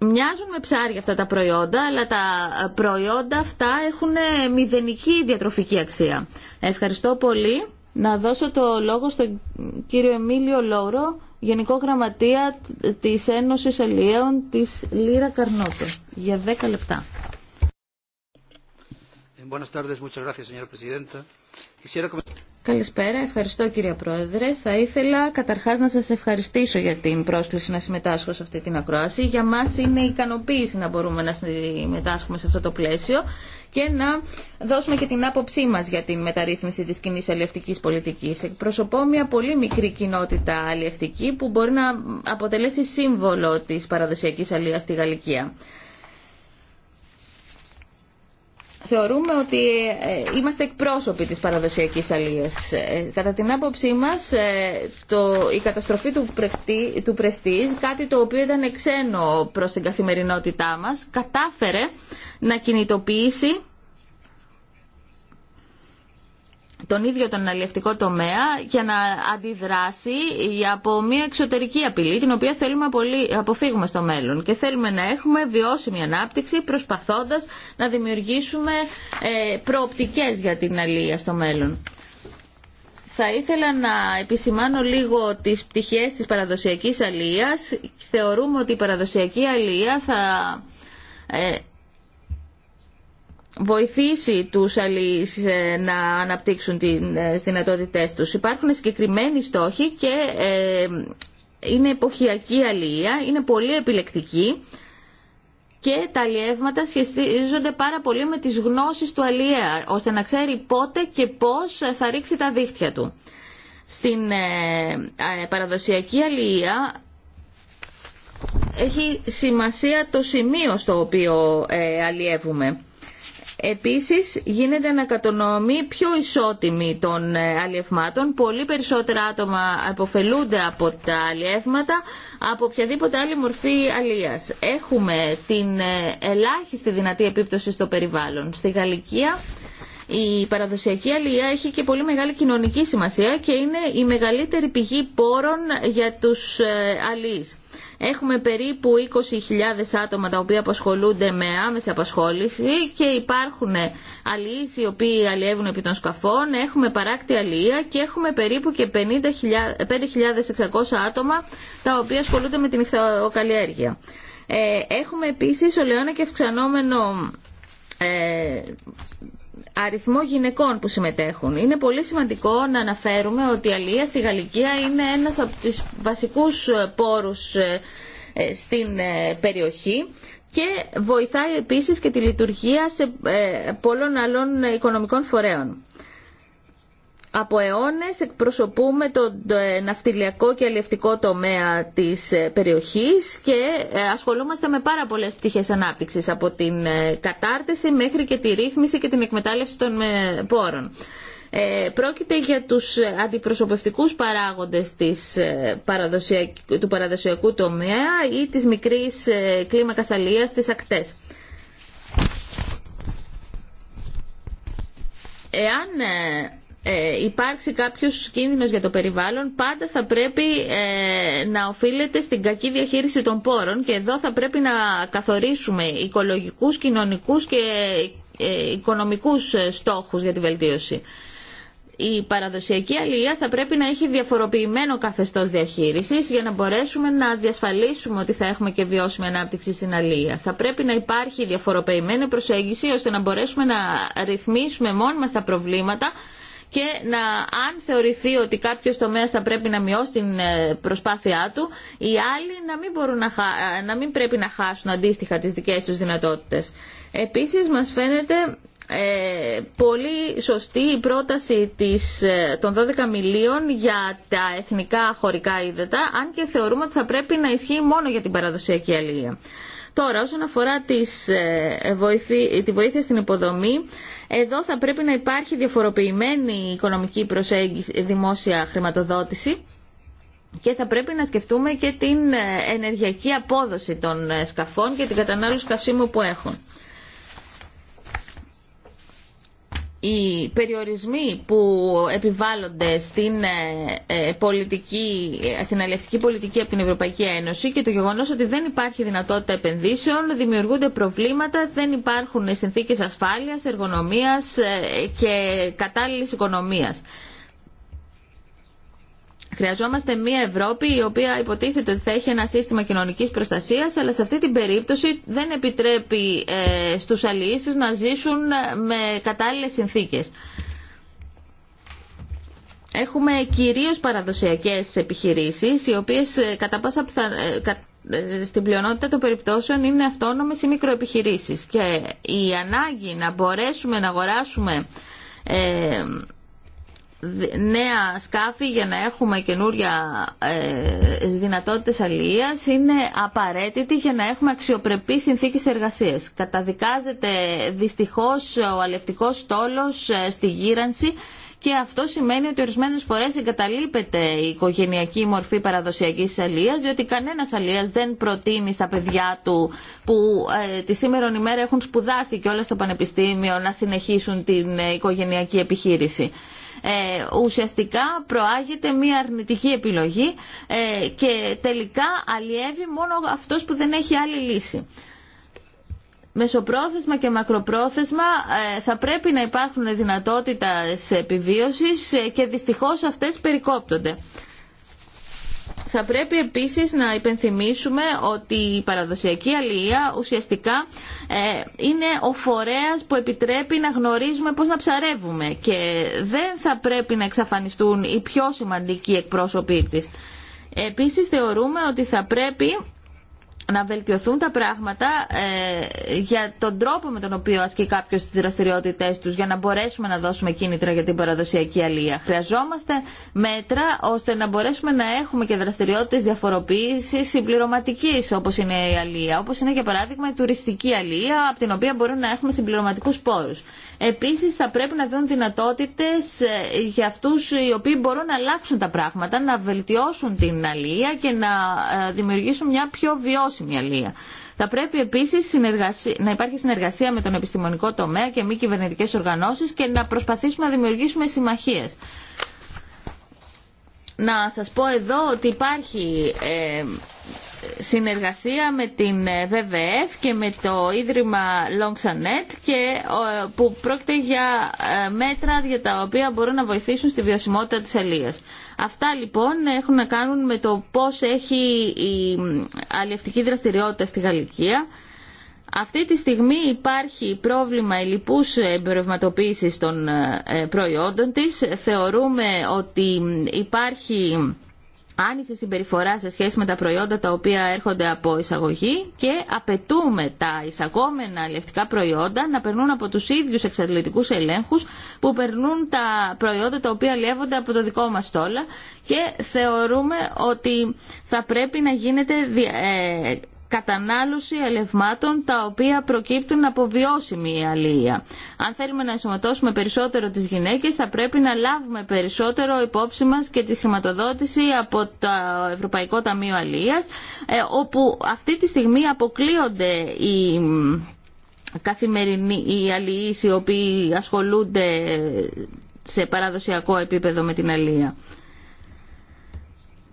Μοιάζουν με ψάρια αυτά τα προϊόντα, αλλά τα προϊόντα αυτά έχουν μηδενική διατροφική αξία. Ευχαριστώ πολύ να δώσω το λόγο στον κύριο Εμίλιο Λόρο, Γενικό Γραμματεία της Ένωσης Ελλήνων της Λύρα Καρνότο, για 10 λεπτά. Καλησπέρα, ευχαριστώ κύριε Πρόεδρε. Θα ήθελα καταρχάς να σας ευχαριστήσω για την πρόσκληση να συμμετάσχω σε αυτή την ακρόαση. Για μας είναι ικανοποίηση να μπορούμε να συμμετάσχουμε σε αυτό το πλαίσιο και να δώσουμε και την άποψή μας για την μεταρρύθμιση της κοινή αλληλευτικής πολιτική. Εκπροσωπώ μια πολύ μικρή κοινότητα αλληλευτική που μπορεί να αποτελέσει σύμβολο της παραδοσιακής αλληλεία στη Γαλλικία θεωρούμε ότι ε, είμαστε εκπρόσωποι της παραδοσιακής αλίας. Ε, κατά την άποψή μας, ε, το, η καταστροφή του, πρεκτή, του Πρεστής, κάτι το οποίο ήταν εξένο προς την καθημερινότητά μας, κατάφερε να κινητοποιήσει τον ίδιο τον αλληλευτικό τομέα για να αντιδράσει από μια εξωτερική απειλή την οποία θέλουμε να αποφύγουμε στο μέλλον και θέλουμε να έχουμε βιώσιμη ανάπτυξη προσπαθώντας να δημιουργήσουμε ε, προοπτικές για την αλληλεία στο μέλλον. Θα ήθελα να επισημάνω λίγο τις πτυχές της παραδοσιακής αλληλείας. Θεωρούμε ότι η παραδοσιακή αλληλεία θα ε, βοηθήσει τους αλληλείς ε, να αναπτύξουν ε, τις δυνατότητές τους. Υπάρχουν συγκεκριμένοι στόχοι και ε, είναι εποχιακή αλληλεία, είναι πολύ επιλεκτική και τα αλλιεύματα σχετίζονται πάρα πολύ με τις γνώσεις του αλληλεία, ώστε να ξέρει πότε και πώς θα ρίξει τα δίχτυα του. Στην παραδοσιακή αλληλεία έχει σημασία το σημείο στο οποίο αλλιεύουμε. Επίσης γίνεται κατονομεί πιο ισότιμη των ε, αλλιευμάτων. Πολύ περισσότερα άτομα αποφελούνται από τα αλλιεύματα από οποιαδήποτε άλλη μορφή αλλίας. Έχουμε την ε, ελάχιστη δυνατή επίπτωση στο περιβάλλον. Στη Γαλλικία η παραδοσιακή αλληλεία έχει και πολύ μεγάλη κοινωνική σημασία και είναι η μεγαλύτερη πηγή πόρων για τους ε, αλληλείς. Έχουμε περίπου 20.000 άτομα τα οποία απασχολούνται με άμεση απασχόληση και υπάρχουν αλλοίς οι οποίοι αλλιεύουν επί των σκαφών, έχουμε παράκτη αλληλεία και έχουμε περίπου και 5.600 άτομα τα οποία ασχολούνται με την ηχθοκαλλιέργεια. Ε, έχουμε επίσης ολαιόνα και αυξανόμενο ε, αριθμό γυναικών που συμμετέχουν. Είναι πολύ σημαντικό να αναφέρουμε ότι η αλία στη Γαλλικία είναι ένας από τους βασικούς ε, πόρους ε, ε, στην περιοχή και βοηθάει επίσης και τη λειτουργία σε πολλών άλλων οικονομικών φορέων από αιώνε εκπροσωπούμε τον ε, ναυτιλιακό και αλληλευτικό τομέα της ε, περιοχής και ε, ασχολούμαστε με πάρα πολλέ πτυχέ ανάπτυξης από την κατάρτιση μέχρι και τη ρύθμιση και την εκμετάλλευση των πόρων. Ε, πρόκειται για τους αντιπροσωπευτικούς παράγοντες της, του παραδοσιακού τομέα ή της μικρής κλίμακας αλίας στις ακτές. Εάν ε, υπάρξει κάποιος κίνδυνος για το περιβάλλον πάντα θα πρέπει ε, να οφείλεται στην κακή διαχείριση των πόρων και εδώ θα πρέπει να καθορίσουμε οικολογικούς, κοινωνικούς και ε, οικονομικούς στόχους για τη βελτίωση. Η παραδοσιακή αλληλεία θα πρέπει να έχει διαφοροποιημένο καθεστώς διαχείρισης για να μπορέσουμε να διασφαλίσουμε ότι θα έχουμε και βιώσιμη ανάπτυξη στην αλληλεία. Θα πρέπει να υπάρχει διαφοροποιημένη προσέγγιση ώστε να μπορέσουμε να ρυθμίσουμε μόνοι τα προβλήματα και να, αν θεωρηθεί ότι κάποιο τομέα θα πρέπει να μειώσει την ε, προσπάθειά του, οι άλλοι να μην, μπορούν να, ε, μην πρέπει να χάσουν αντίστοιχα τι δικέ του δυνατότητε. Επίση, μα φαίνεται ε, πολύ σωστή η πρόταση της, των 12 μιλίων για τα εθνικά χωρικά είδετα, αν και θεωρούμε ότι θα πρέπει να ισχύει μόνο για την παραδοσιακή αλληλεία. Τώρα, όσον αφορά τις, ε, τη βοήθεια στην υποδομή, εδώ θα πρέπει να υπάρχει διαφοροποιημένη οικονομική προσέγγιση, δημόσια χρηματοδότηση και θα πρέπει να σκεφτούμε και την ε, ενεργειακή απόδοση των ε, σκαφών και την κατανάλωση καυσίμου που έχουν. οι περιορισμοί που επιβάλλονται στην, ε, ε, πολιτική, στην αλληλευτική πολιτική από την Ευρωπαϊκή Ένωση και το γεγονός ότι δεν υπάρχει δυνατότητα επενδύσεων, δημιουργούνται προβλήματα, δεν υπάρχουν συνθήκες ασφάλειας, εργονομίας ε, και κατάλληλης οικονομίας. Χρειαζόμαστε μια Ευρώπη η οποία υποτίθεται ότι θα έχει ένα σύστημα κοινωνική προστασία, αλλά σε αυτή την περίπτωση δεν επιτρέπει ε, στους αλληλήσεις να ζήσουν ε, με κατάλληλες συνθήκε. Έχουμε κυρίω παραδοσιακέ επιχειρήσει, οι οποίες ε, κατά πάσα ε, στην πλειονότητα των περιπτώσεων είναι αυτόνομες ή μικροεπιχειρήσεις και η ανάγκη να μπορέσουμε να αγοράσουμε νέα σκάφη για να έχουμε καινούρια ε, δυνατότητες αλληλείας είναι απαραίτητη για να έχουμε αξιοπρεπή συνθήκες εργασίας. Καταδικάζεται δυστυχώς ο αλευτικός στόλος ε, στη γύρανση και αυτό σημαίνει ότι ορισμένες φορές εγκαταλείπεται η οικογενειακή μορφή παραδοσιακής αλίας διότι κανένα αλίας δεν προτείνει στα παιδιά του που ε, τη σήμερον ημέρα έχουν σπουδάσει και όλα στο πανεπιστήμιο να συνεχίσουν την ε, οικογενειακή επιχείρηση. Ε, ουσιαστικά προάγεται μία αρνητική επιλογή ε, και τελικά αλλιεύει μόνο αυτός που δεν έχει άλλη λύση. Μεσοπρόθεσμα και μακροπρόθεσμα ε, θα πρέπει να υπάρχουν δυνατότητα επιβίωσης και δυστυχώς αυτές περικόπτονται. Θα πρέπει επίσης να υπενθυμίσουμε ότι η παραδοσιακή αλληλεία ουσιαστικά ε, είναι ο φορέας που επιτρέπει να γνωρίζουμε πώς να ψαρεύουμε και δεν θα πρέπει να εξαφανιστούν οι πιο σημαντικοί εκπρόσωποι της. Επίσης θεωρούμε ότι θα πρέπει να βελτιωθούν τα πράγματα ε, για τον τρόπο με τον οποίο ασκεί κάποιο τι δραστηριότητε τους για να μπορέσουμε να δώσουμε κίνητρα για την παραδοσιακή αλία. Χρειαζόμαστε μέτρα ώστε να μπορέσουμε να έχουμε και δραστηριότητες διαφοροποίησης συμπληρωματική, όπως είναι η αλία, όπως είναι για παράδειγμα η τουριστική αλεία από την οποία μπορούμε να έχουμε συμπληρωματικού πόρου. Επίσης θα πρέπει να δουν δυνατότητες ε, για αυτούς οι οποίοι μπορούν να αλλάξουν τα πράγματα, να βελτιώσουν την αλληλεία και να ε, δημιουργήσουν μια πιο βιώσιμη αλληλεία. Θα πρέπει επίσης να υπάρχει συνεργασία με τον επιστημονικό τομέα και μη κυβερνητικές οργανώσεις και να προσπαθήσουμε να δημιουργήσουμε συμμαχίε. Να σας πω εδώ ότι υπάρχει ε, συνεργασία με την ΒΒΕΦ και με το Ίδρυμα Longsanet και που πρόκειται για ε, μέτρα για τα οποία μπορούν να βοηθήσουν στη βιωσιμότητα της αλίας. Αυτά λοιπόν έχουν να κάνουν με το πώς έχει η αλλιευτική δραστηριότητα στη Γαλλικία. Αυτή τη στιγμή υπάρχει πρόβλημα ελλειπούς εμπορευματοποίησης των ε, προϊόντων της. Θεωρούμε ότι υπάρχει άνηση συμπεριφορά σε σχέση με τα προϊόντα τα οποία έρχονται από εισαγωγή και απαιτούμε τα εισαγόμενα αλληλευτικά προϊόντα να περνούν από τους ίδιους εξαντλητικούς ελέγχους που περνούν τα προϊόντα τα οποία λεύονται από το δικό μας στόλα και θεωρούμε ότι θα πρέπει να γίνεται ε, κατανάλωση ελευμάτων τα οποία προκύπτουν από βιώσιμη αλληλεία. Αν θέλουμε να ενσωματώσουμε περισσότερο τις γυναίκες θα πρέπει να λάβουμε περισσότερο υπόψη μας και τη χρηματοδότηση από το Ευρωπαϊκό Ταμείο Αλληλείας ε, όπου αυτή τη στιγμή αποκλείονται οι καθημερινοί οι αλληλείς οι οποίοι ασχολούνται σε παραδοσιακό επίπεδο με την αλληλεία.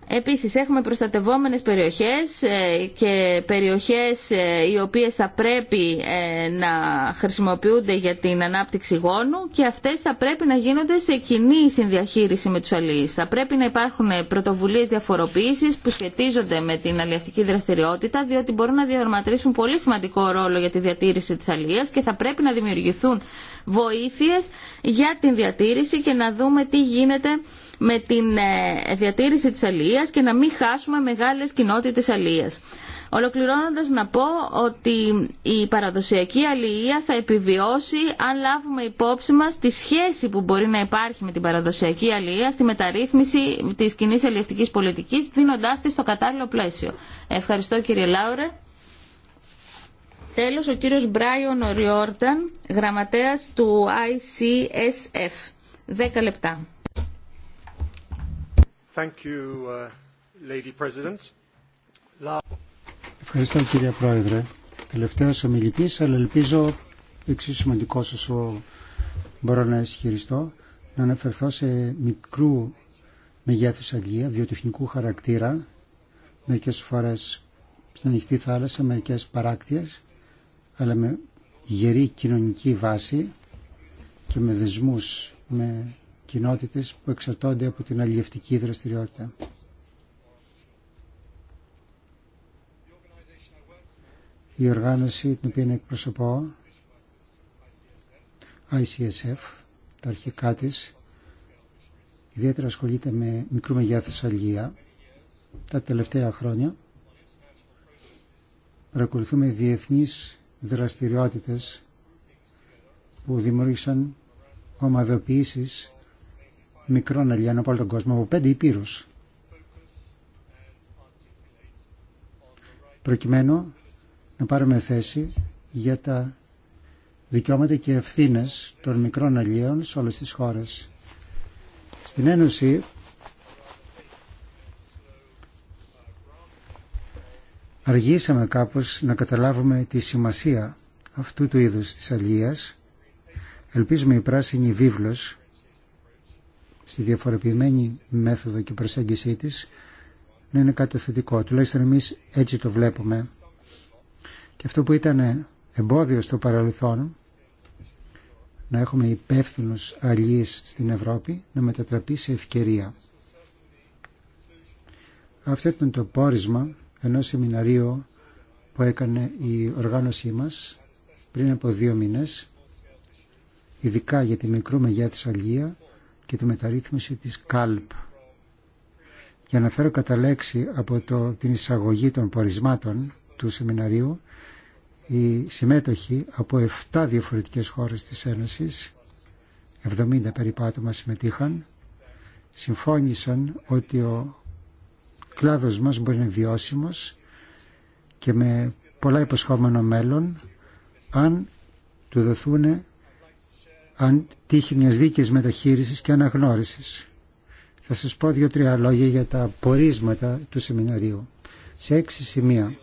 Επίσης έχουμε προστατευόμενες περιοχές ε, και περιοχές ε, οι οποίες θα πρέπει ε, να χρησιμοποιούνται για την ανάπτυξη γόνου και αυτές θα πρέπει να γίνονται σε κοινή συνδιαχείριση με τους αλληλείς. Θα πρέπει να υπάρχουν πρωτοβουλίες διαφοροποίησης που σχετίζονται με την αλληλευτική δραστηριότητα διότι μπορούν να διαρματρήσουν πολύ σημαντικό ρόλο για τη διατήρηση της αλληλείας και θα πρέπει να δημιουργηθούν βοήθειες για την διατήρηση και να δούμε τι γίνεται με την ε, διατήρηση της αλληλείας και να μην χάσουμε μεγάλες κοινότητες αλληλείας. Ολοκληρώνοντας να πω ότι η παραδοσιακή αλληλεία θα επιβιώσει αν λάβουμε υπόψη μας τη σχέση που μπορεί να υπάρχει με την παραδοσιακή αλληλεία στη μεταρρύθμιση της κοινή αλληλευτικής πολιτικής δίνοντάς τη στο κατάλληλο πλαίσιο. Ευχαριστώ κύριε Λάουρε. Τέλος ο κύριος Μπράιον Οριόρταν, γραμματέας του ICSF. 10 λεπτά. Uh, Ευχαριστώ κύριε Πρόεδρε. Τελευταίος ομιλητή, αλλά ελπίζω εξίσου σημαντικό όσο μπορώ να ισχυριστώ, να αναφερθώ σε μικρού μεγέθους Αγγλία, βιοτεχνικού χαρακτήρα, μερικές φορές στην ανοιχτή θάλασσα, μερικές παράκτιες, αλλά με γερή κοινωνική βάση και με δεσμούς με που εξαρτώνται από την αλληλευτική δραστηριότητα. Η οργάνωση την οποία εκπροσωπώ, ICSF, τα αρχικά της, ιδιαίτερα ασχολείται με μικρού μεγέθους αλληλεία. Τα τελευταία χρόνια παρακολουθούμε διεθνείς δραστηριότητες που δημιούργησαν ομαδοποιήσεις μικρών αλλιέων από όλο τον κόσμο, από πέντε υπήρου. Προκειμένου να πάρουμε θέση για τα δικαιώματα και ευθύνε των μικρών αλλιών σε όλε τις χώρες. Στην Ένωση αργήσαμε κάπως να καταλάβουμε τη σημασία αυτού του είδους της αλλίας. Ελπίζουμε η πράσινη βίβλος στη διαφοροποιημένη μέθοδο και προσέγγιση της να είναι κάτι θετικό. Τουλάχιστον εμεί έτσι το βλέπουμε. Και αυτό που ήταν εμπόδιο στο παρελθόν να έχουμε υπεύθυνου αλλιεί στην Ευρώπη να μετατραπεί σε ευκαιρία. Αυτό ήταν το πόρισμα ενός σεμιναρίου που έκανε η οργάνωσή μας πριν από δύο μήνες ειδικά για τη μικρού μεγέθου και τη μεταρρύθμιση της ΚΑΛΠ. Για να φέρω κατά λέξη από το, την εισαγωγή των πορισμάτων του σεμιναρίου, οι συμμέτοχοι από 7 διαφορετικές χώρες της Ένωσης, 70 περίπου άτομα συμμετείχαν, συμφώνησαν ότι ο κλάδος μας μπορεί να είναι βιώσιμος και με πολλά υποσχόμενο μέλλον αν του δοθούν αν τύχει μιας δίκης μεταχείρισης και αναγνώρισης. Θα σας πω δύο-τρία λόγια για τα πορίσματα του σεμιναρίου. Σε έξι σημεία.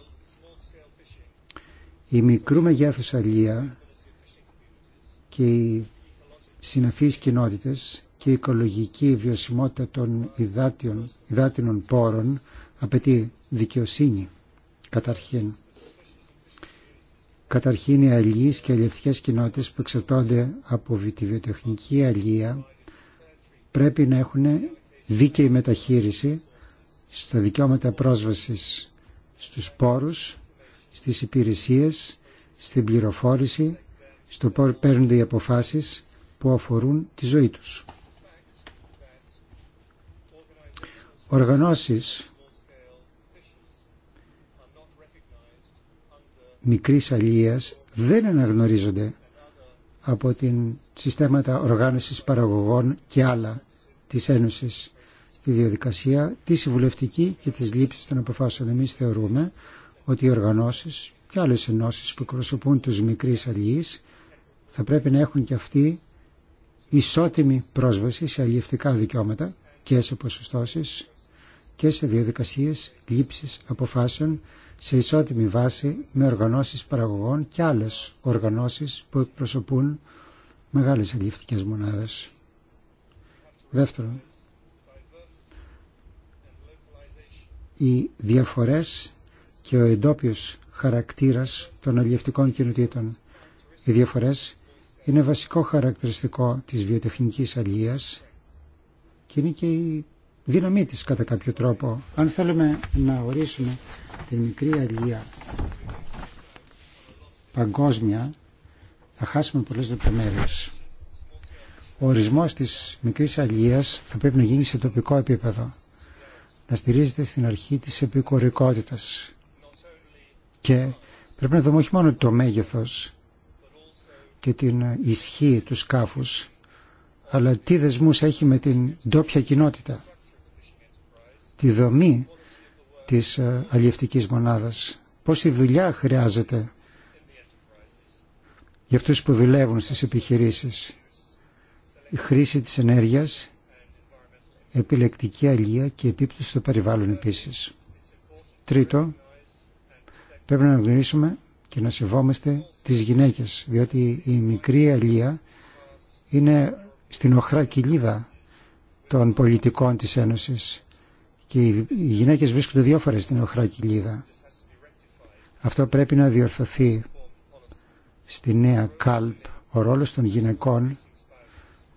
Η μικρού μεγέθους αλία και οι συναφείς κοινότητες και η οικολογική βιωσιμότητα των υδάτινων πόρων απαιτεί δικαιοσύνη καταρχήν. Καταρχήν οι αλληλείς και αλληλευτικές κοινότητες που εξαρτώνται από τη βιοτεχνική αλληλεία πρέπει να έχουν δίκαιη μεταχείριση στα δικαιώματα πρόσβασης στους πόρους, στις υπηρεσίες, στην πληροφόρηση, στο πώς παίρνονται οι αποφάσεις που αφορούν τη ζωή τους. Οργανώσεις μικρής αλίας δεν αναγνωρίζονται από την συστήματα οργάνωσης παραγωγών και άλλα της Ένωσης στη διαδικασία, τη συμβουλευτική και της λήψης των αποφάσεων. Εμείς θεωρούμε ότι οι οργανώσεις και άλλες ενώσεις που εκπροσωπούν τους μικρής αλληλείς θα πρέπει να έχουν και αυτοί ισότιμη πρόσβαση σε αλληλευτικά δικαιώματα και σε ποσοστώσεις και σε διαδικασίες λήψης αποφάσεων σε ισότιμη βάση με οργανώσεις παραγωγών και άλλες οργανώσεις που εκπροσωπούν μεγάλες αλληλευτικές μονάδες. Δεύτερον, οι διαφορές και ο εντόπιος χαρακτήρας των αλληλευτικών κοινοτήτων. Οι διαφορές είναι βασικό χαρακτηριστικό της βιοτεχνικής αλληλείας και είναι και η δύναμή της κατά κάποιο τρόπο. Αν θέλουμε να ορίσουμε την μικρή αλληλεία παγκόσμια θα χάσουμε πολλές λεπτομέρειες. Ο ορισμός της μικρής αλληλείας θα πρέπει να γίνει σε τοπικό επίπεδο, να στηρίζεται στην αρχή της επικορικότητας και πρέπει να δούμε όχι μόνο το μέγεθος και την ισχύ του σκάφους, αλλά τι δεσμούς έχει με την ντόπια κοινότητα, τη δομή της ε, αλλιευτικής μονάδας. Πόση δουλειά χρειάζεται για αυτούς που δουλεύουν στις επιχειρήσεις. Η χρήση της ενέργειας, επιλεκτική αλληλεία και επίπτωση στο περιβάλλον επίσης. Τρίτο, πρέπει να γνωρίσουμε και να σεβόμαστε τις γυναίκες, διότι η μικρή αλληλεία είναι στην οχρά κοιλίδα των πολιτικών της Ένωσης και οι γυναίκες βρίσκονται δύο φορές στην οχρά κοιλίδα. Αυτό πρέπει να διορθωθεί στη νέα ΚΑΛΠ ο ρόλος των γυναικών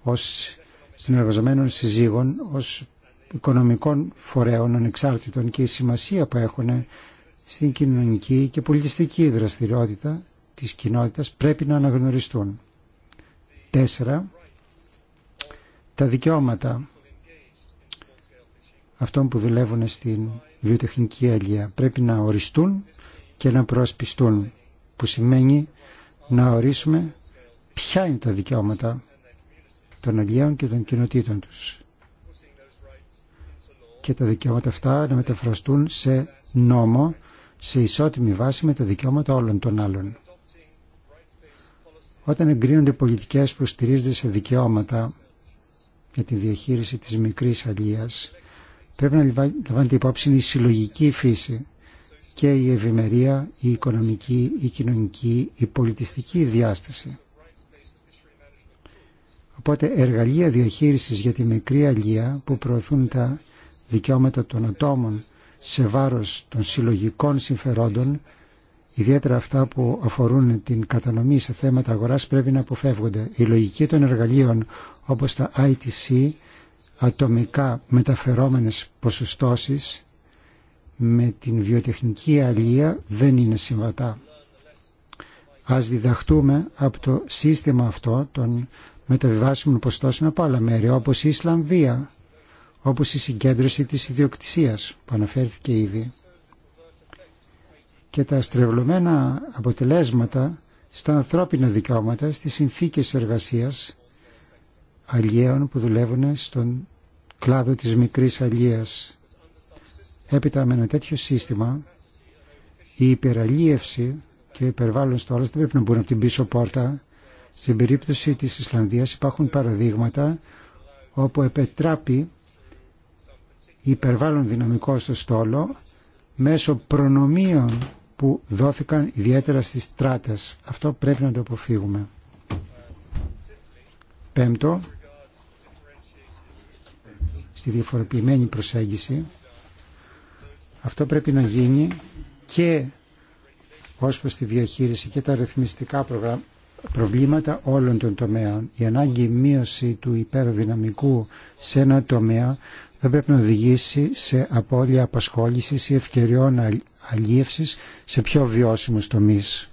ως συνεργαζομένων συζύγων, ως οικονομικών φορέων ανεξάρτητων και η σημασία που έχουν στην κοινωνική και πολιτιστική δραστηριότητα της κοινότητας πρέπει να αναγνωριστούν. Τέσσερα, τα δικαιώματα αυτών που δουλεύουν στην βιοτεχνική αλληλεία. Πρέπει να οριστούν και να προασπιστούν, που σημαίνει να ορίσουμε ποια είναι τα δικαιώματα των αλλιέων και των κοινοτήτων τους. Και τα δικαιώματα αυτά να μεταφραστούν σε νόμο, σε ισότιμη βάση με τα δικαιώματα όλων των άλλων. Όταν εγκρίνονται πολιτικές που στηρίζονται σε δικαιώματα για τη διαχείριση της μικρής αλίας, πρέπει να λαμβάνεται υπόψη η συλλογική φύση και η ευημερία, η οικονομική, η κοινωνική, η πολιτιστική διάσταση. Οπότε εργαλεία διαχείρισης για τη μικρή αλία που προωθούν τα δικαιώματα των ατόμων σε βάρος των συλλογικών συμφερόντων, ιδιαίτερα αυτά που αφορούν την κατανομή σε θέματα αγοράς πρέπει να αποφεύγονται. Η λογική των εργαλείων όπως τα ITC ατομικά μεταφερόμενες ποσοστώσεις με την βιοτεχνική αλία δεν είναι συμβατά. Ας διδαχτούμε από το σύστημα αυτό των μεταβιβάσιμων ποσοστώσεων από άλλα μέρη όπως η Ισλανδία, όπως η συγκέντρωση της ιδιοκτησίας που αναφέρθηκε ήδη και τα στρεβλωμένα αποτελέσματα στα ανθρώπινα δικαιώματα, στις συνθήκες εργασίας αλλιέων που δουλεύουν στον κλάδο της μικρής αλλίας. Έπειτα με ένα τέτοιο σύστημα η υπεραλίευση και υπερβάλλον στο δεν πρέπει να μπουν από την πίσω πόρτα. Στην περίπτωση της Ισλανδίας υπάρχουν παραδείγματα όπου επετράπει υπερβάλλον δυναμικό στο στόλο μέσω προνομίων που δόθηκαν ιδιαίτερα στις τράτες. Αυτό πρέπει να το αποφύγουμε. Πέμπτο, στη διαφοροποιημένη προσέγγιση, αυτό πρέπει να γίνει και ως προς τη διαχείριση και τα ρυθμιστικά προβλήματα όλων των τομέων. Η ανάγκη μείωση του υπερδυναμικού σε ένα τομέα δεν πρέπει να οδηγήσει σε απώλεια απασχόλησης ή ευκαιριών αλλιεύσης σε πιο βιώσιμους τομείς.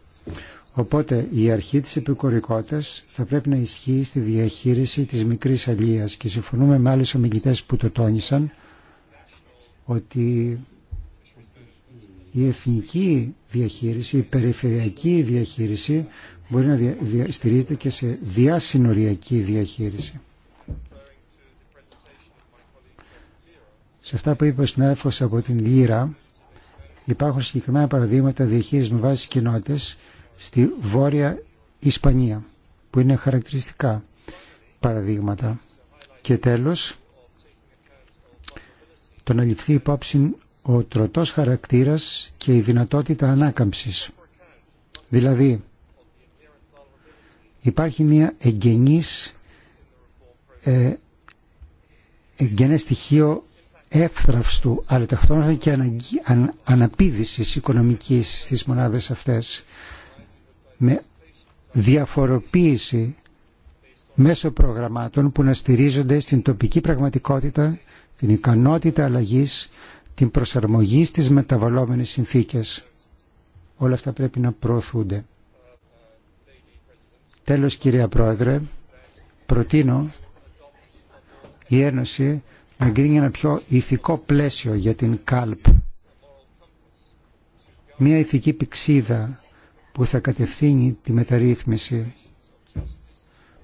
Οπότε η αρχή της επικορικότητας θα πρέπει να ισχύει στη διαχείριση της μικρής αλίας και συμφωνούμε με άλλους ομιλητές που το τόνισαν ότι η εθνική διαχείριση, η περιφερειακή διαχείριση μπορεί να στηρίζεται και σε διασυνοριακή διαχείριση. Σε αυτά που είπε ο συνάδελφος από την Λύρα υπάρχουν συγκεκριμένα παραδείγματα διαχείρισης με βάση κοινότητες στη Βόρεια Ισπανία που είναι χαρακτηριστικά παραδείγματα. Και τέλος, το να ληφθεί υπόψη ο τροτός χαρακτήρας και η δυνατότητα ανάκαμψης. Δηλαδή, υπάρχει μια εγγενής, ε, εγγενές στοιχείο εύθραυστου, αλλά ταυτόχρονα και αναπήδησης οικονομικής στις μονάδες αυτές με διαφοροποίηση μέσω προγραμμάτων που να στηρίζονται στην τοπική πραγματικότητα, την ικανότητα αλλαγής, την προσαρμογή στις μεταβαλλόμενες συνθήκες. Όλα αυτά πρέπει να προωθούνται. Τέλος, κυρία Πρόεδρε, προτείνω η Ένωση να γκρίνει ένα πιο ηθικό πλαίσιο για την ΚΑΛΠ. Μια ηθική πηξίδα που θα κατευθύνει τη μεταρρύθμιση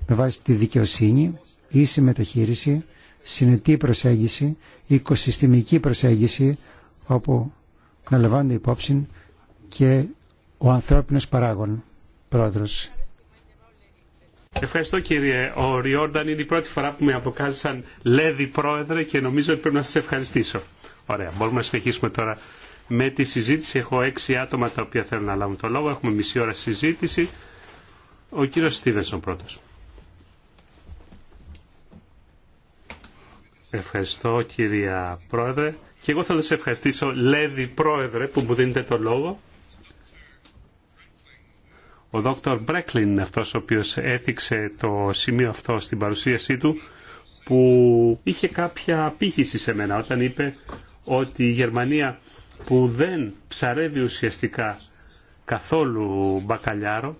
με βάση τη δικαιοσύνη, ίση μεταχείριση, συνετή προσέγγιση, οικοσυστημική προσέγγιση, όπου να λαμβάνονται υπόψη και ο ανθρώπινος παράγων. Πρόεδρος. Ευχαριστώ κύριε ο Ριόρνταν. Είναι η πρώτη φορά που με αποκάλεσαν Λέδη Πρόεδρε και νομίζω ότι πρέπει να σας ευχαριστήσω. Ωραία, μπορούμε να συνεχίσουμε τώρα με τη συζήτηση. Έχω έξι άτομα τα οποία θέλουν να λάβουν το λόγο. Έχουμε μισή ώρα συζήτηση. Ο κύριος Στίβενσον πρώτος. Ευχαριστώ κυρία Πρόεδρε. Και εγώ θέλω να σε ευχαριστήσω, Λέδη Πρόεδρε, που μου δίνετε το λόγο. Ο Δόκτωρ Μπρέκλιν είναι αυτός ο οποίος έθιξε το σημείο αυτό στην παρουσίασή του, που είχε κάποια απήχηση σε μένα όταν είπε ότι η Γερμανία που δεν ψαρεύει ουσιαστικά καθόλου μπακαλιάρο,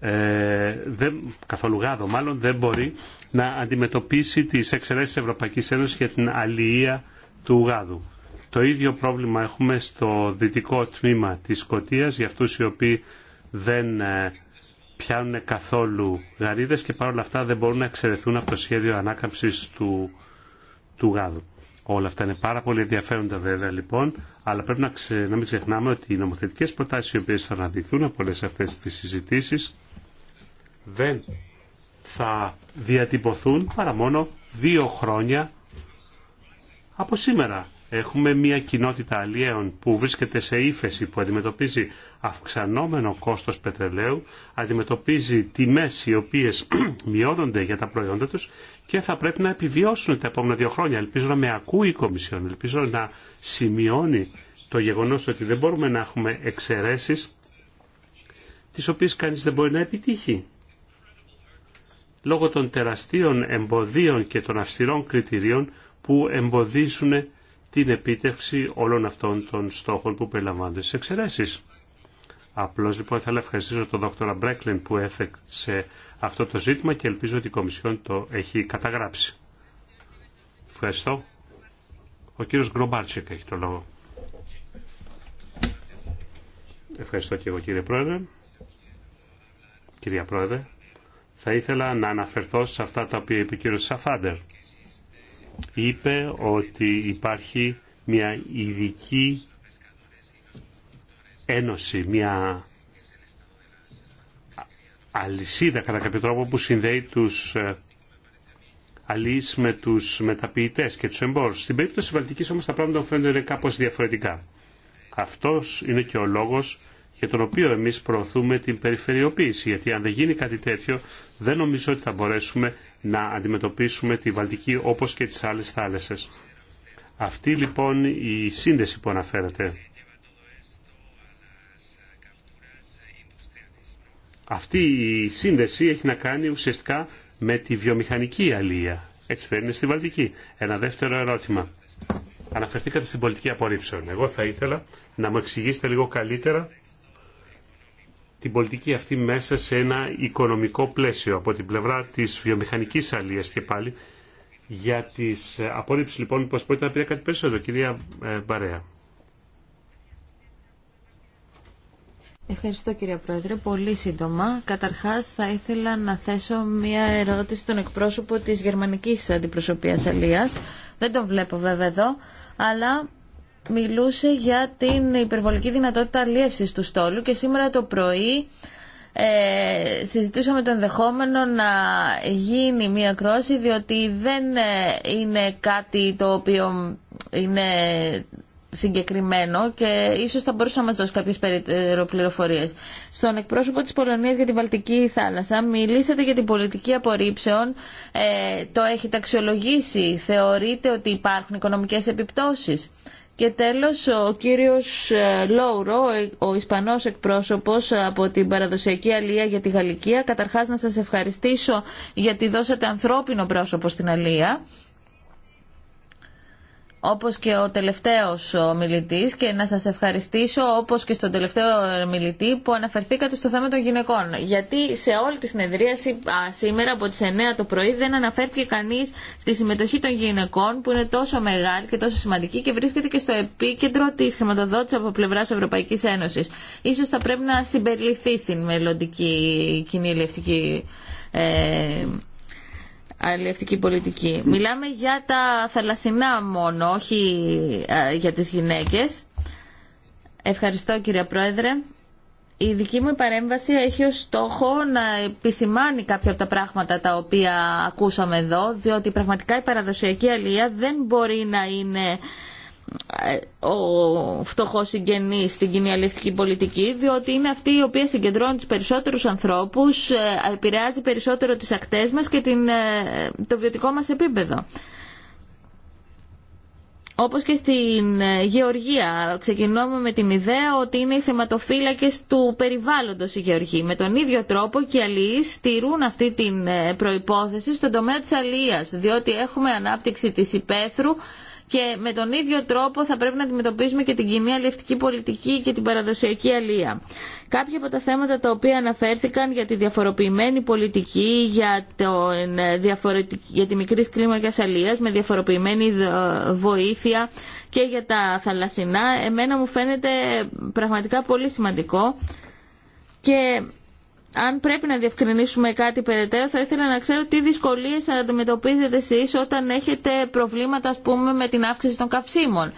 ε, δεν, καθόλου γάδο μάλλον, δεν μπορεί να αντιμετωπίσει τις εξαιρέσεις της Ευρωπαϊκής Ένωσης για την αλληλεία του γάδου. Το ίδιο πρόβλημα έχουμε στο δυτικό τμήμα της Σκοτίας για αυτούς οι οποίοι δεν ε, πιάνουν καθόλου γαρίδες και παρόλα αυτά δεν μπορούν να εξαιρεθούν από το σχέδιο ανάκαμψης του γάδου. Όλα αυτά είναι πάρα πολύ ενδιαφέροντα βέβαια λοιπόν, αλλά πρέπει να, να μην ξεχνάμε ότι οι νομοθετικές προτάσεις οι οποίες θα αναδυθούν από όλες αυτές τις συζητήσεις δεν θα διατυπωθούν παρά μόνο δύο χρόνια από σήμερα. Έχουμε μια κοινότητα αλλιέων που βρίσκεται σε ύφεση, που αντιμετωπίζει αυξανόμενο κόστος πετρελαίου, αντιμετωπίζει τιμές οι οποίες μειώνονται για τα προϊόντα τους και θα πρέπει να επιβιώσουν τα επόμενα δύο χρόνια. Ελπίζω να με ακούει η Κομισιόν, ελπίζω να σημειώνει το γεγονός ότι δεν μπορούμε να έχουμε εξαιρέσεις τις οποίες κανείς δεν μπορεί να επιτύχει. Λόγω των τεραστίων εμποδίων και των αυστηρών κριτηρίων που εμποδίσουν την επίτευξη όλων αυτών των στόχων που περιλαμβάνονται στι εξαιρεσει. Απλώ λοιπόν θα ευχαριστήσω τον δόκτωρα Μπρέκλεν που έφεξε αυτό το ζήτημα και ελπίζω ότι η Κομισιόν το έχει καταγράψει. Ευχαριστώ. Ο κύριο Γκρομπάρτσικ έχει το λόγο. Ευχαριστώ και εγώ κύριε Πρόεδρε. Κυρία Πρόεδρε, θα ήθελα να αναφερθώ σε αυτά τα οποία είπε ο κύριο Σαφάντερ είπε ότι υπάρχει μια ειδική ένωση, μια αλυσίδα κατά κάποιο τρόπο που συνδέει τους ε, αλείς με τους μεταποιητές και τους εμπόρους. Στην περίπτωση Βαλτικής όμως τα πράγματα φαίνονται είναι κάπως διαφορετικά. Αυτός είναι και ο λόγος για τον οποίο εμείς προωθούμε την περιφερειοποίηση, γιατί αν δεν γίνει κάτι τέτοιο δεν νομίζω ότι θα μπορέσουμε να αντιμετωπίσουμε τη Βαλτική όπως και τις άλλες θάλασσες. Αυτή λοιπόν η σύνδεση που αναφέρατε, αυτή η σύνδεση έχει να κάνει ουσιαστικά με τη βιομηχανική αλία. Έτσι δεν είναι στη Βαλτική. Ένα δεύτερο ερώτημα. Αναφερθήκατε στην πολιτική απορρίψεων. Εγώ θα ήθελα να μου εξηγήσετε λίγο καλύτερα την πολιτική αυτή μέσα σε ένα οικονομικό πλαίσιο από την πλευρά της βιομηχανικής αλίας και πάλι για τις ε, απόρριψεις λοιπόν πως μπορείτε να πείτε κάτι περισσότερο κυρία ε, Μπαρέα. Ευχαριστώ κύριε Πρόεδρε. Πολύ σύντομα. Καταρχάς θα ήθελα να θέσω μια ερώτηση στον εκπρόσωπο της γερμανικής αντιπροσωπείας Αλίας. Δεν τον βλέπω βέβαια εδώ, αλλά μιλούσε για την υπερβολική δυνατότητα αλίευσης του στόλου και σήμερα το πρωί ε, συζητούσαμε το ενδεχόμενο να γίνει μία κρόση διότι δεν ε, είναι κάτι το οποίο είναι συγκεκριμένο και ίσως θα μπορούσε να μας δώσει κάποιες πληροφορίες. Στον εκπρόσωπο της Πολωνίας για την Βαλτική θάλασσα μιλήσατε για την πολιτική απορρίψεων, ε, το έχετε αξιολογήσει, θεωρείτε ότι υπάρχουν οικονομικές επιπτώσεις. Και τέλος ο κύριος ε, Λόουρο, ο Ισπανός εκπρόσωπος από την παραδοσιακή αλία για τη Γαλλικία. Καταρχάς να σας ευχαριστήσω γιατί δώσατε ανθρώπινο πρόσωπο στην αλία όπως και ο τελευταίος μιλητής και να σας ευχαριστήσω όπως και στον τελευταίο μιλητή που αναφερθήκατε στο θέμα των γυναικών. Γιατί σε όλη τη συνεδρία σήμερα από τις 9 το πρωί δεν αναφέρθηκε κανείς στη συμμετοχή των γυναικών που είναι τόσο μεγάλη και τόσο σημαντική και βρίσκεται και στο επίκεντρο της χρηματοδότηση από πλευράς Ευρωπαϊκής Ένωσης. Ίσως θα πρέπει να συμπεριληφθεί στην μελλοντική κοινή ελευτική ε, αλληλευτική πολιτική. Μιλάμε για τα θαλασσινά μόνο, όχι ε, για τις γυναίκες. Ευχαριστώ κύριε Πρόεδρε. Η δική μου παρέμβαση έχει ως στόχο να επισημάνει κάποια από τα πράγματα τα οποία ακούσαμε εδώ, διότι πραγματικά η παραδοσιακή αλληλεία δεν μπορεί να είναι ο φτωχό συγγενή στην κοινιαλιστική πολιτική, διότι είναι αυτή η οποία συγκεντρώνει του περισσότερου ανθρώπου, ε, επηρεάζει περισσότερο τι ακτέ μα και την, ε, το βιωτικό μα επίπεδο. Όπως και στην ε, γεωργία, ξεκινούμε με την ιδέα ότι είναι οι θεματοφύλακες του περιβάλλοντος η γεωργοί. Με τον ίδιο τρόπο και οι αλληλείς στηρούν αυτή την προϋπόθεση στον τομέα της αλληλείας, διότι έχουμε ανάπτυξη της υπαίθρου και με τον ίδιο τρόπο θα πρέπει να αντιμετωπίσουμε και την κοινή αλληλευτική πολιτική και την παραδοσιακή αλληλεία. Κάποια από τα θέματα τα οποία αναφέρθηκαν για τη διαφοροποιημένη πολιτική, για, τον, ε, για τη μικρή κλίμακα αλληλεία με διαφοροποιημένη ε, βοήθεια και για τα θαλασσινά, εμένα μου φαίνεται πραγματικά πολύ σημαντικό και αν πρέπει να διευκρινίσουμε κάτι περαιτέρω, θα ήθελα να ξέρω τι δυσκολίες αντιμετωπίζετε εσείς όταν έχετε προβλήματα, ας πούμε, με την αύξηση των καυσίμων.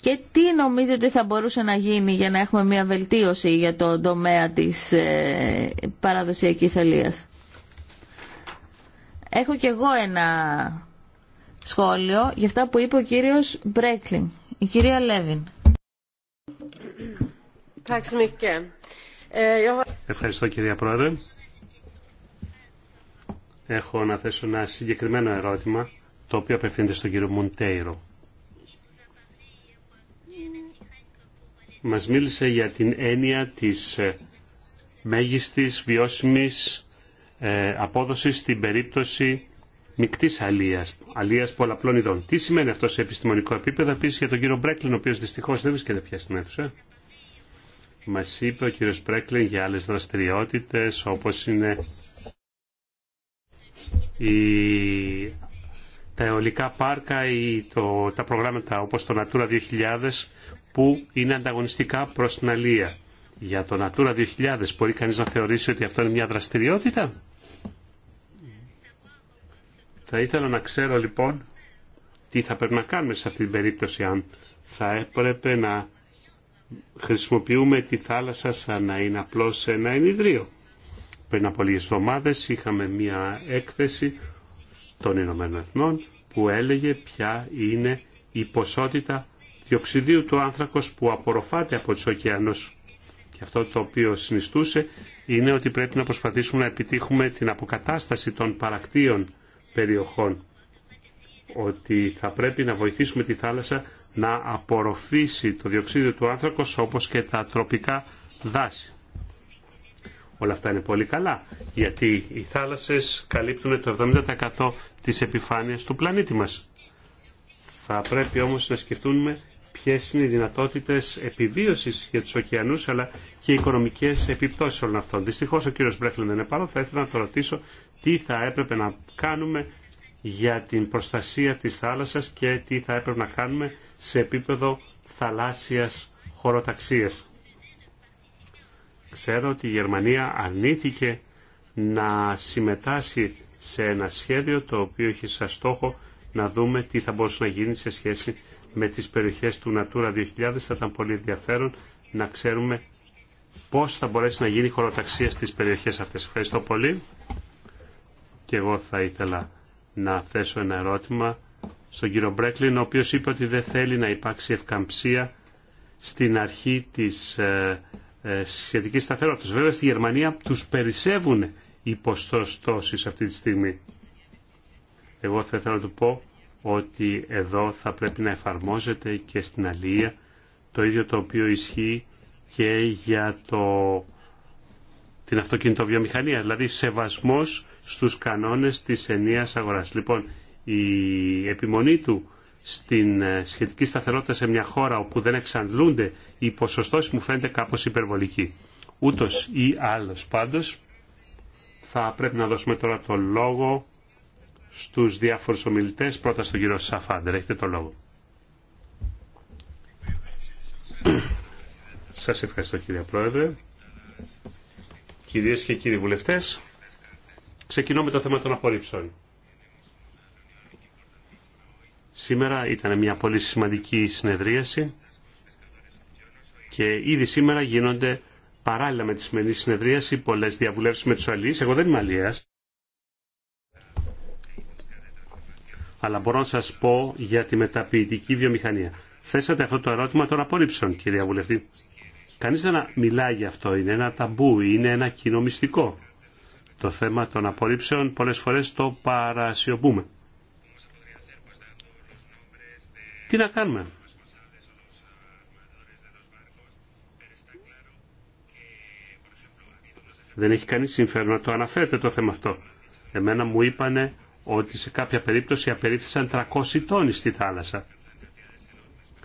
Και τι νομίζετε ότι θα μπορούσε να γίνει για να έχουμε μια βελτίωση για το τομέα της ε, παραδοσιακής αλίας. Έχω κι εγώ ένα σχόλιο για αυτά που είπε ο κύριος Μπρέκλιν, η κυρία Λέβιν. Eh, Ευχαριστώ κυρία Πρόεδρε. Έχω να θέσω ένα συγκεκριμένο ερώτημα το οποίο απευθύνεται στον κύριο Μουντέιρο. Μας μίλησε για την έννοια της ε, μέγιστης βιώσιμης ε, απόδοσης στην περίπτωση μεικτή αλίας, αλίας πολλαπλών ειδών. Τι σημαίνει αυτό σε επιστημονικό επίπεδο, επίση για τον κύριο Μπρέκλιν, ο οποίο δυστυχώ δεν βρίσκεται πια στην αίθουσα. Μας είπε ο κύριος Πρέκλεν για άλλες δραστηριότητες όπως είναι η, τα αιωλικά πάρκα ή το, τα προγράμματα όπως το Natura 2000 που είναι ανταγωνιστικά προς την αλία. Για το Natura 2000 μπορεί κανείς να θεωρήσει ότι αυτό είναι μια δραστηριότητα. Θα ήθελα να ξέρω λοιπόν τι θα πρέπει να κάνουμε σε αυτή την περίπτωση αν θα έπρεπε να χρησιμοποιούμε τη θάλασσα σαν να είναι απλώς ένα ενιδρίο. Πριν από λίγες εβδομάδες είχαμε μία έκθεση των Ηνωμένων Εθνών που έλεγε ποια είναι η ποσότητα διοξιδίου του άνθρακος που απορροφάται από τους ωκεανούς. Και αυτό το οποίο συνιστούσε είναι ότι πρέπει να προσπαθήσουμε να επιτύχουμε την αποκατάσταση των παρακτήων περιοχών. Ότι θα πρέπει να βοηθήσουμε τη θάλασσα να απορροφήσει το διοξείδιο του άνθρακος όπως και τα τροπικά δάση. Όλα αυτά είναι πολύ καλά, γιατί οι θάλασσες καλύπτουν το 70% της επιφάνειας του πλανήτη μας. Θα πρέπει όμως να σκεφτούμε ποιες είναι οι δυνατότητες επιβίωσης για τους ωκεανούς, αλλά και οι οικονομικές επιπτώσεις όλων αυτών. Δυστυχώς ο κύριος Μπρέχλεν δεν είναι παρόν, θα ήθελα να το ρωτήσω τι θα έπρεπε να κάνουμε για την προστασία της θάλασσας και τι θα έπρεπε να κάνουμε σε επίπεδο θαλάσσιας χωροταξίας. Ξέρω ότι η Γερμανία αρνήθηκε να συμμετάσχει σε ένα σχέδιο το οποίο έχει σαν στόχο να δούμε τι θα μπορούσε να γίνει σε σχέση με τις περιοχές του Natura 2000. Θα ήταν πολύ ενδιαφέρον να ξέρουμε πώς θα μπορέσει να γίνει η χωροταξία στις περιοχές αυτές. Ευχαριστώ πολύ. Και εγώ θα ήθελα να θέσω ένα ερώτημα στον κύριο Μπρέκλιν, ο οποίος είπε ότι δεν θέλει να υπάρξει ευκαμψία στην αρχή της ε, ε, σχετικής σταθερότητας. Βέβαια στη Γερμανία τους περισσεύουν οι υποστοστώσεις αυτή τη στιγμή. Εγώ θα ήθελα να του πω ότι εδώ θα πρέπει να εφαρμόζεται και στην αλληλεία το ίδιο το οποίο ισχύει και για το, την αυτοκινητοβιομηχανία, δηλαδή σεβασμός στους κανόνες της ενίας αγοράς. Λοιπόν, η επιμονή του στην ε, σχετική σταθερότητα σε μια χώρα όπου δεν εξαντλούνται οι ποσοστώσεις μου φαίνεται κάπως υπερβολική. Ούτως ή άλλως πάντως θα πρέπει να δώσουμε τώρα το λόγο στους διάφορους ομιλητές. Πρώτα στον κύριο Σαφάντερ. Έχετε το λόγο. Σας ευχαριστώ κύριε Πρόεδρε. Κυρίες και κύριοι βουλευτές, ξεκινώ με το θέμα των απορρίψεων. Σήμερα ήταν μια πολύ σημαντική συνεδρίαση και ήδη σήμερα γίνονται παράλληλα με τη σημερινή συνεδρίαση πολλές διαβουλεύσεις με τους αλληλείς. Εγώ δεν είμαι αλληλείας. Αλλά μπορώ να σας πω για τη μεταποιητική βιομηχανία. Θέσατε αυτό το ερώτημα των απορρίψεων, κυρία Βουλευτή. Κανείς δεν μιλάει γι' αυτό. Είναι ένα ταμπού, είναι ένα κοινό Το θέμα των απορρίψεων πολλές φορές το παρασιωπούμε. Τι να κάνουμε. Δεν έχει κανεί συμφέρον να το αναφέρετε το θέμα αυτό. Εμένα μου είπανε ότι σε κάποια περίπτωση απερίφθησαν 300 τόνοι στη θάλασσα.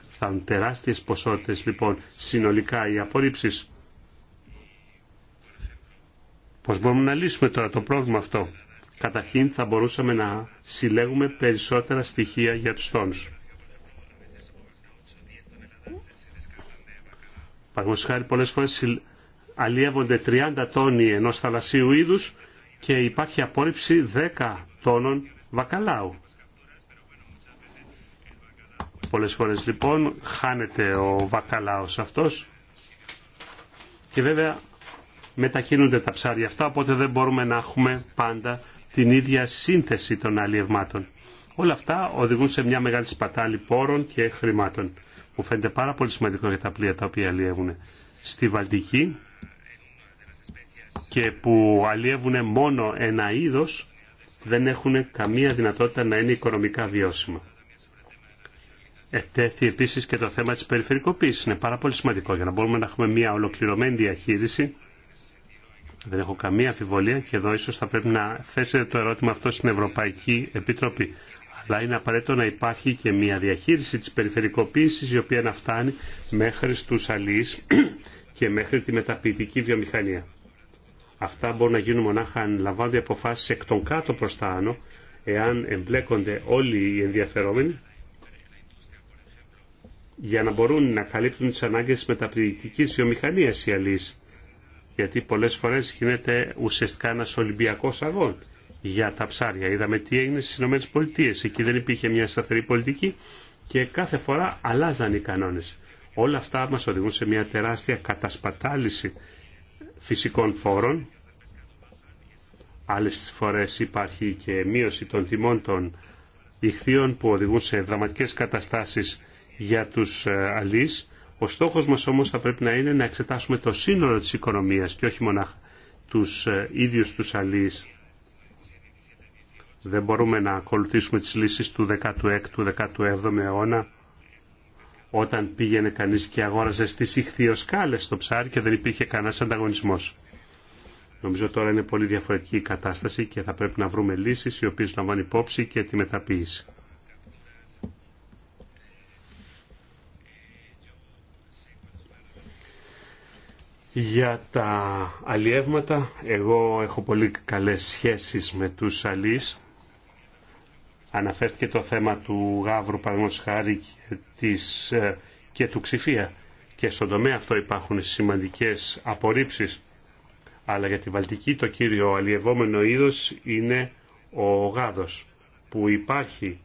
Φτάνουν τεράστιε ποσότητε, λοιπόν συνολικά οι απορρίψει. Πώ μπορούμε να λύσουμε τώρα το πρόβλημα αυτό. Καταρχήν θα μπορούσαμε να συλλέγουμε περισσότερα στοιχεία για τους τόνους. Παραδείγματο χάρη πολλές φορές αλλιεύονται 30 τόνοι ενό θαλασσίου είδου και υπάρχει απόρριψη 10 τόνων βακαλάου. Πολλέ φορέ λοιπόν χάνεται ο βακαλάος αυτός και βέβαια μετακινούνται τα ψάρια αυτά οπότε δεν μπορούμε να έχουμε πάντα την ίδια σύνθεση των αλλιευμάτων. Όλα αυτά οδηγούν σε μια μεγάλη σπατάλη πόρων και χρημάτων. Μου φαίνεται πάρα πολύ σημαντικό για τα πλοία τα οποία αλλιεύουν στη Βαλτική και που αλλιεύουν μόνο ένα είδος δεν έχουν καμία δυνατότητα να είναι οικονομικά βιώσιμα. Ετέθη επίσης και το θέμα της περιφερικοποίησης. Είναι πάρα πολύ σημαντικό για να μπορούμε να έχουμε μια ολοκληρωμένη διαχείριση δεν έχω καμία αμφιβολία και εδώ ίσως θα πρέπει να θέσετε το ερώτημα αυτό στην Ευρωπαϊκή Επιτροπή. Αλλά είναι απαραίτητο να υπάρχει και μια διαχείριση της περιφερικοποίησης η οποία να φτάνει μέχρι στους αλείς και μέχρι τη μεταποιητική βιομηχανία. Αυτά μπορούν να γίνουν μονάχα αν λαμβάνονται αποφάσεις εκ των κάτω προς τα άνω, εάν εμπλέκονται όλοι οι ενδιαφερόμενοι για να μπορούν να καλύπτουν τις ανάγκες της μεταπληκτικής βιομηχανίας οι αλείς γιατί πολλές φορές γίνεται ουσιαστικά ένας Ολυμπιακός αγώνα για τα ψάρια. Είδαμε τι έγινε στις ΗΠΑ, Εκεί δεν υπήρχε μια σταθερή πολιτική και κάθε φορά αλλάζαν οι κανόνες. Όλα αυτά μας οδηγούν σε μια τεράστια κατασπατάληση φυσικών πόρων. Άλλες φορές υπάρχει και μείωση των τιμών των ηχθείων που οδηγούν σε δραματικές καταστάσεις για τους ε, αλείς ο στόχος μας όμως θα πρέπει να είναι να εξετάσουμε το σύνολο της οικονομίας και όχι μόνο τους ε, ίδιους τους αλείς. Δεν μπορούμε να ακολουθήσουμε τις λύσεις του 16ου, 17ου αιώνα όταν πήγαινε κανείς και αγόραζε στις ηχθειοσκάλες το ψάρι και δεν υπήρχε κανένας ανταγωνισμός. Νομίζω τώρα είναι πολύ διαφορετική η κατάσταση και θα πρέπει να βρούμε λύσεις οι οποίες λαμβάνουν υπόψη και τη μεταποίηση. Για τα αλλιεύματα, εγώ έχω πολύ καλές σχέσεις με τους αλλείς. Αναφέρθηκε το θέμα του γάβρου, παραδείγματος χάρη, και, της, ε, και του ξηφία. Και στον τομέα αυτό υπάρχουν σημαντικές απορρίψεις. Αλλά για τη Βαλτική το κύριο αλλιευόμενο είδος είναι ο γάδος, που υπάρχει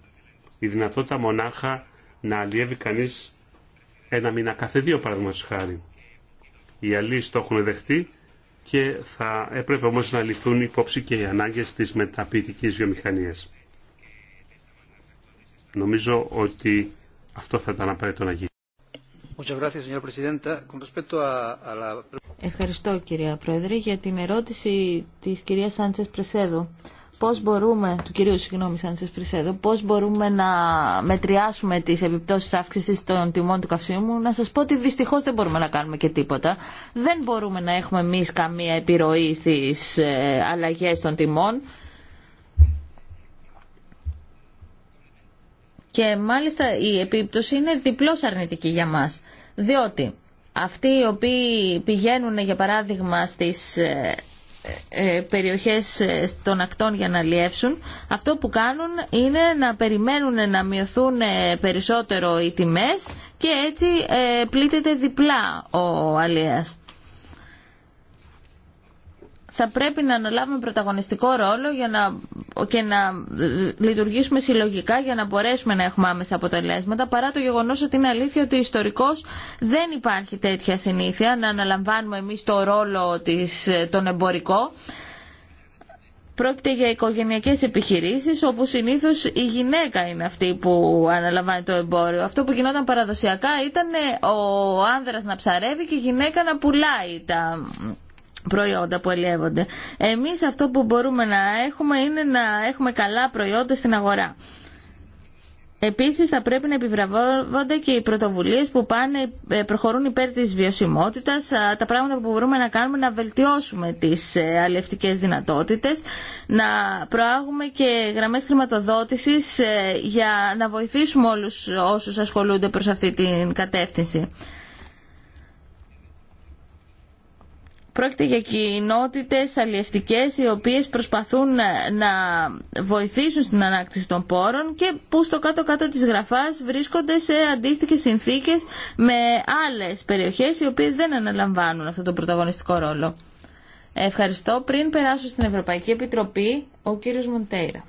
η δυνατότητα μονάχα να αλλιεύει κανείς ένα μήνα κάθε δύο, παραδείγματος χάρη οι αλλοί το έχουν δεχτεί και θα έπρεπε όμως να ληφθούν υπόψη και οι ανάγκες της μεταποιητικής βιομηχανίας. Νομίζω ότι αυτό θα ήταν απαραίτητο να γίνει. Ευχαριστώ κυρία Πρόεδρε για την ερώτηση της κυρίας Σάντσες Πρεσέδου πώς μπορούμε, του κυρίου συγγνώμη σαν σας πρισέδω, πώς μπορούμε να μετριάσουμε τις επιπτώσεις αύξησης των τιμών του καυσίμου, να σας πω ότι δυστυχώς δεν μπορούμε να κάνουμε και τίποτα. Δεν μπορούμε να έχουμε εμεί καμία επιρροή στις ε, αλλαγές των τιμών. Και μάλιστα η επίπτωση είναι διπλώς αρνητική για μας, διότι αυτοί οι οποίοι πηγαίνουν για παράδειγμα στις ε, ε, περιοχές ε, των ακτών για να αλλιεύσουν, αυτό που κάνουν είναι να περιμένουν να μειωθούν ε, περισσότερο οι τιμές και έτσι πλήττεται διπλά ο αλλιέας θα πρέπει να αναλάβουμε πρωταγωνιστικό ρόλο για να, και να ε, λειτουργήσουμε συλλογικά για να μπορέσουμε να έχουμε άμεσα αποτελέσματα παρά το γεγονός ότι είναι αλήθεια ότι ιστορικώς δεν υπάρχει τέτοια συνήθεια να αναλαμβάνουμε εμείς το ρόλο της, ε, τον εμπορικό Πρόκειται για οικογενειακέ επιχειρήσει, όπου συνήθω η γυναίκα είναι αυτή που αναλαμβάνει το εμπόριο. Αυτό που γινόταν παραδοσιακά ήταν ο άνδρας να ψαρεύει και η γυναίκα να πουλάει τα προϊόντα που Εμείς αυτό που μπορούμε να έχουμε είναι να έχουμε καλά προϊόντα στην αγορά. Επίσης θα πρέπει να επιβραβεύονται και οι πρωτοβουλίες που πάνε, ε, προχωρούν υπέρ της βιωσιμότητας, τα πράγματα που μπορούμε να κάνουμε να βελτιώσουμε τις ε, αλλευτικές δυνατότητες, να προάγουμε και γραμμές χρηματοδότησης ε, για να βοηθήσουμε όλους όσους ασχολούνται προς αυτή την κατεύθυνση. Πρόκειται για κοινότητες αλλιευτικές οι οποίες προσπαθούν να βοηθήσουν στην ανάκτηση των πόρων και που στο κάτω-κάτω της γραφάς βρίσκονται σε αντίστοιχες συνθήκες με άλλες περιοχές οι οποίες δεν αναλαμβάνουν αυτό τον πρωταγωνιστικό ρόλο. Ευχαριστώ. Πριν περάσω στην Ευρωπαϊκή Επιτροπή, ο κύριος Μοντέιρα.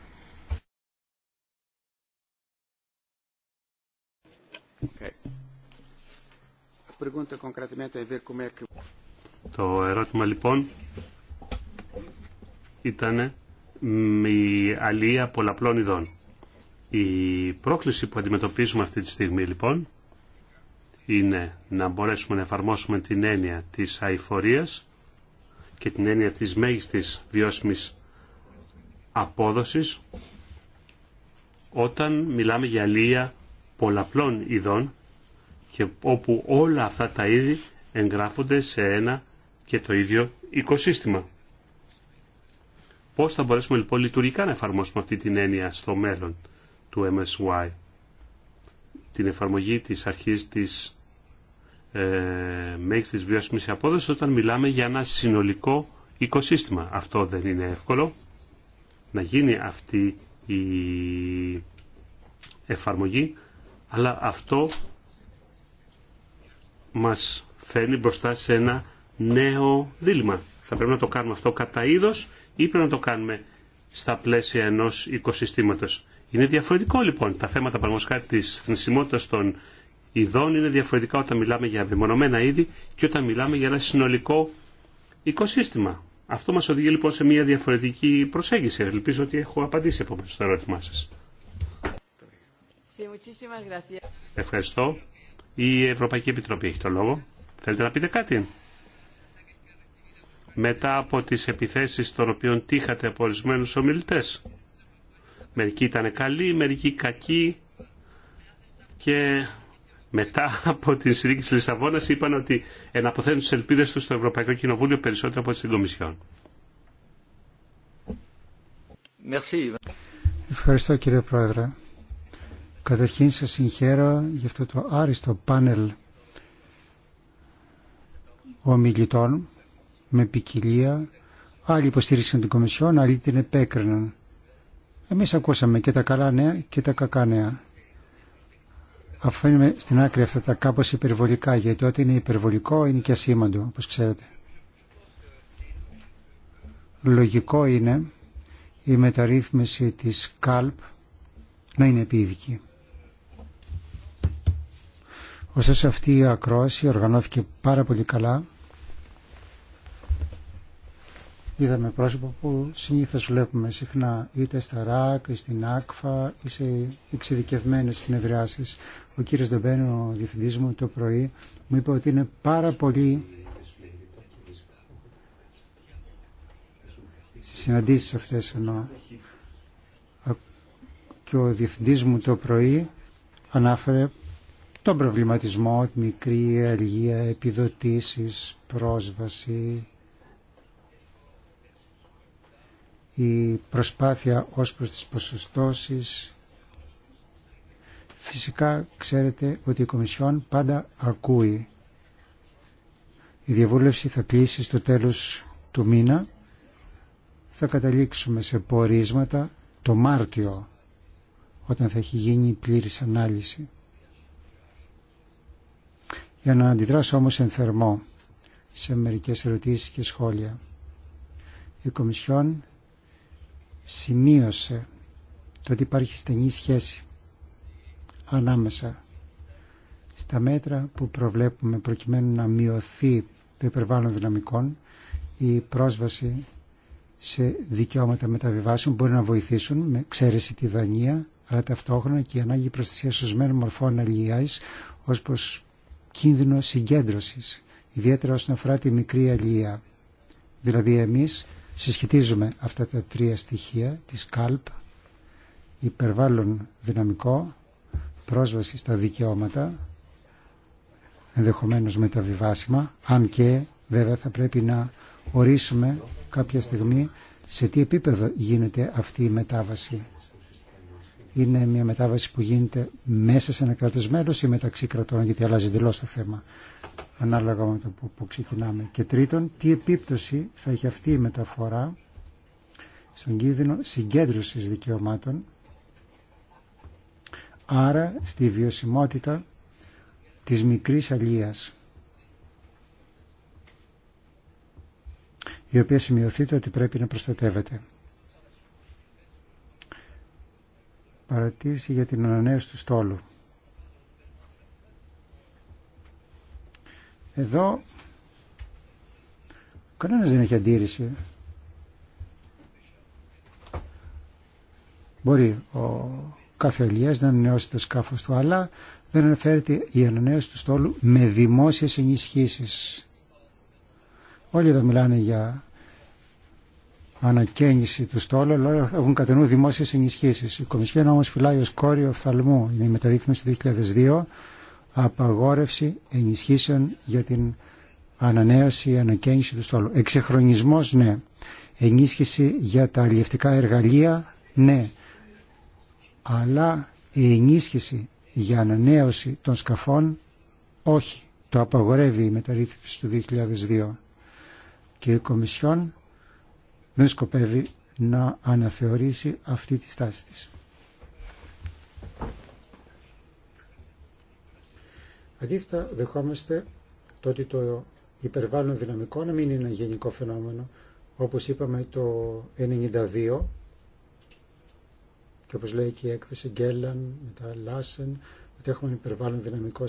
Το ερώτημα λοιπόν ήταν η αλία πολλαπλών ειδών. Η πρόκληση που αντιμετωπίζουμε αυτή τη στιγμή λοιπόν είναι να μπορέσουμε να εφαρμόσουμε την έννοια της αηφορίας και την έννοια της μέγιστης βιώσιμης απόδοσης όταν μιλάμε για αλληλεία πολλαπλών ειδών και όπου όλα αυτά τα είδη εγγράφονται σε ένα και το ίδιο οικοσύστημα. Πώς θα μπορέσουμε λοιπόν λειτουργικά να εφαρμόσουμε αυτή την έννοια στο μέλλον του MSY, την εφαρμογή της αρχής της ε, της βιώσιμης απόδοσης όταν μιλάμε για ένα συνολικό οικοσύστημα. Αυτό δεν είναι εύκολο να γίνει αυτή η εφαρμογή, αλλά αυτό μας φέρνει μπροστά σε ένα νέο δίλημα. Θα πρέπει να το κάνουμε αυτό κατά είδο ή πρέπει να το κάνουμε στα πλαίσια ενό οικοσυστήματο. Είναι διαφορετικό λοιπόν τα θέματα παραγωγικά τη θνησιμότητα των ειδών είναι διαφορετικά όταν μιλάμε για μεμονωμένα είδη και όταν μιλάμε για ένα συνολικό οικοσύστημα. Αυτό μα οδηγεί λοιπόν σε μια διαφορετική προσέγγιση. Ελπίζω ότι έχω απαντήσει επόμενο στο ερώτημά σα. Ευχαριστώ. Η Ευρωπαϊκή Επιτροπή έχει το λόγο. Θέλετε να πείτε κάτι. Μετά από τις επιθέσεις των οποίων τύχατε από ορισμένου ομιλητές. Μερικοί ήταν καλοί, μερικοί κακοί και μετά από την συνήκη της Λισαβόνας είπαν ότι εναποθένουν τις ελπίδες τους στο Ευρωπαϊκό Κοινοβούλιο περισσότερο από την Κομισιόν. Ευχαριστώ κύριε Πρόεδρε. Καταρχήν σας συγχαίρω για αυτό το άριστο πάνελ ομιλητών με ποικιλία. Άλλοι υποστήριξαν την Κομισιόν, άλλοι την επέκριναν. Εμείς ακούσαμε και τα καλά νέα και τα κακά νέα. Αφήνουμε στην άκρη αυτά τα κάπως υπερβολικά, γιατί ό,τι είναι υπερβολικό είναι και ασήμαντο, όπως ξέρετε. Λογικό είναι η μεταρρύθμιση της ΚΑΛΠ να είναι επίδικη. Ωστόσο αυτή η ακρόαση οργανώθηκε πάρα πολύ καλά Είδαμε πρόσωπα που συνήθως βλέπουμε συχνά είτε στα ΡΑΚ, ή στην ΑΚΦΑ ή σε εξειδικευμένες συνεδριάσεις. Ο κύριος Δεμπένο, ο διευθυντής μου, το πρωί μου είπε ότι είναι πάρα πολύ στις συναντήσεις αυτές Και ο διευθυντής μου το πρωί ανάφερε τον προβληματισμό, μικρή αλληλεία, επιδοτήσεις, πρόσβαση, η προσπάθεια ως προς τις ποσοστώσεις. Φυσικά ξέρετε ότι η Κομισιόν πάντα ακούει. Η διαβούλευση θα κλείσει στο τέλος του μήνα. Θα καταλήξουμε σε πορίσματα το Μάρτιο, όταν θα έχει γίνει η πλήρης ανάλυση. Για να αντιδράσω όμως εν θερμό σε μερικές ερωτήσεις και σχόλια. Η Κομισιόν σημείωσε το ότι υπάρχει στενή σχέση ανάμεσα στα μέτρα που προβλέπουμε προκειμένου να μειωθεί το υπερβάλλον δυναμικών η πρόσβαση σε δικαιώματα μεταβιβάσεων μπορεί να βοηθήσουν με ξέρεση τη δανεία αλλά ταυτόχρονα και η ανάγκη προστασία σωσμένων μορφών αλληλείας ως προς κίνδυνο συγκέντρωσης ιδιαίτερα όσον αφορά τη μικρή αλληλεία. Δηλαδή εμείς συσχετίζουμε αυτά τα τρία στοιχεία της ΚΑΛΠ, υπερβάλλον δυναμικό, πρόσβαση στα δικαιώματα, ενδεχομένως μεταβιβάσιμα, αν και βέβαια θα πρέπει να ορίσουμε κάποια στιγμή σε τι επίπεδο γίνεται αυτή η μετάβαση. Είναι μια μετάβαση που γίνεται μέσα σε ένα κράτος μέλος ή μεταξύ κρατών, γιατί αλλάζει εντελώ το θέμα ανάλογα με το που, ξεκινάμε. Και τρίτον, τι επίπτωση θα έχει αυτή η μεταφορά στον κίνδυνο συγκέντρωσης δικαιωμάτων, άρα στη βιωσιμότητα της μικρής αλίας, η οποία σημειωθείται ότι πρέπει να προστατεύεται. Παρατήρηση για την ανανέωση του στόλου. Εδώ κανένας δεν έχει αντίρρηση. Μπορεί ο κάθε να ανανεώσει το σκάφος του, αλλά δεν αναφέρεται η ανανέωση του στόλου με δημόσιες ενισχύσεις. Όλοι εδώ μιλάνε για ανακαίνιση του στόλου, αλλά έχουν κατά δημόσιες ενισχύσεις. Η Κομισιόν όμως φυλάει ως κόριο οφθαλμού, είναι η μεταρρύθμιση του 2002, απαγόρευση ενισχύσεων για την ανανέωση, ανακαίνιση του στόλου. Εξεχρονισμός, ναι. Ενίσχυση για τα αλλιευτικά εργαλεία, ναι. Αλλά η ενίσχυση για ανανέωση των σκαφών, όχι. Το απαγορεύει η μεταρρύθμιση του 2002. Και η Κομισιόν δεν σκοπεύει να αναθεωρήσει αυτή τη στάση της. Αντίθετα, δεχόμαστε το ότι το υπερβάλλον δυναμικό να μην είναι ένα γενικό φαινόμενο, όπως είπαμε το 92 και όπως λέει και η έκθεση Γκέλλαν, μετά Λάσεν, ότι έχουμε υπερβάλλον δυναμικό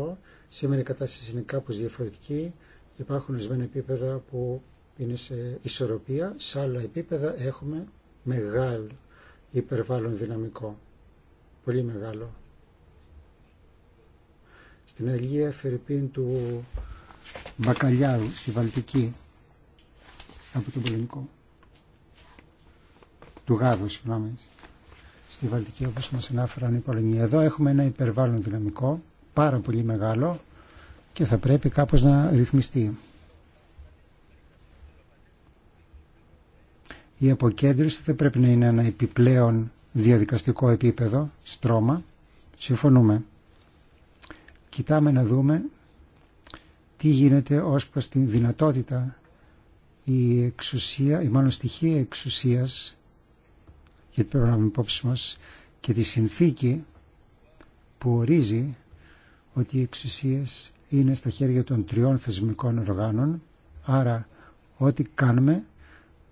40%. Σήμερα η κατάσταση είναι κάπως διαφορετική. Υπάρχουν ορισμένα επίπεδα που είναι σε ισορροπία, σε άλλα επίπεδα έχουμε μεγάλο υπερβάλλον δυναμικό. Πολύ μεγάλο στην Αγία Φερρυπίν του Μπακαλιάρου στη Βαλτική από τον Πολεμικό του Γάδου, συγγνώμη στη Βαλτική όπως μας ανάφεραν οι Πολωνία εδώ έχουμε ένα υπερβάλλον δυναμικό πάρα πολύ μεγάλο και θα πρέπει κάπως να ρυθμιστεί η αποκέντρωση θα πρέπει να είναι ένα επιπλέον διαδικαστικό επίπεδο, στρώμα συμφωνούμε κοιτάμε να δούμε τι γίνεται ως προς την δυνατότητα η εξουσία, η μάλλον στοιχεία εξουσίας γιατί πρέπει να έχουμε υπόψη μας και τη συνθήκη που ορίζει ότι οι εξουσίες είναι στα χέρια των τριών θεσμικών οργάνων άρα ό,τι κάνουμε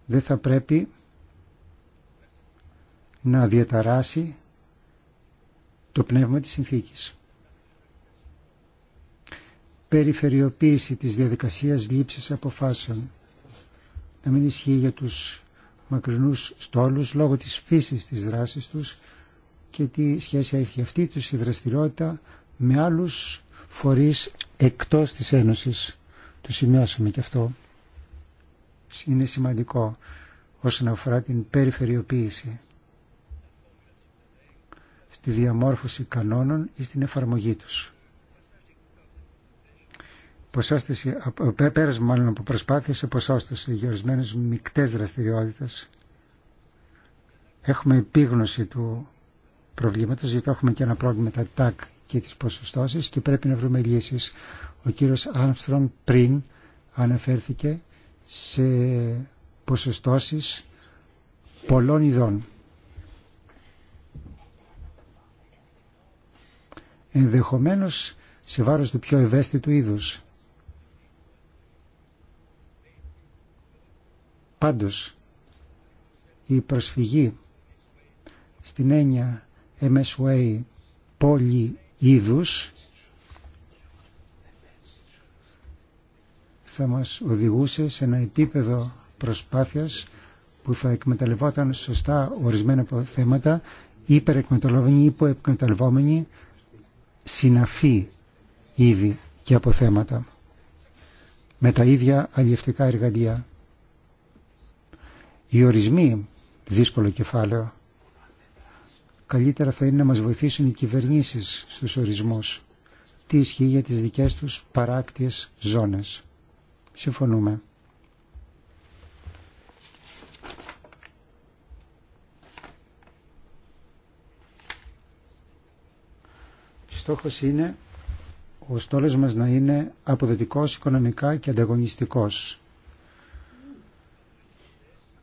δεν θα πρέπει να διαταράσει το πνεύμα της συνθήκης περιφερειοποίηση της διαδικασίας λήψης αποφάσεων. Να μην ισχύει για τους μακρινούς στόλους λόγω της φύσης της δράσης τους και τι σχέση έχει αυτή τους η δραστηριότητα με άλλους φορείς εκτός της Ένωσης. Το σημειώσαμε και αυτό. Είναι σημαντικό όσον αφορά την περιφερειοποίηση στη διαμόρφωση κανόνων ή στην εφαρμογή τους ποσόστηση, ε, πέρασμα μάλλον από προσπάθειες σε ποσόστοση για μεικτές δραστηριότητες. Έχουμε επίγνωση του προβλήματος, γιατί έχουμε και ένα πρόβλημα με τα ΤΑΚ και τις ποσοστώσεις και πρέπει να βρούμε λύσεις. Ο κύριος Άμστρον πριν αναφέρθηκε σε ποσοστώσεις πολλών ειδών. Ενδεχομένως σε βάρος του πιο ευαίσθητου είδους. Πάντως, η προσφυγή στην έννοια MSWA πόλη είδους θα μας οδηγούσε σε ένα επίπεδο προσπάθειας που θα εκμεταλλευόταν σωστά ορισμένα θέματα υπερεκμεταλλευόμενοι, υποεκμεταλλευόμενοι συναφή ήδη και αποθέματα με τα ίδια αλλιευτικά εργαλεία. Οι ορισμοί, δύσκολο κεφάλαιο, καλύτερα θα είναι να μας βοηθήσουν οι κυβερνήσεις στους ορισμούς. Τι ισχύει για τις δικές τους παράκτιες ζώνες. Συμφωνούμε. Στόχος είναι ο στόλος μας να είναι αποδοτικός οικονομικά και ανταγωνιστικός.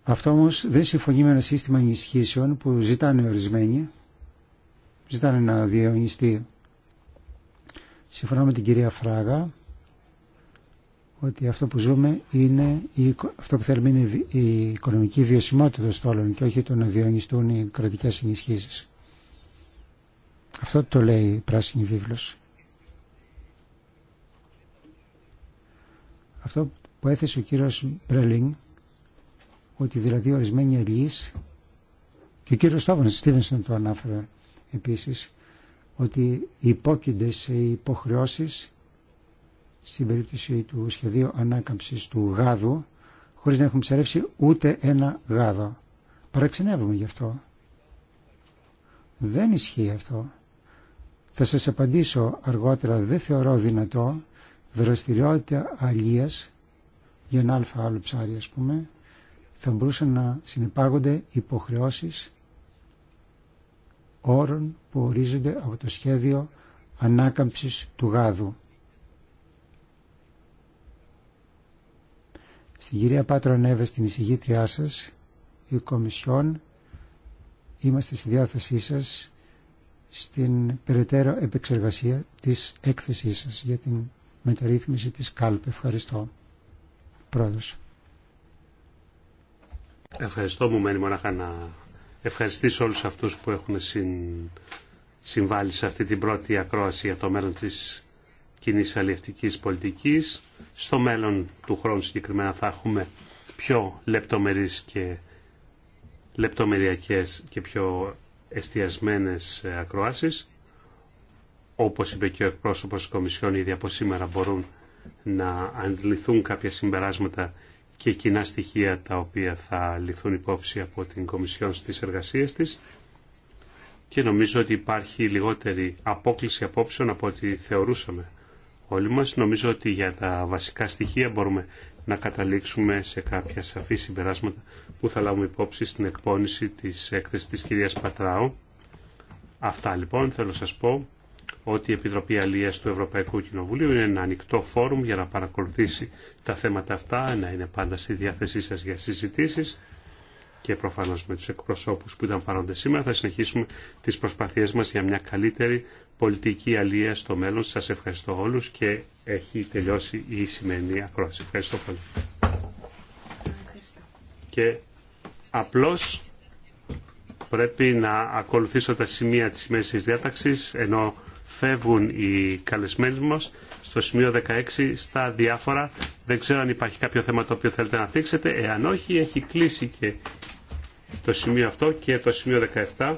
Αυτό όμω δεν συμφωνεί με ένα σύστημα ενισχύσεων που ζητάνε ορισμένοι, ζητάνε να διαιωνιστεί. Συμφωνώ με την κυρία Φράγα ότι αυτό που ζούμε είναι, η, αυτό που θέλουμε η οικονομική βιωσιμότητα των στόλων και όχι το να διαιωνιστούν οι κρατικέ ενισχύσει. Αυτό το λέει η πράσινη βίβλος. Αυτό που έθεσε ο κύριος Μπρελίνγκ ότι δηλαδή ορισμένοι αλληλείς και ο κύριος Στόβαν Στίβενσον το ανάφερε επίσης ότι υπόκεινται σε υποχρεώσεις στην περίπτωση του σχεδίου ανάκαμψης του γάδου χωρίς να έχουν ψερεύσει ούτε ένα γάδο. Παραξενεύουμε γι' αυτό. Δεν ισχύει αυτό. Θα σας απαντήσω αργότερα, δεν θεωρώ δυνατό δραστηριότητα αλίας για ένα αλφα άλλο ψάρι ας πούμε θα μπορούσαν να συνεπάγονται υποχρεώσεις όρων που ορίζονται από το σχέδιο ανάκαμψης του γάδου. Στην κυρία Πάτρο Νέβε, στην εισηγήτριά σας, η Κομισιόν, είμαστε στη διάθεσή σας στην περαιτέρω επεξεργασία της έκθεσής σας για την μεταρρύθμιση της ΚΑΛΠ. Ευχαριστώ. Πρόεδρος. Ευχαριστώ μου μένει μονάχα να ευχαριστήσω όλους αυτούς που έχουν συμβάλει σε αυτή την πρώτη ακρόαση για το μέλλον της κοινή αλληλευτικής πολιτικής. Στο μέλλον του χρόνου συγκεκριμένα θα έχουμε πιο λεπτομερείς και λεπτομεριακές και πιο εστιασμένες ε, ακροάσεις. Όπως είπε και ο εκπρόσωπος της Κομισιόν, ήδη από σήμερα μπορούν να αντιληθούν κάποια συμπεράσματα και κοινά στοιχεία τα οποία θα ληφθούν υπόψη από την Κομισιόν στις εργασίες της και νομίζω ότι υπάρχει λιγότερη απόκληση απόψεων από ό,τι θεωρούσαμε όλοι μας. Νομίζω ότι για τα βασικά στοιχεία μπορούμε να καταλήξουμε σε κάποια σαφή συμπεράσματα που θα λάβουμε υπόψη στην εκπόνηση της έκθεσης της κυρίας Πατράου. Αυτά λοιπόν θέλω να σας πω ότι η Επιτροπή Αλίας του Ευρωπαϊκού Κοινοβουλίου είναι ένα ανοιχτό φόρουμ για να παρακολουθήσει τα θέματα αυτά, να είναι πάντα στη διάθεσή σα για συζητήσεις και προφανώς με τους εκπροσώπους που ήταν παρόντες σήμερα θα συνεχίσουμε τις προσπαθίες μας για μια καλύτερη πολιτική αλία στο μέλλον. Σας ευχαριστώ όλους και έχει τελειώσει η σημερινή ακρόαση. Ευχαριστώ πολύ. Ευχαριστώ. Και απλώς πρέπει να ακολουθήσω τα σημεία της σημερινής διάταξης ενώ φεύγουν οι καλεσμένοι μας στο σημείο 16 στα διάφορα. Δεν ξέρω αν υπάρχει κάποιο θέμα το οποίο θέλετε να θίξετε. Εάν όχι, έχει κλείσει και το σημείο αυτό και το σημείο 17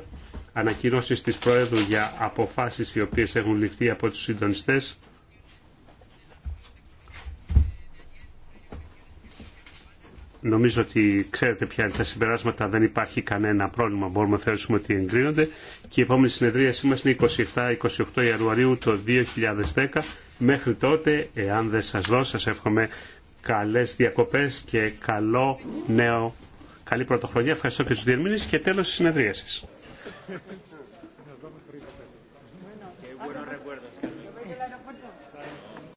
ανακοινώσεις της Προέδρου για αποφάσεις οι οποίες έχουν ληφθεί από τους συντονιστές Νομίζω ότι ξέρετε ποια είναι τα συμπεράσματα, δεν υπάρχει κανένα πρόβλημα, μπορούμε να θεωρήσουμε ότι εγκρίνονται και η επόμενη συνεδρία μας είναι 27-28 Ιανουαρίου το 2010. Μέχρι τότε, εάν δεν σας δω, σας εύχομαι καλές διακοπές και καλό νέο, καλή πρωτοχρονιά. Ευχαριστώ και τους διερμήνες και τέλος της συνεδρίασης.